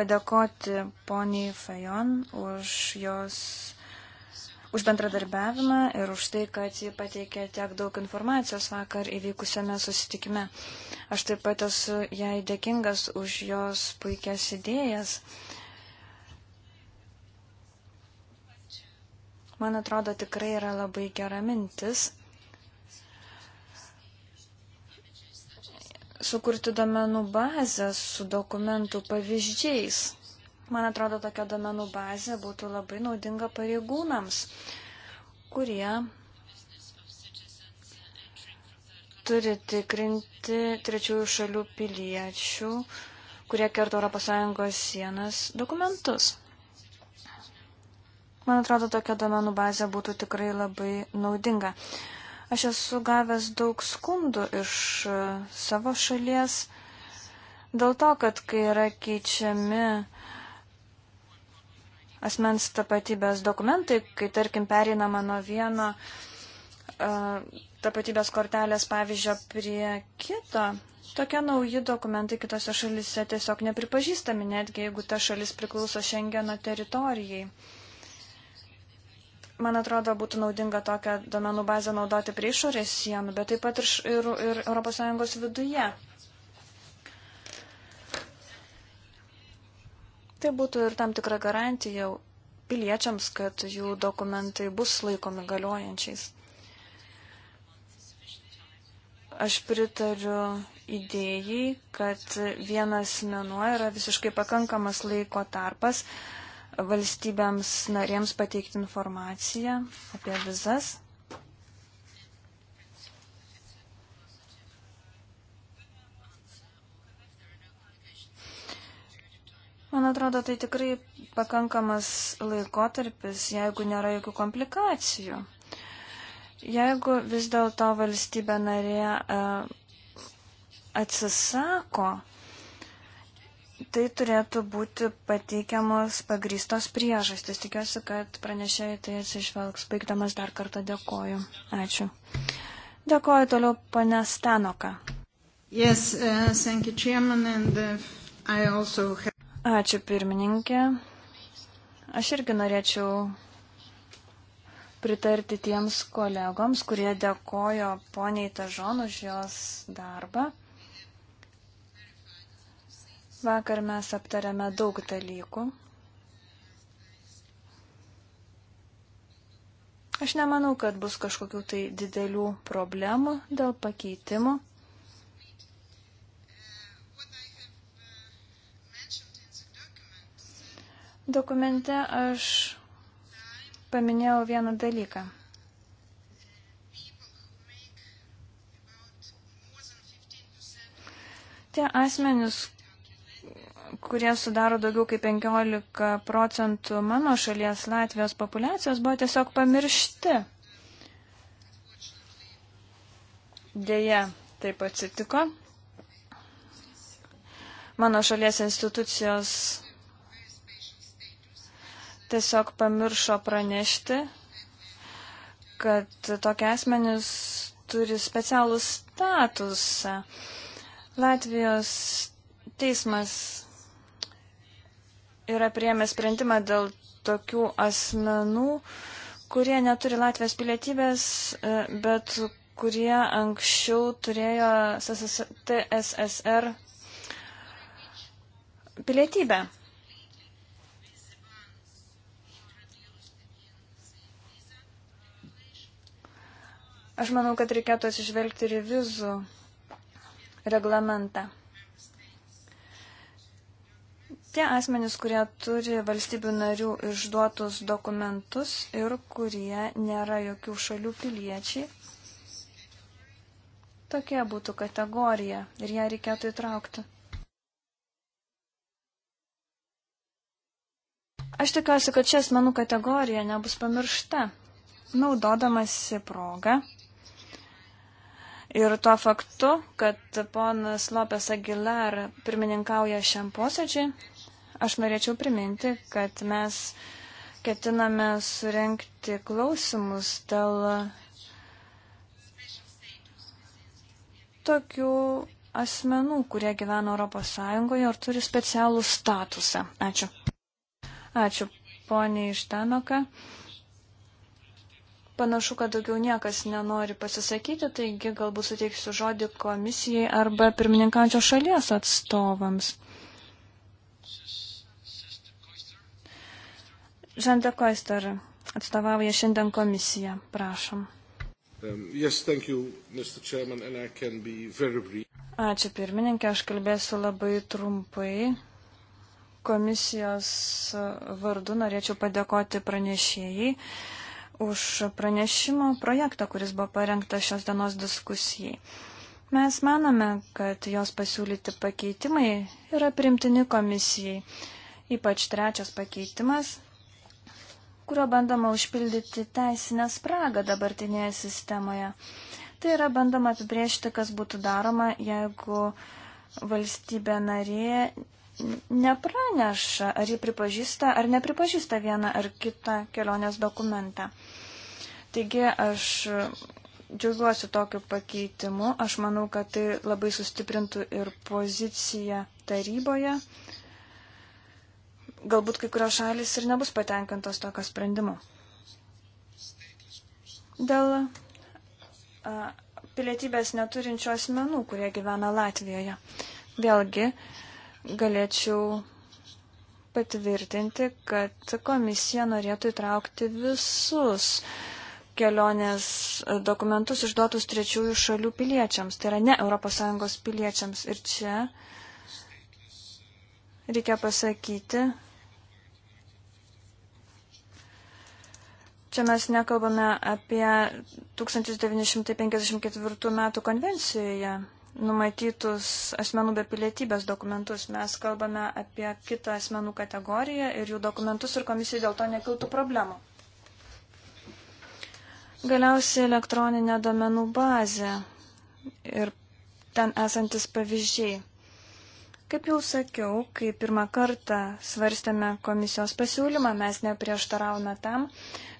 padėkoti poniai Fajon už jos už bendradarbiavimą ir už tai, kad ji pateikė tiek daug informacijos vakar įvykusiame susitikime. Aš taip pat esu jai dėkingas už jos puikias idėjas. Man atrodo, tikrai yra labai gera mintis. sukurti domenų bazę su dokumentų pavyzdžiais. Man atrodo, tokia domenų bazė būtų labai naudinga pareigūnams, kurie turi tikrinti trečiųjų šalių piliečių, kurie kerta ES sienas dokumentus. Man atrodo, tokia domenų bazė būtų tikrai labai naudinga. Aš esu gavęs daug skundų iš e, savo šalies dėl to, kad kai yra keičiami asmens tapatybės dokumentai, kai tarkim pereinama nuo vieno e, tapatybės kortelės pavyzdžio prie kito, tokie nauji dokumentai kitose šalise tiesiog nepripažįstami, netgi jeigu ta šalis priklauso Šengeno teritorijai. Man atrodo, būtų naudinga tokią domenų bazę naudoti prie išorės sienų, bet taip pat ir, ir, ir ES viduje. Tai būtų ir tam tikra garantija piliečiams, kad jų dokumentai bus laikomi galiojančiais. Aš pritariu idėjai, kad vienas mėnuo yra visiškai pakankamas laiko tarpas, uh, valstybėms narėms pateikti informaciją apie vizas. Man atrodo, tai tikrai pakankamas laikotarpis, jeigu nėra jokių komplikacijų. Jeigu vis dėlto valstybė narė e, atsisako e, tai turėtų būti pateikiamos pagrystos priežastys. Tikiuosi, kad pranešėjai tai atsižvelgs. Baigdamas dar kartą dėkoju. Ačiū. Dėkoju toliau, pane Stanoka. Yes, uh, you, chairman, and, uh, have... Ačiū pirmininkė. Aš irgi norėčiau pritarti tiems kolegoms, kurie dėkojo poniai Tažon už jos darbą. Vakar mes aptarėme daug dalykų. Aš nemanau, kad bus kažkokių tai didelių problemų dėl pakeitimų. Dokumente aš paminėjau vieną dalyką. Tie asmenys, kurie sudaro daugiau kaip 15 procentų mano šalies Latvijos populacijos, buvo tiesiog pamiršti. Deja, taip atsitiko. Mano šalies institucijos tiesiog pamiršo pranešti, kad tokie asmenys turi specialų statusą. Latvijos teismas yra prieėmę sprendimą dėl tokių asmenų, kurie neturi Latvijos pilietybės, e, bet kurie anksčiau turėjo TSSR pilietybę. Aš manau, kad reikėtų atsižvelgti ir vizų reglamentą tie asmenys, kurie turi valstybių narių išduotus dokumentus ir kurie nėra jokių šalių piliečiai. Tokia būtų kategorija ir ją reikėtų įtraukti. Aš tikiuosi, kad ši asmenų kategorija nebus pamiršta, naudodamasi progą. Ir tuo faktu, kad ponas Lopes Aguilar pirmininkauja šiam posėdžiui, Aš norėčiau priminti, kad mes ketiname surenkti klausimus dėl tokių asmenų, kurie gyvena Europos Sąjungoje ir turi specialų statusą. Ačiū. Ačiū, ponė Ištanoka. Panašu, kad daugiau niekas nenori pasisakyti, taigi galbūt suteiksiu žodį komisijai arba pirmininkančio šalies atstovams. Žanda Koister atstovauja šiandien komisiją. Prašom. Um, yes, thank you, Mr. Chairman, and I can be very brief. Ačiū pirmininkė, aš kalbėsiu labai trumpai. Komisijos vardu norėčiau padėkoti pranešėjai už pranešimo projektą, kuris buvo parengtas šios dienos diskusijai. Mes manome, kad jos pasiūlyti pakeitimai yra primtini komisijai, ypač trečias pakeitimas kuriuo bandoma užpildyti teisinę spragą dabartinėje sistemoje. Tai yra bandoma apibriežti, kas būtų daroma, jeigu valstybė narė nepraneša, ar jį pripažįsta, ar nepripažįsta vieną ar kitą kelionės dokumentą. Taigi aš džiaugiuosi tokiu pakeitimu. Aš manau, kad tai labai sustiprintų ir poziciją taryboje galbūt kai kurios šalis ir nebus patenkintos tokio sprendimu. Dėl a, pilietybės neturinčių asmenų, kurie gyvena Latvijoje. Vėlgi galėčiau patvirtinti, kad komisija norėtų įtraukti visus kelionės dokumentus išduotus trečiųjų šalių piliečiams, tai yra ne ES piliečiams. Ir čia reikia pasakyti, Čia mes nekalbame apie 1954 metų konvencijoje numatytus asmenų be pilietybės dokumentus. Mes kalbame apie kitą asmenų kategoriją ir jų dokumentus ir komisijai dėl to nekiltų problemų. Galiausiai elektroninė domenų bazė ir ten esantis pavyzdžiai. Kaip jau sakiau, kai pirmą kartą svarstėme komisijos pasiūlymą, mes neprieštaravome tam,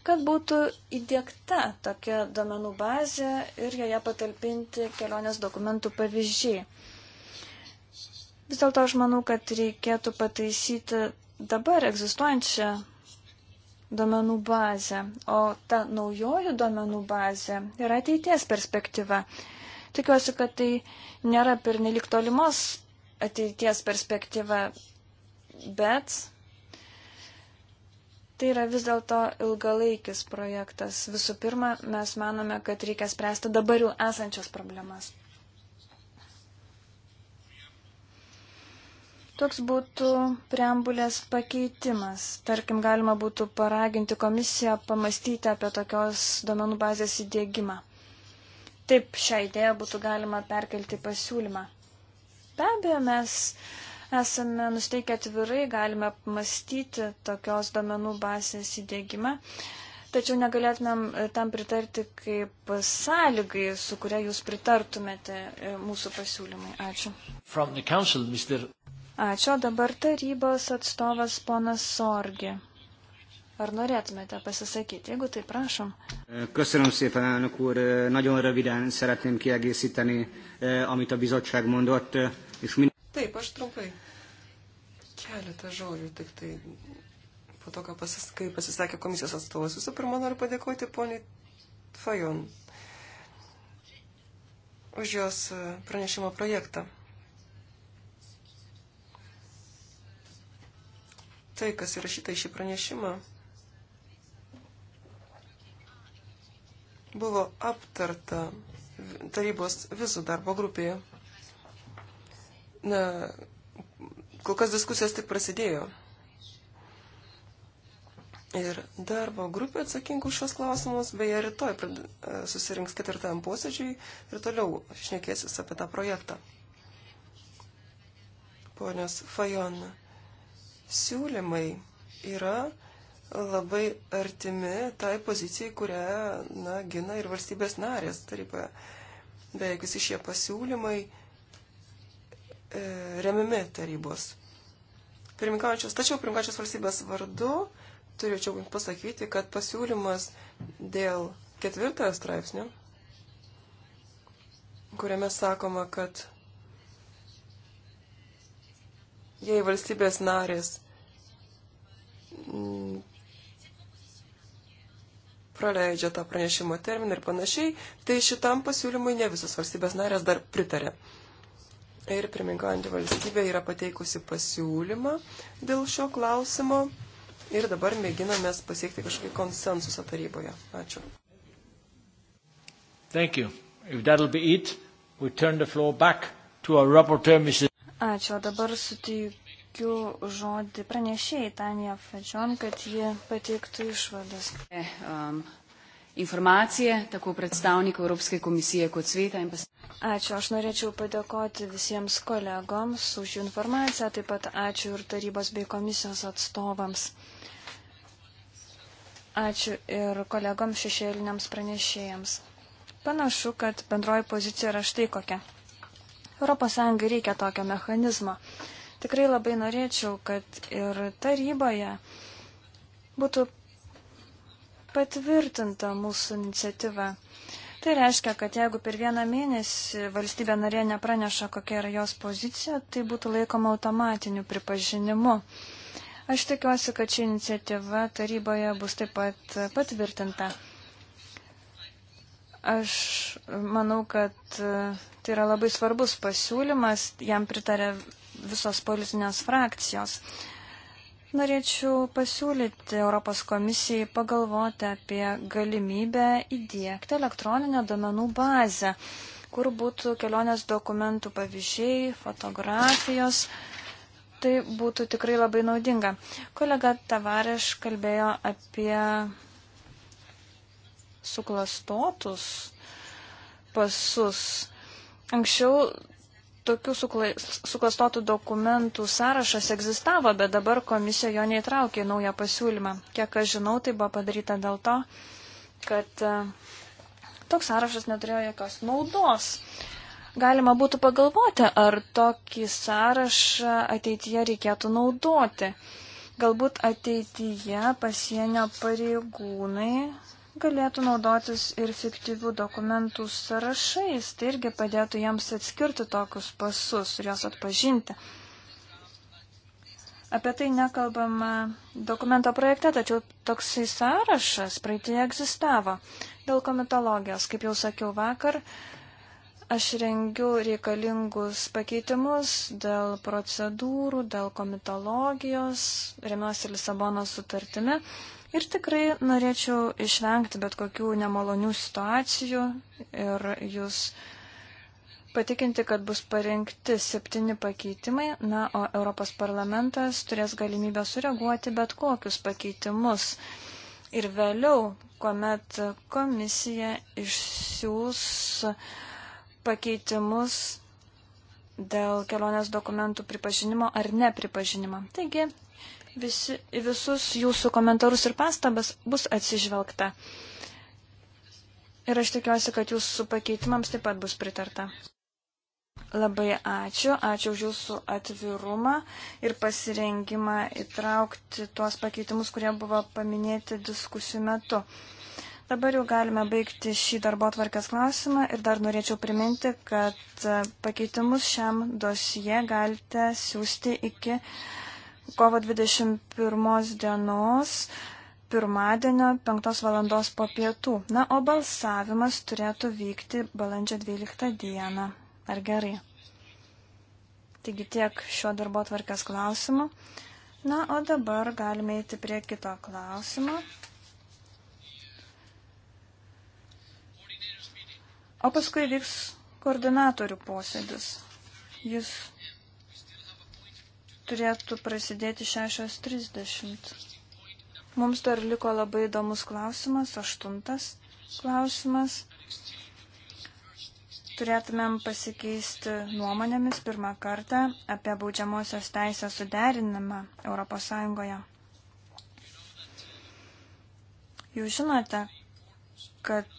kad būtų įdėkta tokia domenų bazė ir joje patalpinti kelionės dokumentų pavyzdžiai. Vis dėlto aš manau, kad reikėtų pataisyti dabar egzistuojančią duomenų bazę, o ta naujoji duomenų bazė yra ateities perspektyva. Tikiuosi, kad tai nėra pernelik tolimos ateities perspektyva, bet Tai yra vis dėlto ilgalaikis projektas. Visų pirma, mes manome, kad reikia spręsti dabar jau esančias problemas. Toks būtų preambulės pakeitimas. Tarkim, galima būtų paraginti komisiją pamastyti apie tokios domenų bazės įdėgymą. Taip, šią idėją būtų galima perkelti pasiūlymą. Be abejo, mes Esame nusteikę atvirai, galime mąstyti tokios domenų bazės įdėgymą, tačiau negalėtumėm e, tam pritarti kaip sąlygai, su kuria jūs pritartumėte e, mūsų pasiūlymai. Ačiū. Council, Mr... Ačiū. Dabar tarybos atstovas ponas Sorgi. Ar norėtumėte pasisakyti, jeigu tai prašom? E, köszönöm szépen, elnök úr. Nagyon röviden szeretném kiegészíteni, amit a bizottság mondott. És mind... Taip, aš trumpai keletą žodžių tik tai po to, pasis, kai pasisakė komisijos atstovas. Visų pirma, noriu padėkoti poniai Fajon už jos pranešimo projektą. Tai, kas įrašyta į šį pranešimą, buvo aptarta tarybos vizų darbo grupėje. Na, kol kas diskusijos tik prasidėjo. Ir darbo grupė atsakingų šios klausimus, beje, rytoj e, susirinks ketvirtajam posėdžiui ir toliau šnekėsis apie tą projektą. Ponios Fajon, siūlymai yra labai artimi tai pozicijai, kurią na, gina ir valstybės narės taryboje. Beveik visi šie pasiūlymai E, remiami tarybos. Pirminkaujančios, tačiau pirminkaujančios valstybės vardu turėčiau pasakyti, kad pasiūlymas dėl ketvirtojo straipsnio, kuriame sakoma, kad jei valstybės narės praleidžia tą pranešimo terminą ir panašiai, tai šitam pasiūlymui ne visos valstybės narės dar pritarė ir pirmininkaujantį valstybę yra pateikusi pasiūlymą dėl šio klausimo ir dabar mėginame pasiekti kažkokį konsensusą taryboje. Ačiū. It, reporter, Mrs... Ačiū. Dabar suteikiu žodį pranešėjai Tanja Fadžion, kad ji pateiktų išvadas. Eh, um informacije, tako predstavnikov Evropske komisije kot sveta. Pas... Ačiū, aš norėčiau padėkoti visiems kolegoms už jų informaciją, taip pat ačiū ir tarybos bei komisijos atstovams. Ačiū ir kolegoms šešėliniams pranešėjams. Panašu, kad bendroji pozicija yra štai kokia. ES reikia tokio mechanizmo. Tikrai labai norėčiau, kad ir taryboje būtų patvirtinta mūsų iniciatyva. Tai reiškia, kad jeigu per vieną mėnesį valstybė narė nepraneša, kokia yra jos pozicija, tai būtų laikoma automatiniu pripažinimu. Aš tikiuosi, kad ši iniciatyva taryboje bus taip pat patvirtinta. Aš manau, kad e, tai yra labai svarbus pasiūlymas, jam pritarė visos politinės frakcijos. Norėčiau pasiūlyti Europos komisijai pagalvoti apie galimybę įdėkti elektroninę domenų bazę, kur būtų kelionės dokumentų pavyzdžiai, fotografijos. Tai būtų tikrai labai naudinga. Kolega Tavareš kalbėjo apie suklastotus pasus. Anksčiau tokių sukla, suklastotų dokumentų sąrašas egzistavo, bet dabar komisija jo neįtraukė į naują pasiūlymą. Kiek aš žinau, tai buvo padaryta dėl to, kad e, toks sąrašas neturėjo jokios naudos. Galima būtų pagalvoti, ar tokį sąrašą ateityje reikėtų naudoti. Galbūt ateityje pasienio pareigūnai galėtų naudotis ir fiktyvių dokumentų sąrašais, tai irgi padėtų jiems atskirti tokius pasus ir juos atpažinti. Apie tai nekalbama dokumento projekte, tačiau toksai sąrašas praeitie egzistavo. Dėl komitologijos, kaip jau sakiau vakar, aš rengiu reikalingus pakeitimus dėl procedūrų, dėl komitologijos, remiuosi Lisabono sutartimi. Ir tikrai norėčiau išvengti bet kokių nemalonių situacijų ir jūs patikinti, kad bus parengti septyni pakeitimai, na, o Europos parlamentas turės galimybę sureaguoti bet kokius pakeitimus. Ir vėliau, kuomet komisija išsiūs pakeitimus dėl kelionės dokumentų pripažinimo ar nepripažinimo. Taigi, visi, visus jūsų komentarus ir pastabas bus atsižvelgta. Ir aš tikiuosi, kad jūsų pakeitimams taip pat bus pritarta. Labai ačiū, ačiū už jūsų atvirumą ir pasirengimą įtraukti tuos pakeitimus, kurie buvo paminėti diskusijų metu. Dabar jau galime baigti šį darbo tvarkės klausimą ir dar norėčiau priminti, kad pakeitimus šiam dosiją galite siūsti iki kovo 21 dienos pirmadienio 5 valandos po pietų. Na, o balsavimas turėtų vykti balandžio 12 dieną. Ar gerai? Taigi tiek šio darbo tvarkės klausimų. Na, o dabar galime eiti prie kito klausimo. O paskui vyks koordinatorių posėdis. Jis turėtų prasidėti 6.30. Mums dar liko labai įdomus klausimas, aštuntas klausimas. Turėtumėm pasikeisti nuomonėmis pirmą kartą apie baudžiamosios teisės suderinimą ES. Jūs žinote, kad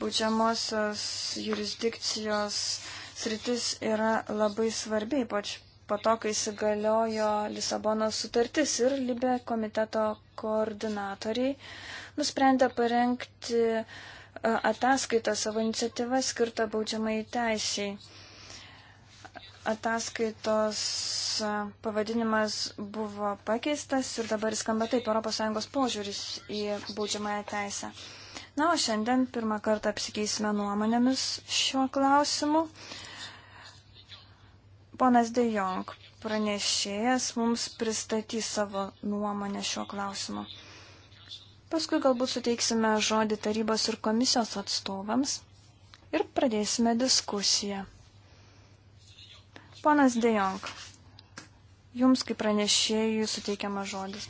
baudžiamosios jurisdikcijos sritis yra labai svarbi, ypač po to, kai įsigaliojo Lisabono sutartis ir Libė komiteto koordinatoriai nusprendė parengti e, ataskaitą savo iniciatyvą skirtą baudžiamai teisiai. Ataskaitos e, pavadinimas buvo pakeistas ir dabar skamba taip ES požiūris į baudžiamąją teisę. Na, o šiandien pirmą kartą apsikeisime nuomonėmis šiuo klausimu. Uh, Ponas De Jong, pranešėjas, mums pristatys savo nuomonę šiuo klausimu. Paskui galbūt suteiksime žodį tarybos ir komisijos atstovams ir pradėsime diskusiją. Ponas De Jong, jums kaip pranešėjui suteikiama žodis.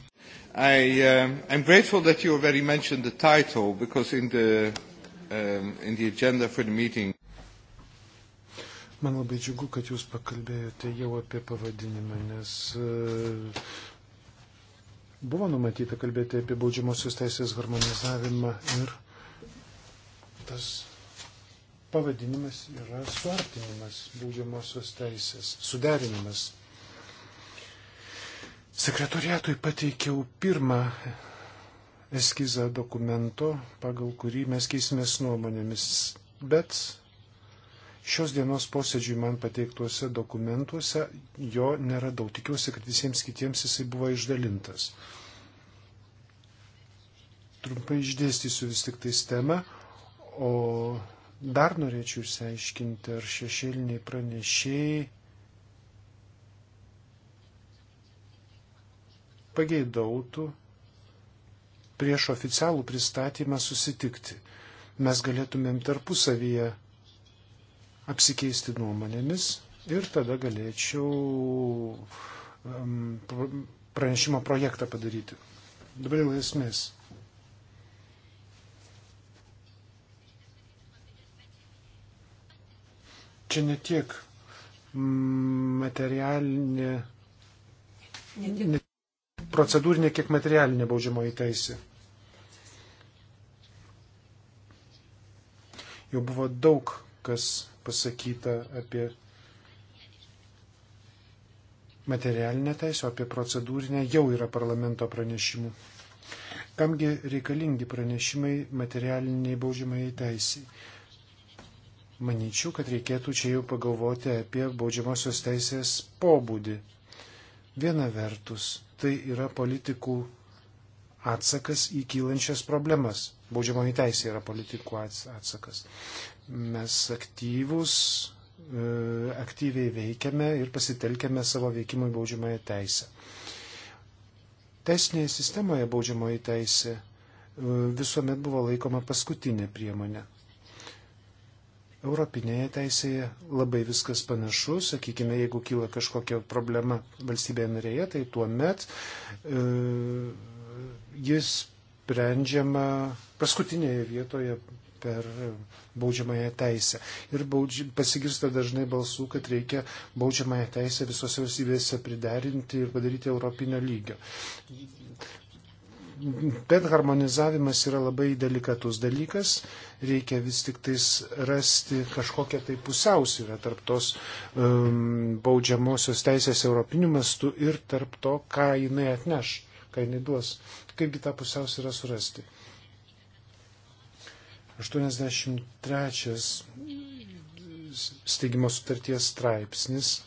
I, uh, title, um, Man labai džiugu, kad jūs pakalbėjote jau apie pavadinimą, nes e, buvo numatyta kalbėti apie baudžiamosios teisės harmonizavimą ir tas pavadinimas yra suartinimas baudžiamosios teisės, suderinimas. Sekretoriatui pateikiau pirmą eskizą dokumento, pagal kurį mes keisimės nuomonėmis, bet Šios dienos posėdžiui man pateiktuose dokumentuose jo neradau. Tikiuosi, kad visiems kitiems jisai buvo išdalintas. Trumpai išdėstysiu vis tik tais temą, o dar norėčiau išsiaiškinti, ar šešėliniai pranešėjai pageidautų prieš oficialų pristatymą susitikti. Mes galėtumėm tarpusavyje apsikeisti nuomonėmis ir tada galėčiau um, pranešimo projektą padaryti. Dabar jau esmės. Čia ne tiek mm, materialinė, ne, procedūrinė, kiek materialinė baudžiamoji teisė. Jau buvo daug kas pasakyta apie materialinę teisę, apie procedūrinę jau yra parlamento pranešimų. Kamgi reikalingi pranešimai materialiniai baudžiamai teisiai? Maničiau, kad reikėtų čia jau pagalvoti apie baudžiamosios teisės pobūdį. Viena vertus, tai yra politikų atsakas į kylančias problemas. Baudžiamoji teisė yra politikų atsakas. Mes aktyvus, e, aktyviai veikiame ir pasitelkiame savo veikimui baudžiamąją teisę. Teisinėje sistemoje baudžiamoji teisė e, visuomet buvo laikoma paskutinė priemonė. Europinėje teisėje labai viskas panašu, sakykime, jeigu kyla kažkokia problema valstybėje narėje, tai tuo met e, jis sprendžiama paskutinėje vietoje per baudžiamąją teisę. Ir baudži... pasigirsta dažnai balsų, kad reikia baudžiamąją teisę visose valstybėse priderinti ir padaryti europinio lygio. Bet harmonizavimas yra labai delikatus dalykas, reikia vis tik tais rasti kažkokią tai pusiausvyrą tarp tos um, baudžiamosios teisės europinių mastų ir tarp to, ką jinai atneš, ką jinai duos. Kaipgi tą pusiausvyrą surasti? 83 steigimo sutarties straipsnis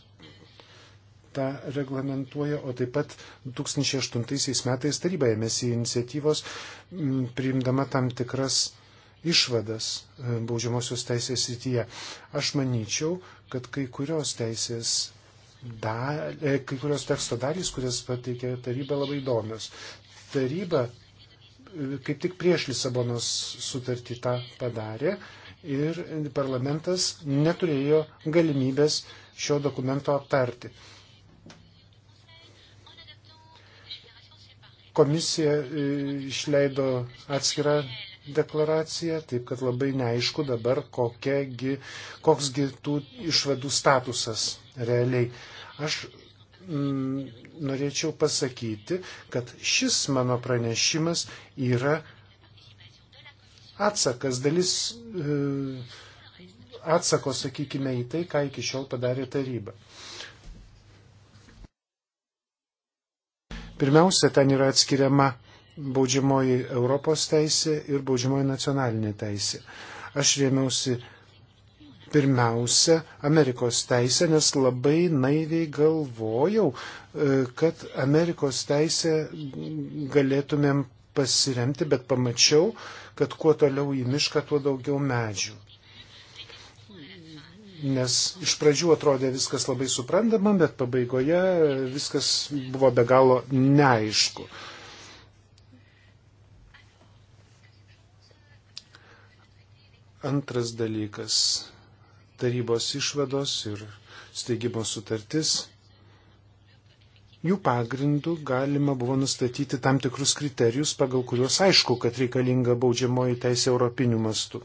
tą reglamentuoja, o taip pat 2008 metais taryba ėmėsi iniciatyvos, priimdama tam tikras išvadas e, baudžiamosios teisės rytyje. Aš manyčiau, kad kai kurios teisės da, e, kai kurios teksto dalys, kurias pateikė taryba, labai įdomios. Taryba kaip tik prieš Lisabonos sutartį tą padarė ir parlamentas neturėjo galimybės šio dokumento aptarti. Komisija e, išleido atskirą deklaraciją, taip kad labai neaišku dabar, kokiagi, koksgi tų išvadų statusas realiai. Aš Mm, norėčiau pasakyti, kad šis mano pranešimas yra atsakas, dalis e, atsako, sakykime, į tai, ką iki šiol padarė taryba. Pirmiausia, ten yra atskiriama baudžiamoji Europos teisė ir baudžiamoji nacionalinė teisė. Aš rėmiausi pirmiausia Amerikos teisę, nes labai naiviai galvojau, e, kad Amerikos teisę galėtumėm pasiremti, bet pamačiau, kad kuo toliau į mišką, tuo daugiau medžių. Nes iš pradžių atrodė viskas labai suprantama, bet pabaigoje viskas buvo be galo neaišku. Antras dalykas tarybos išvados ir steigimo sutartis. Jų pagrindų galima buvo nustatyti tam tikrus kriterijus, pagal kuriuos aišku, kad reikalinga baudžiamoji teisė europinių mastų.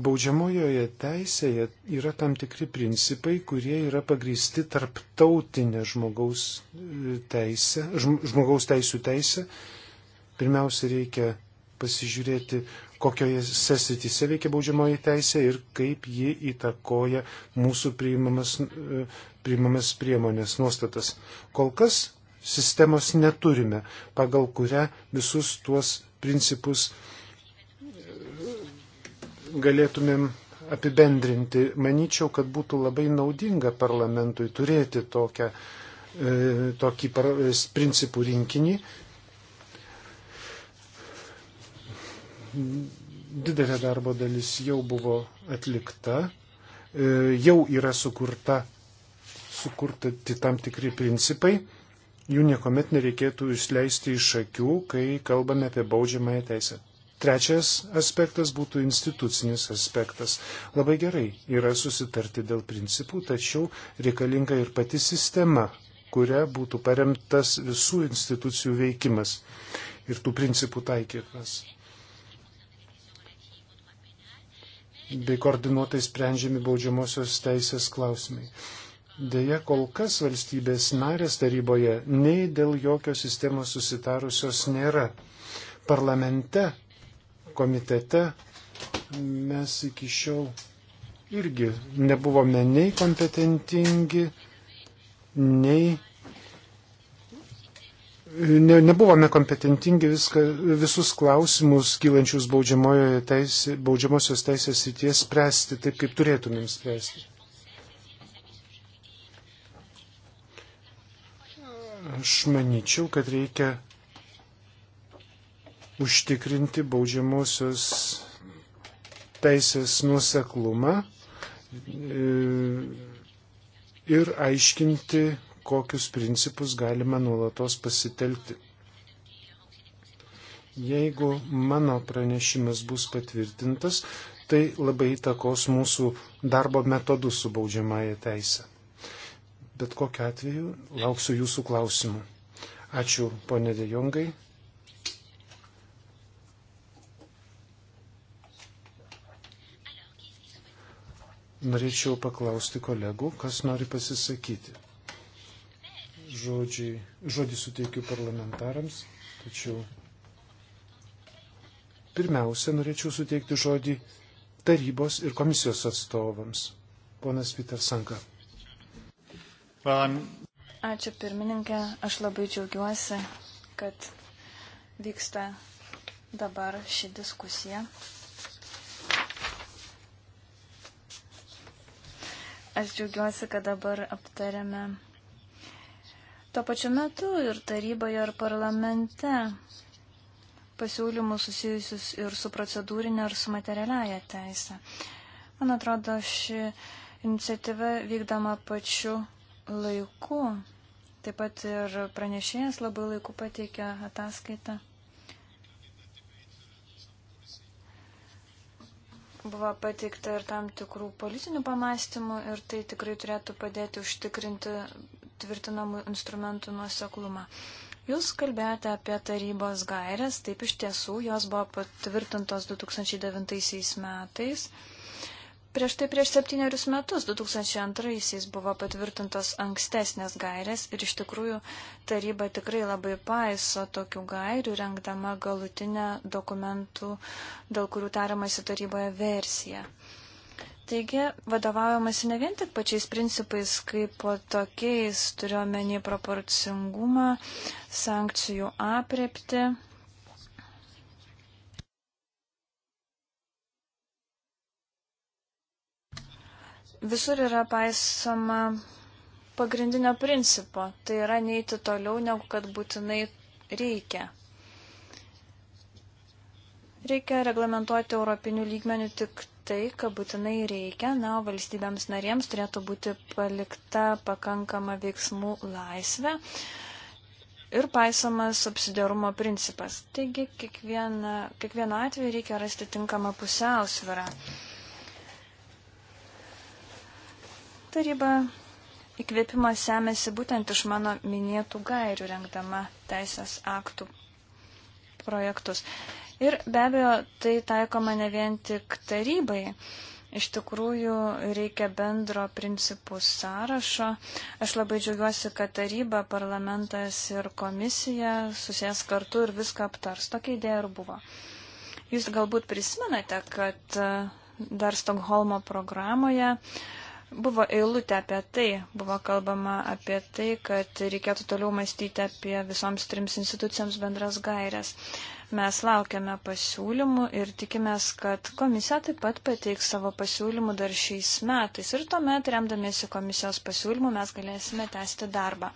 Baudžiamojoje teisėje yra tam tikri principai, kurie yra pagrysti tarptautinė žmogaus, e, teisė, žmogaus teisų teisė. Pirmiausia, reikia pasižiūrėti, kokiose srityse veikia baudžiamoji teisė ir kaip ji įtakoja mūsų priimamas, priimamas priemonės nuostatas. Kol kas sistemos neturime, pagal kurią visus tuos principus e, galėtumėm apibendrinti. Manyčiau, kad būtų labai naudinga parlamentui turėti tokią, e, tokį principų rinkinį didelė darbo dalis jau buvo atlikta, e, jau yra sukurta, sukurti tam tikri principai, jų niekuomet nereikėtų išleisti iš akių, kai kalbame apie baudžiamąją teisę. Trečias aspektas būtų institucinis aspektas. Labai gerai yra susitarti dėl principų, tačiau reikalinga ir pati sistema, kuria būtų paremtas visų institucijų veikimas ir tų principų taikymas. bei koordinuotai sprendžiami baudžiamosios teisės klausimai. Deja, kol kas valstybės narės taryboje nei dėl jokios sistemos susitarusios nėra. Parlamente, komitete mes iki šiol irgi nebuvome nei kompetentingi, nei ne, nebuvome kompetentingi viską, visus klausimus kylančius teisė, baudžiamosios teisės įties spręsti taip, kaip turėtumėm spręsti. Aš manyčiau, kad reikia užtikrinti baudžiamosios teisės nuseklumą e, ir aiškinti kokius principus galime nuolatos pasitelkti. Jeigu mano pranešimas bus patvirtintas, tai labai įtakos mūsų darbo metodus su baudžiamąją teisę. Bet kokiu atveju lauksiu jūsų klausimų. Ačiū, ponė Dejongai. Norėčiau paklausti kolegų, kas nori pasisakyti žodžiai, žodį suteikiu parlamentarams, tačiau pirmiausia norėčiau suteikti žodį tarybos ir komisijos atstovams. Ponas Vitas Sanka. Ačiū pirmininkė, aš labai džiaugiuosi, kad vyksta dabar ši diskusija. Aš džiaugiuosi, kad dabar aptarėme Tuo pačiu metu ir taryboje, ir parlamente pasiūlymus susijusius ir su procedūrinė, ir su materialiaja teisė. Man atrodo, ši iniciatyva vykdama pačiu laiku. Taip pat ir pranešėjas labai laiku pateikė ataskaitą. Buvo pateikta ir tam tikrų politinių pamastymų ir tai tikrai turėtų padėti užtikrinti tvirtinamų instrumentų nuoseklumą. Jūs kalbėjote apie tarybos gairias, taip iš tiesų jos buvo patvirtintos 2009 metais. Prieš tai prieš septynerius metus, 2002-aisiais, buvo patvirtintos ankstesnės gairės ir iš tikrųjų taryba tikrai labai paiso tokių gairių, rengdama galutinę dokumentų, dėl kurių tariamasi taryboje versiją. Taigi, vadovaujamasi ne vien tik pačiais principais, kaip po tokiais turiuomenį proporcingumą, sankcijų apriepti. Visur yra paisoma pagrindinio principo, tai yra neiti toliau, negu kad būtinai reikia. Reikia reglamentuoti europinių lygmenių tik tai, ką būtinai reikia, na, o valstybėms narėms turėtų būti palikta pakankama veiksmų laisvė ir paisomas subsidiarumo principas. Taigi, kiekvieną, kiekvieną atveju reikia rasti tinkamą pusiausvyrą. Taryba įkvėpimą semėsi būtent iš mano minėtų gairių rengdama teisės aktų projektus. Ir be abejo, tai taikoma ne vien tik tarybai. Iš tikrųjų, reikia bendro principų sąrašo. Aš labai džiaugiuosi, kad taryba, parlamentas ir komisija susės kartu ir viską aptars. Tokia idėja ir buvo. Jūs galbūt prisimenate, kad e, dar Stokholmo programoje buvo eilutė apie tai, buvo kalbama apie tai, kad reikėtų toliau mąstyti apie visoms trims institucijams bendras gairias. Mes laukiame pasiūlymų ir tikimės, kad komisija taip pat pateiks savo pasiūlymų dar šiais metais ir tuomet, remdamiesi komisijos pasiūlymų, mes galėsime tęsti darbą.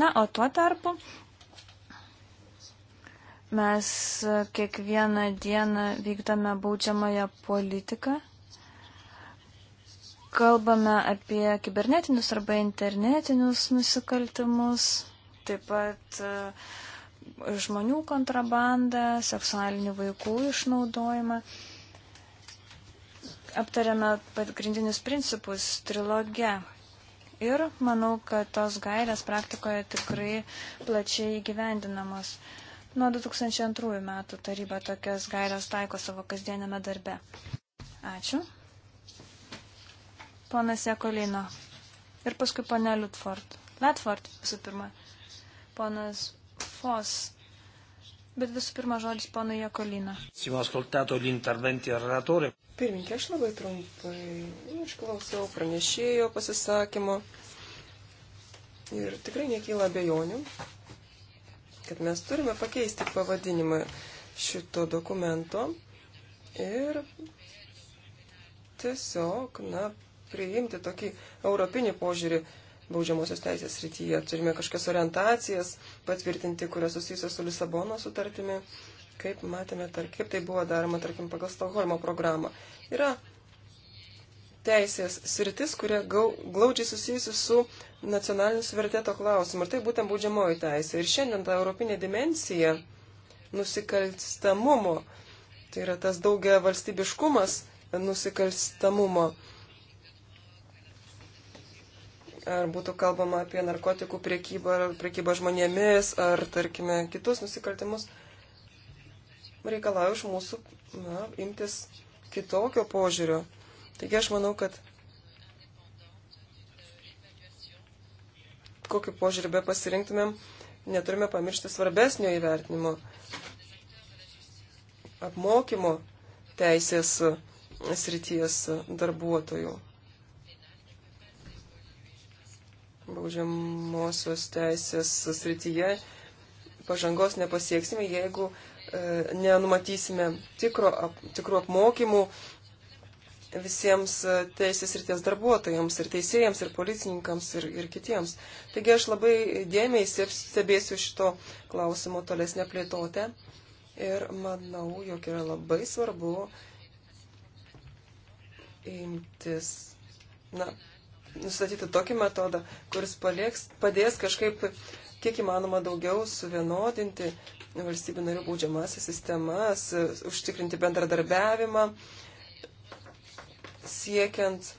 Na, o tuo tarpu mes kiekvieną dieną vykdame baudžiamąją politiką. Kalbame apie kibernetinius arba internetinius nusikaltimus, taip pat uh, žmonių kontrabandą, seksualinį vaikų išnaudojimą. Aptarėme pagrindinius principus trilogė. Ir manau, kad tos gairės praktikoje tikrai plačiai įgyvendinamos. Nuo 2002 metų taryba tokias gairias taiko savo kasdienėme darbe. Ačiū. Ponas Jekolino. Ir paskui ponė Lutford. Latford visų pirma. Ponas veiklos. Bet visų pirma žodis ponui Jekolina. Pirminkė, aš labai trumpai išklausiau pranešėjo pasisakymo ir tikrai nekyla abejonių, kad mes turime pakeisti pavadinimą šito dokumento ir tiesiog, na, priimti tokį europinį požiūrį baudžiamosios teisės srityje. Turime kažkokias orientacijas patvirtinti, kurios susijusios su Lisabono sutartimi, kaip matėme, tar, kaip tai buvo daroma, tarkim, pagal Stokholmo programą. Yra teisės sritis, kurie gau, glaudžiai susijusi su nacionaliniu suvertėto klausimu. Ir tai būtent baudžiamoji teisė. Ir šiandien ta europinė dimensija nusikalstamumo, tai yra tas daugia valstybiškumas nusikalstamumo ar būtų kalbama apie narkotikų priekybą, ar priekybą žmonėmis, ar, tarkime, kitus nusikaltimus, reikalauja iš mūsų na, imtis kitokio požiūrio. Taigi aš manau, kad kokį požiūrį be pasirinktumėm, neturime pamiršti svarbesnio įvertinimo apmokymo teisės srities darbuotojų. baudžiamosios teisės srityje pažangos nepasieksime, jeigu e, nenumatysime tikro, ap, tikrų apmokymų visiems e, teisės ryties darbuotojams ir teisėjams ir policininkams ir, ir kitiems. Taigi aš labai dėmiai stebėsiu šito klausimo tolesnę plėtotę ir manau, jog yra labai svarbu imtis, na, nustatyti tokį metodą, kuris palieks, padės kažkaip kiek įmanoma daugiau suvienodinti valstybių narių baudžiamasias sistemas, užtikrinti bendradarbiavimą, siekiant.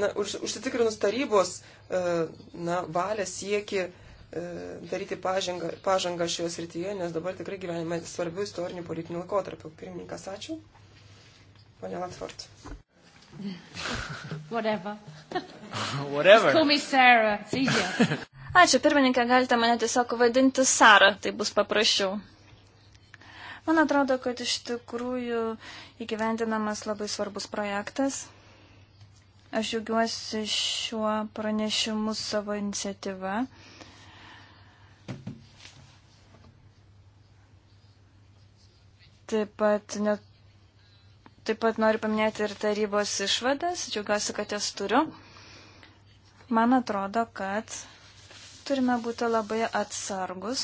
Na, už, užsitikrinus tarybos e, na, valią sieki e, daryti pažangą, pažangą šioje srityje, nes dabar tikrai gyvenime svarbių istorinių politinių laikotarpių. Pirmininkas, ačiū. Pane Latford. Whatever. Whatever. Just call me Sarah. It's easier. Ačiū, pirmininkė, galite mane tiesiog vadinti Sara, tai bus paprasčiau. Man atrodo, kad iš tikrųjų įgyvendinamas labai svarbus projektas. Aš džiaugiuosi šiuo pranešimu savo iniciatyva. Taip pat net Taip pat noriu paminėti ir tarybos išvadas, džiaugiuosi, kad jas turiu. Man atrodo, kad turime būti labai atsargus.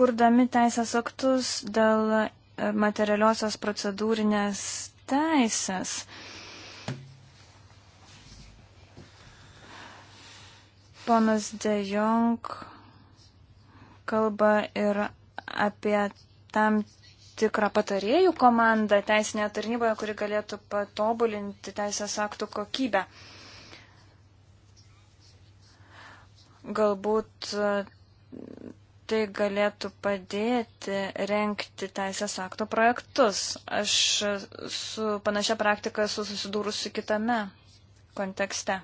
Kurdami teisės aktus dėl e, materialiosios procedūrinės teisės. Ponas De Jong kalba ir apie tam tikrą patarėjų komandą teisinėje tarnyboje, kuri galėtų patobulinti teisės aktų kokybę. Galbūt e, tai galėtų padėti renkti teisės akto projektus. Aš su panašia praktika esu susidūrusi kitame kontekste.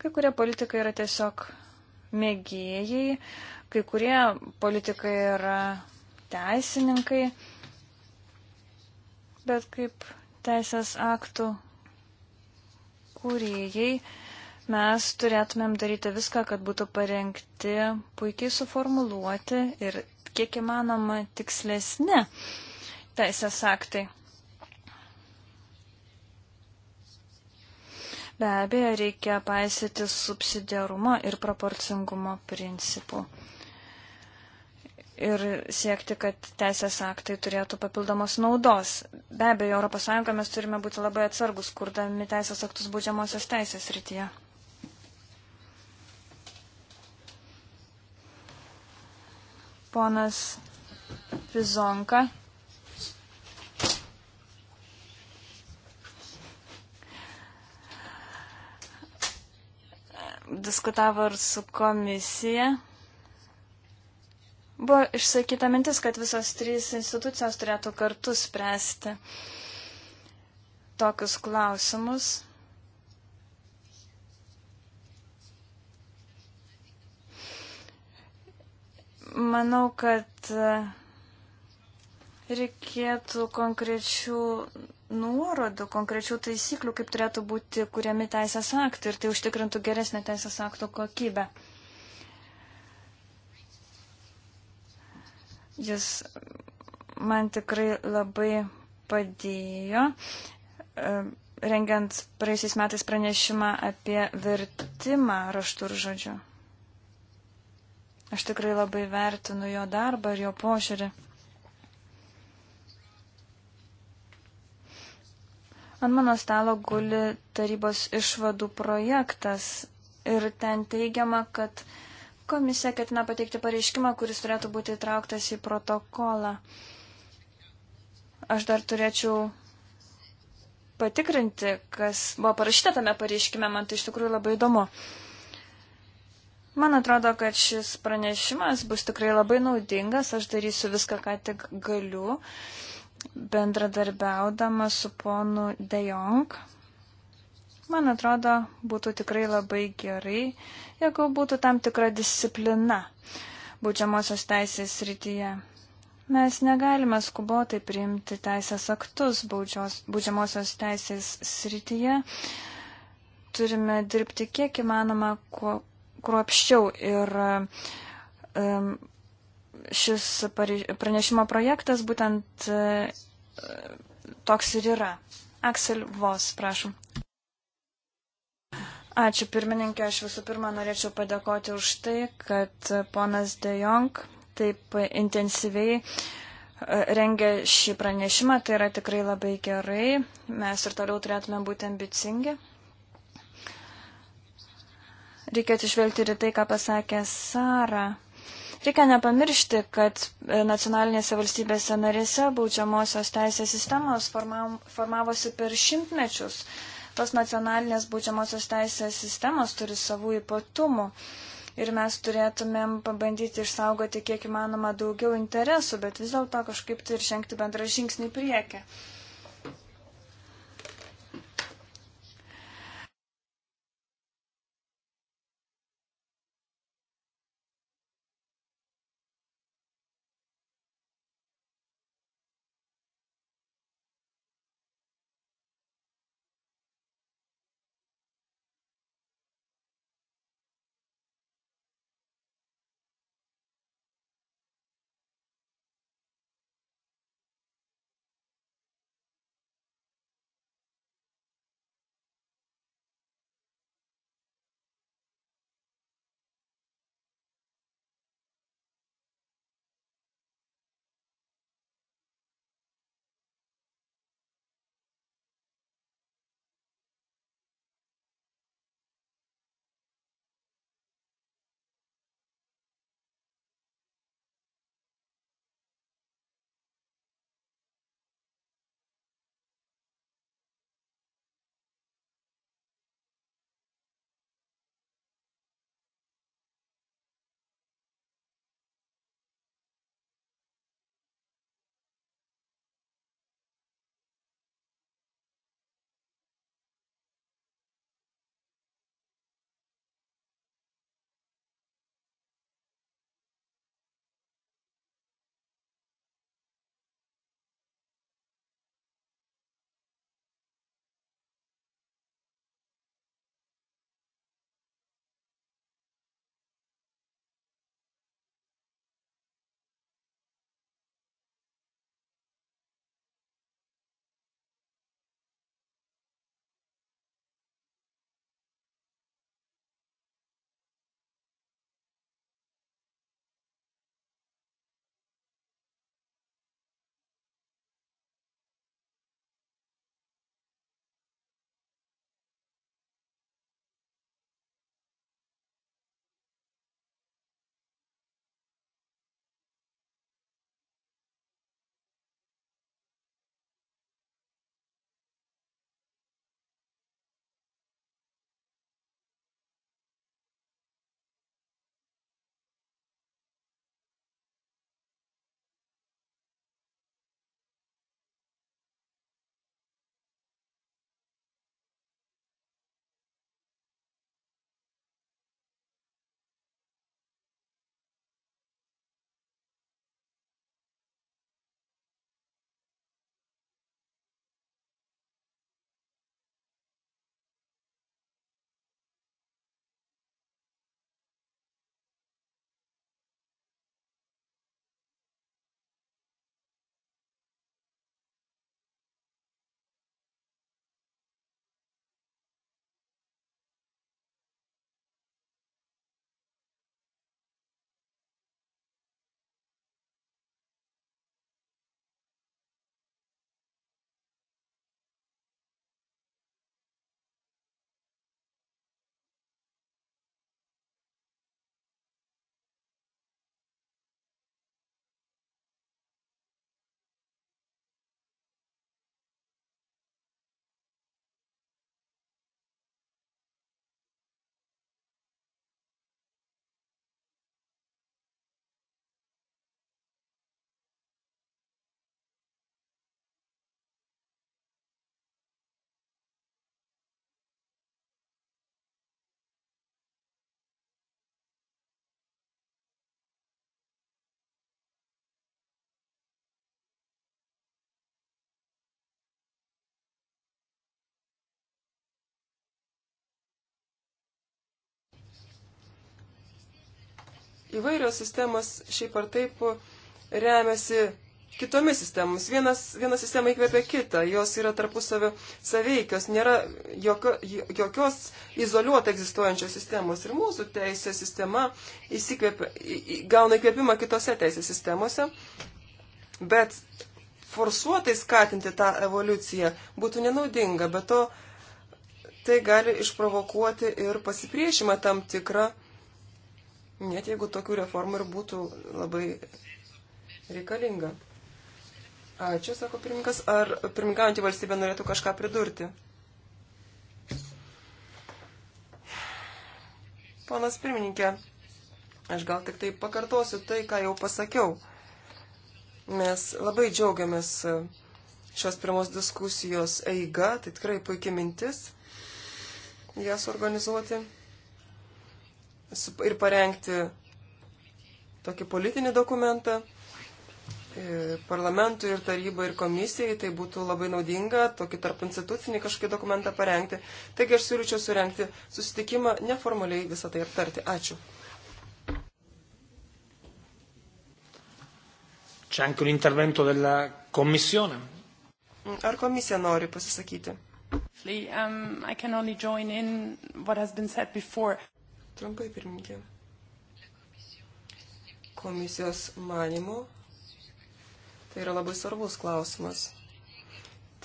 Kai kurie politikai yra tiesiog mėgėjai, kai kurie politikai yra teisininkai, bet kaip teisės aktų kūrėjai mes turėtumėm daryti viską, kad būtų parengti puikiai suformuluoti ir kiek įmanoma tikslesni teisės aktai. Be abejo, reikia paisyti subsidiarumo ir proporcingumo principų. Ir siekti, kad teisės aktai turėtų papildomos naudos. Be abejo, ES mes turime būti labai atsargus, kurdami teisės aktus būdžiamosios teisės rytyje. Ponas Fizonka diskutavo ir su komisija. Buvo išsakyta mintis, kad visos trys institucijos turėtų kartu spręsti tokius klausimus. Manau, kad reikėtų konkrečių nuorodų, konkrečių taisyklių, kaip turėtų būti kuriami teisės aktai ir tai užtikrintų geresnę teisės akto kokybę. Jis man tikrai labai padėjo, e, rengiant praeisiais metais pranešimą apie vertimą raštų ir žodžių. Aš tikrai labai vertinu jo darbą ir jo požiūrį. Ant mano stalo guli tarybos išvadų projektas ir ten teigiama, kad komisija ketina pateikti pareiškimą, kuris turėtų būti įtrauktas į protokolą. Aš dar turėčiau patikrinti, kas buvo parašyta tame pareiškime, man tai iš tikrųjų labai įdomu. Man atrodo, kad šis pranešimas bus tikrai labai naudingas, aš darysiu viską, ką tik galiu. Uh, bendradarbiaudama su ponu Dejong. Man atrodo, būtų tikrai labai gerai, jeigu būtų tam tikra disciplina būdžiamosios teisės rytyje. Mes negalime skubotai priimti teisės aktus baudžios, būdžiamosios teisės srityje. Turime dirbti kiek įmanoma kruopščiau ir um, šis pranešimo projektas būtent e, toks ir yra. Aksel Vos, prašom. Ačiū pirmininkė, aš visų pirma norėčiau padėkoti už tai, kad ponas De Jong taip intensyviai e, rengia šį pranešimą, tai yra tikrai labai gerai, mes ir toliau turėtume būti ambicingi. Reikia atsižvelgti ir tai, ką pasakė Sara. Reikia nepamiršti, kad e, nacionalinėse valstybėse narėse baudžiamosios teisės sistemos formavosi per šimtmečius. Tos nacionalinės baudžiamosios teisės sistemos turi savų ypatumų. Ir mes turėtumėm pabandyti išsaugoti kiek įmanoma daugiau interesų, bet vis dėlto kažkaip tai ir žengti bendrą žingsnį į priekį. Įvairios sistemos šiaip ar taip remiasi kitomis sistemomis. Vienas, viena sistema įkvepia kitą, jos yra tarpusavio saveikios, nėra jokio, jokios izoliuotai egzistuojančios sistemos. Ir mūsų teisės sistema įsikvepia, gauna įkvėpimą kitose teisės sistemose, bet forsuotai skatinti tą evoliuciją būtų nenaudinga, bet to tai gali išprovokuoti ir pasipriešimą tam tikrą net jeigu tokių reformų ir būtų labai reikalinga. Ačiū, sako pirmininkas. Ar pirmininkaujantį valstybę norėtų kažką pridurti? Ponas pirmininkė, aš gal tik tai pakartosiu tai, ką jau pasakiau. Mes labai džiaugiamės šios pirmos diskusijos eiga, tai tikrai puikia mintis ją suorganizuoti ir parengti tokį politinį dokumentą e, parlamentui ir tarybai ir komisijai, tai būtų labai naudinga tokį tarp institucinį kažkokį dokumentą parengti. Taigi aš siūlyčiau surenkti susitikimą neformaliai visą tai aptarti. Ačiū. C'è anche un intervento della Commissione. Ar komisija nori pasisakyti? Um, I can only join in what has been said before. Trumpai pirmininkė. Komisijos manimo. Tai yra labai svarbus klausimas.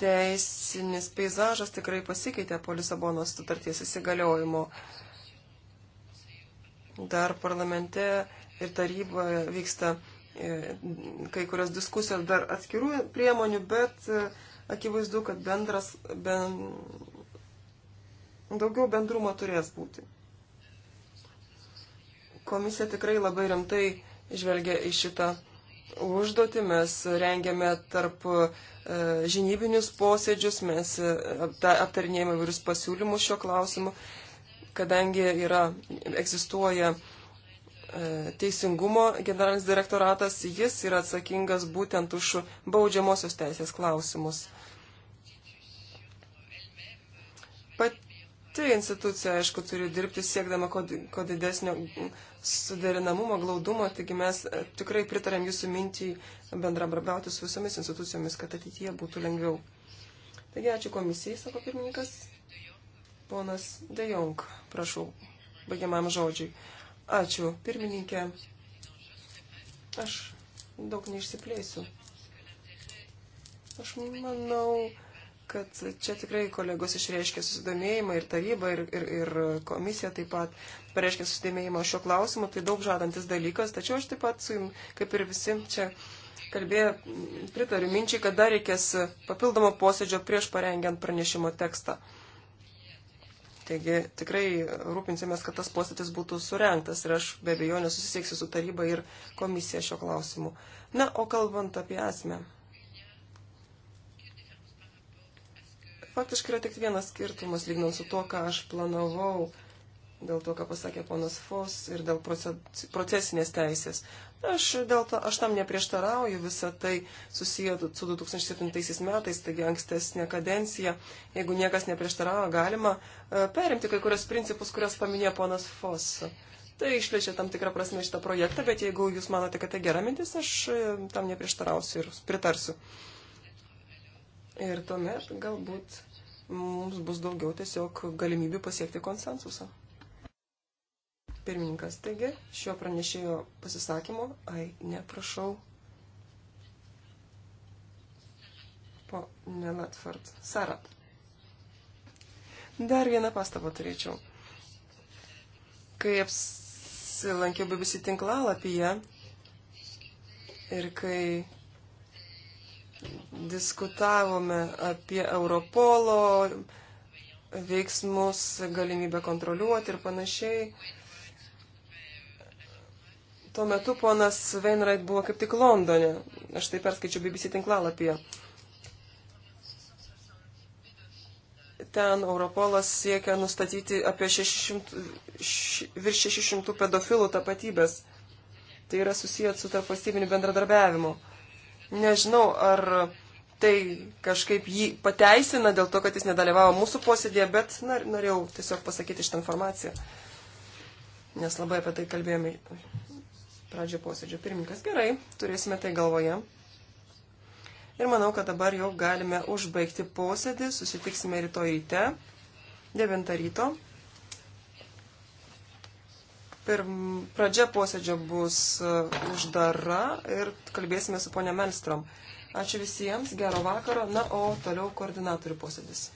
Teisinis peizažas tikrai pasikeitė po Lisabonos sutarties įsigaliojimo. Dar parlamente ir taryboje vyksta e, kai kurios diskusijos dar atskirų priemonių, bet e, akivaizdu, kad bendras, ben, daugiau bendrumo turės būti. Komisija tikrai labai rimtai žvelgia į šitą užduotį, mes rengiame tarp e, žinybinius posėdžius, mes e, aptarinėjame vairius pasiūlymus šiuo klausimu, kadangi yra, egzistuoja e, Teisingumo generalinis direktoratas, jis yra atsakingas būtent už baudžiamosios teisės klausimus. pati institucija, aišku, turi dirbti siekdama ko didesnio suderinamumo, glaudumo, taigi mes e, tikrai pritarėm jūsų mintį bendrabarbiauti su visomis institucijomis, kad ateityje būtų lengviau. Taigi ačiū komisijai, sako pirmininkas. Ponas Dejong, prašau, baigiamam žodžiui. Ačiū, pirmininkė. Aš daug neišsiplėsiu. Aš manau, kad čia tikrai kolegos išreiškė susidomėjimą ir taryba, ir, ir, ir komisija taip pat pareiškė susidomėjimą šio klausimu, tai daug žadantis dalykas, tačiau aš taip pat su jum, kaip ir visi čia kalbėjo, pritariu minčiai, kad dar reikės papildomo posėdžio prieš parengiant pranešimo tekstą. Taigi tikrai rūpinsimės, kad tas posėdis būtų surenktas ir aš be abejo nesusisieksiu su taryba ir komisija šio klausimu. Na, o kalbant apie esmę. Faktiškai yra tik vienas skirtumas, lygnant su to, ką aš planavau, dėl to, ką pasakė ponas Fos ir dėl procesinės teisės. Aš, dėl to, aš tam neprieštarauju, visa tai susiję su 2007 metais, taigi ankstesnė kadencija, jeigu niekas neprieštarauja, galima e, perimti kai kurios principus, kurias paminėjo ponas Fos. Tai išplečia tam tikrą prasme šitą projektą, bet jeigu jūs manote, kad tai gera mintis, aš e, tam neprieštarausiu ir pritarsiu. Ir tuomet galbūt mums bus daugiau tiesiog galimybių pasiekti konsensusą. Pirmininkas, taigi, šio pranešėjo pasisakymo, ai, neprašau. Po Nelatford. Sarat. Dar vieną pastabą turėčiau. Kai apsilankiau BBC tinklalapyje ir kai diskutavome apie Europolo veiksmus, galimybę kontroliuoti ir panašiai. Tuo metu ponas Veinrait buvo kaip tik Londone. Aš tai perskaičiu BBC tinklalapyje. Ten Europolas siekia nustatyti apie 600, š, virš 600 pedofilų tapatybės. Tai yra susijęs su tarpvalstybiniu bendradarbiavimu. Nežinau, ar tai kažkaip jį pateisina dėl to, kad jis nedalyvavo mūsų posėdėje, bet nar, norėjau tiesiog pasakyti šitą informaciją, nes labai apie tai kalbėjome pradžio posėdžio. Pirmininkas gerai, turėsime tai galvoje. Ir manau, kad dabar jau galime užbaigti posėdį, susitiksime rytoj ryte, 9 ryto. Pirm, pradžia posėdžio bus e, uždara ir kalbėsime su ponia Melstrom. Ačiū visiems, gero vakaro, na, o toliau koordinatorių posėdis.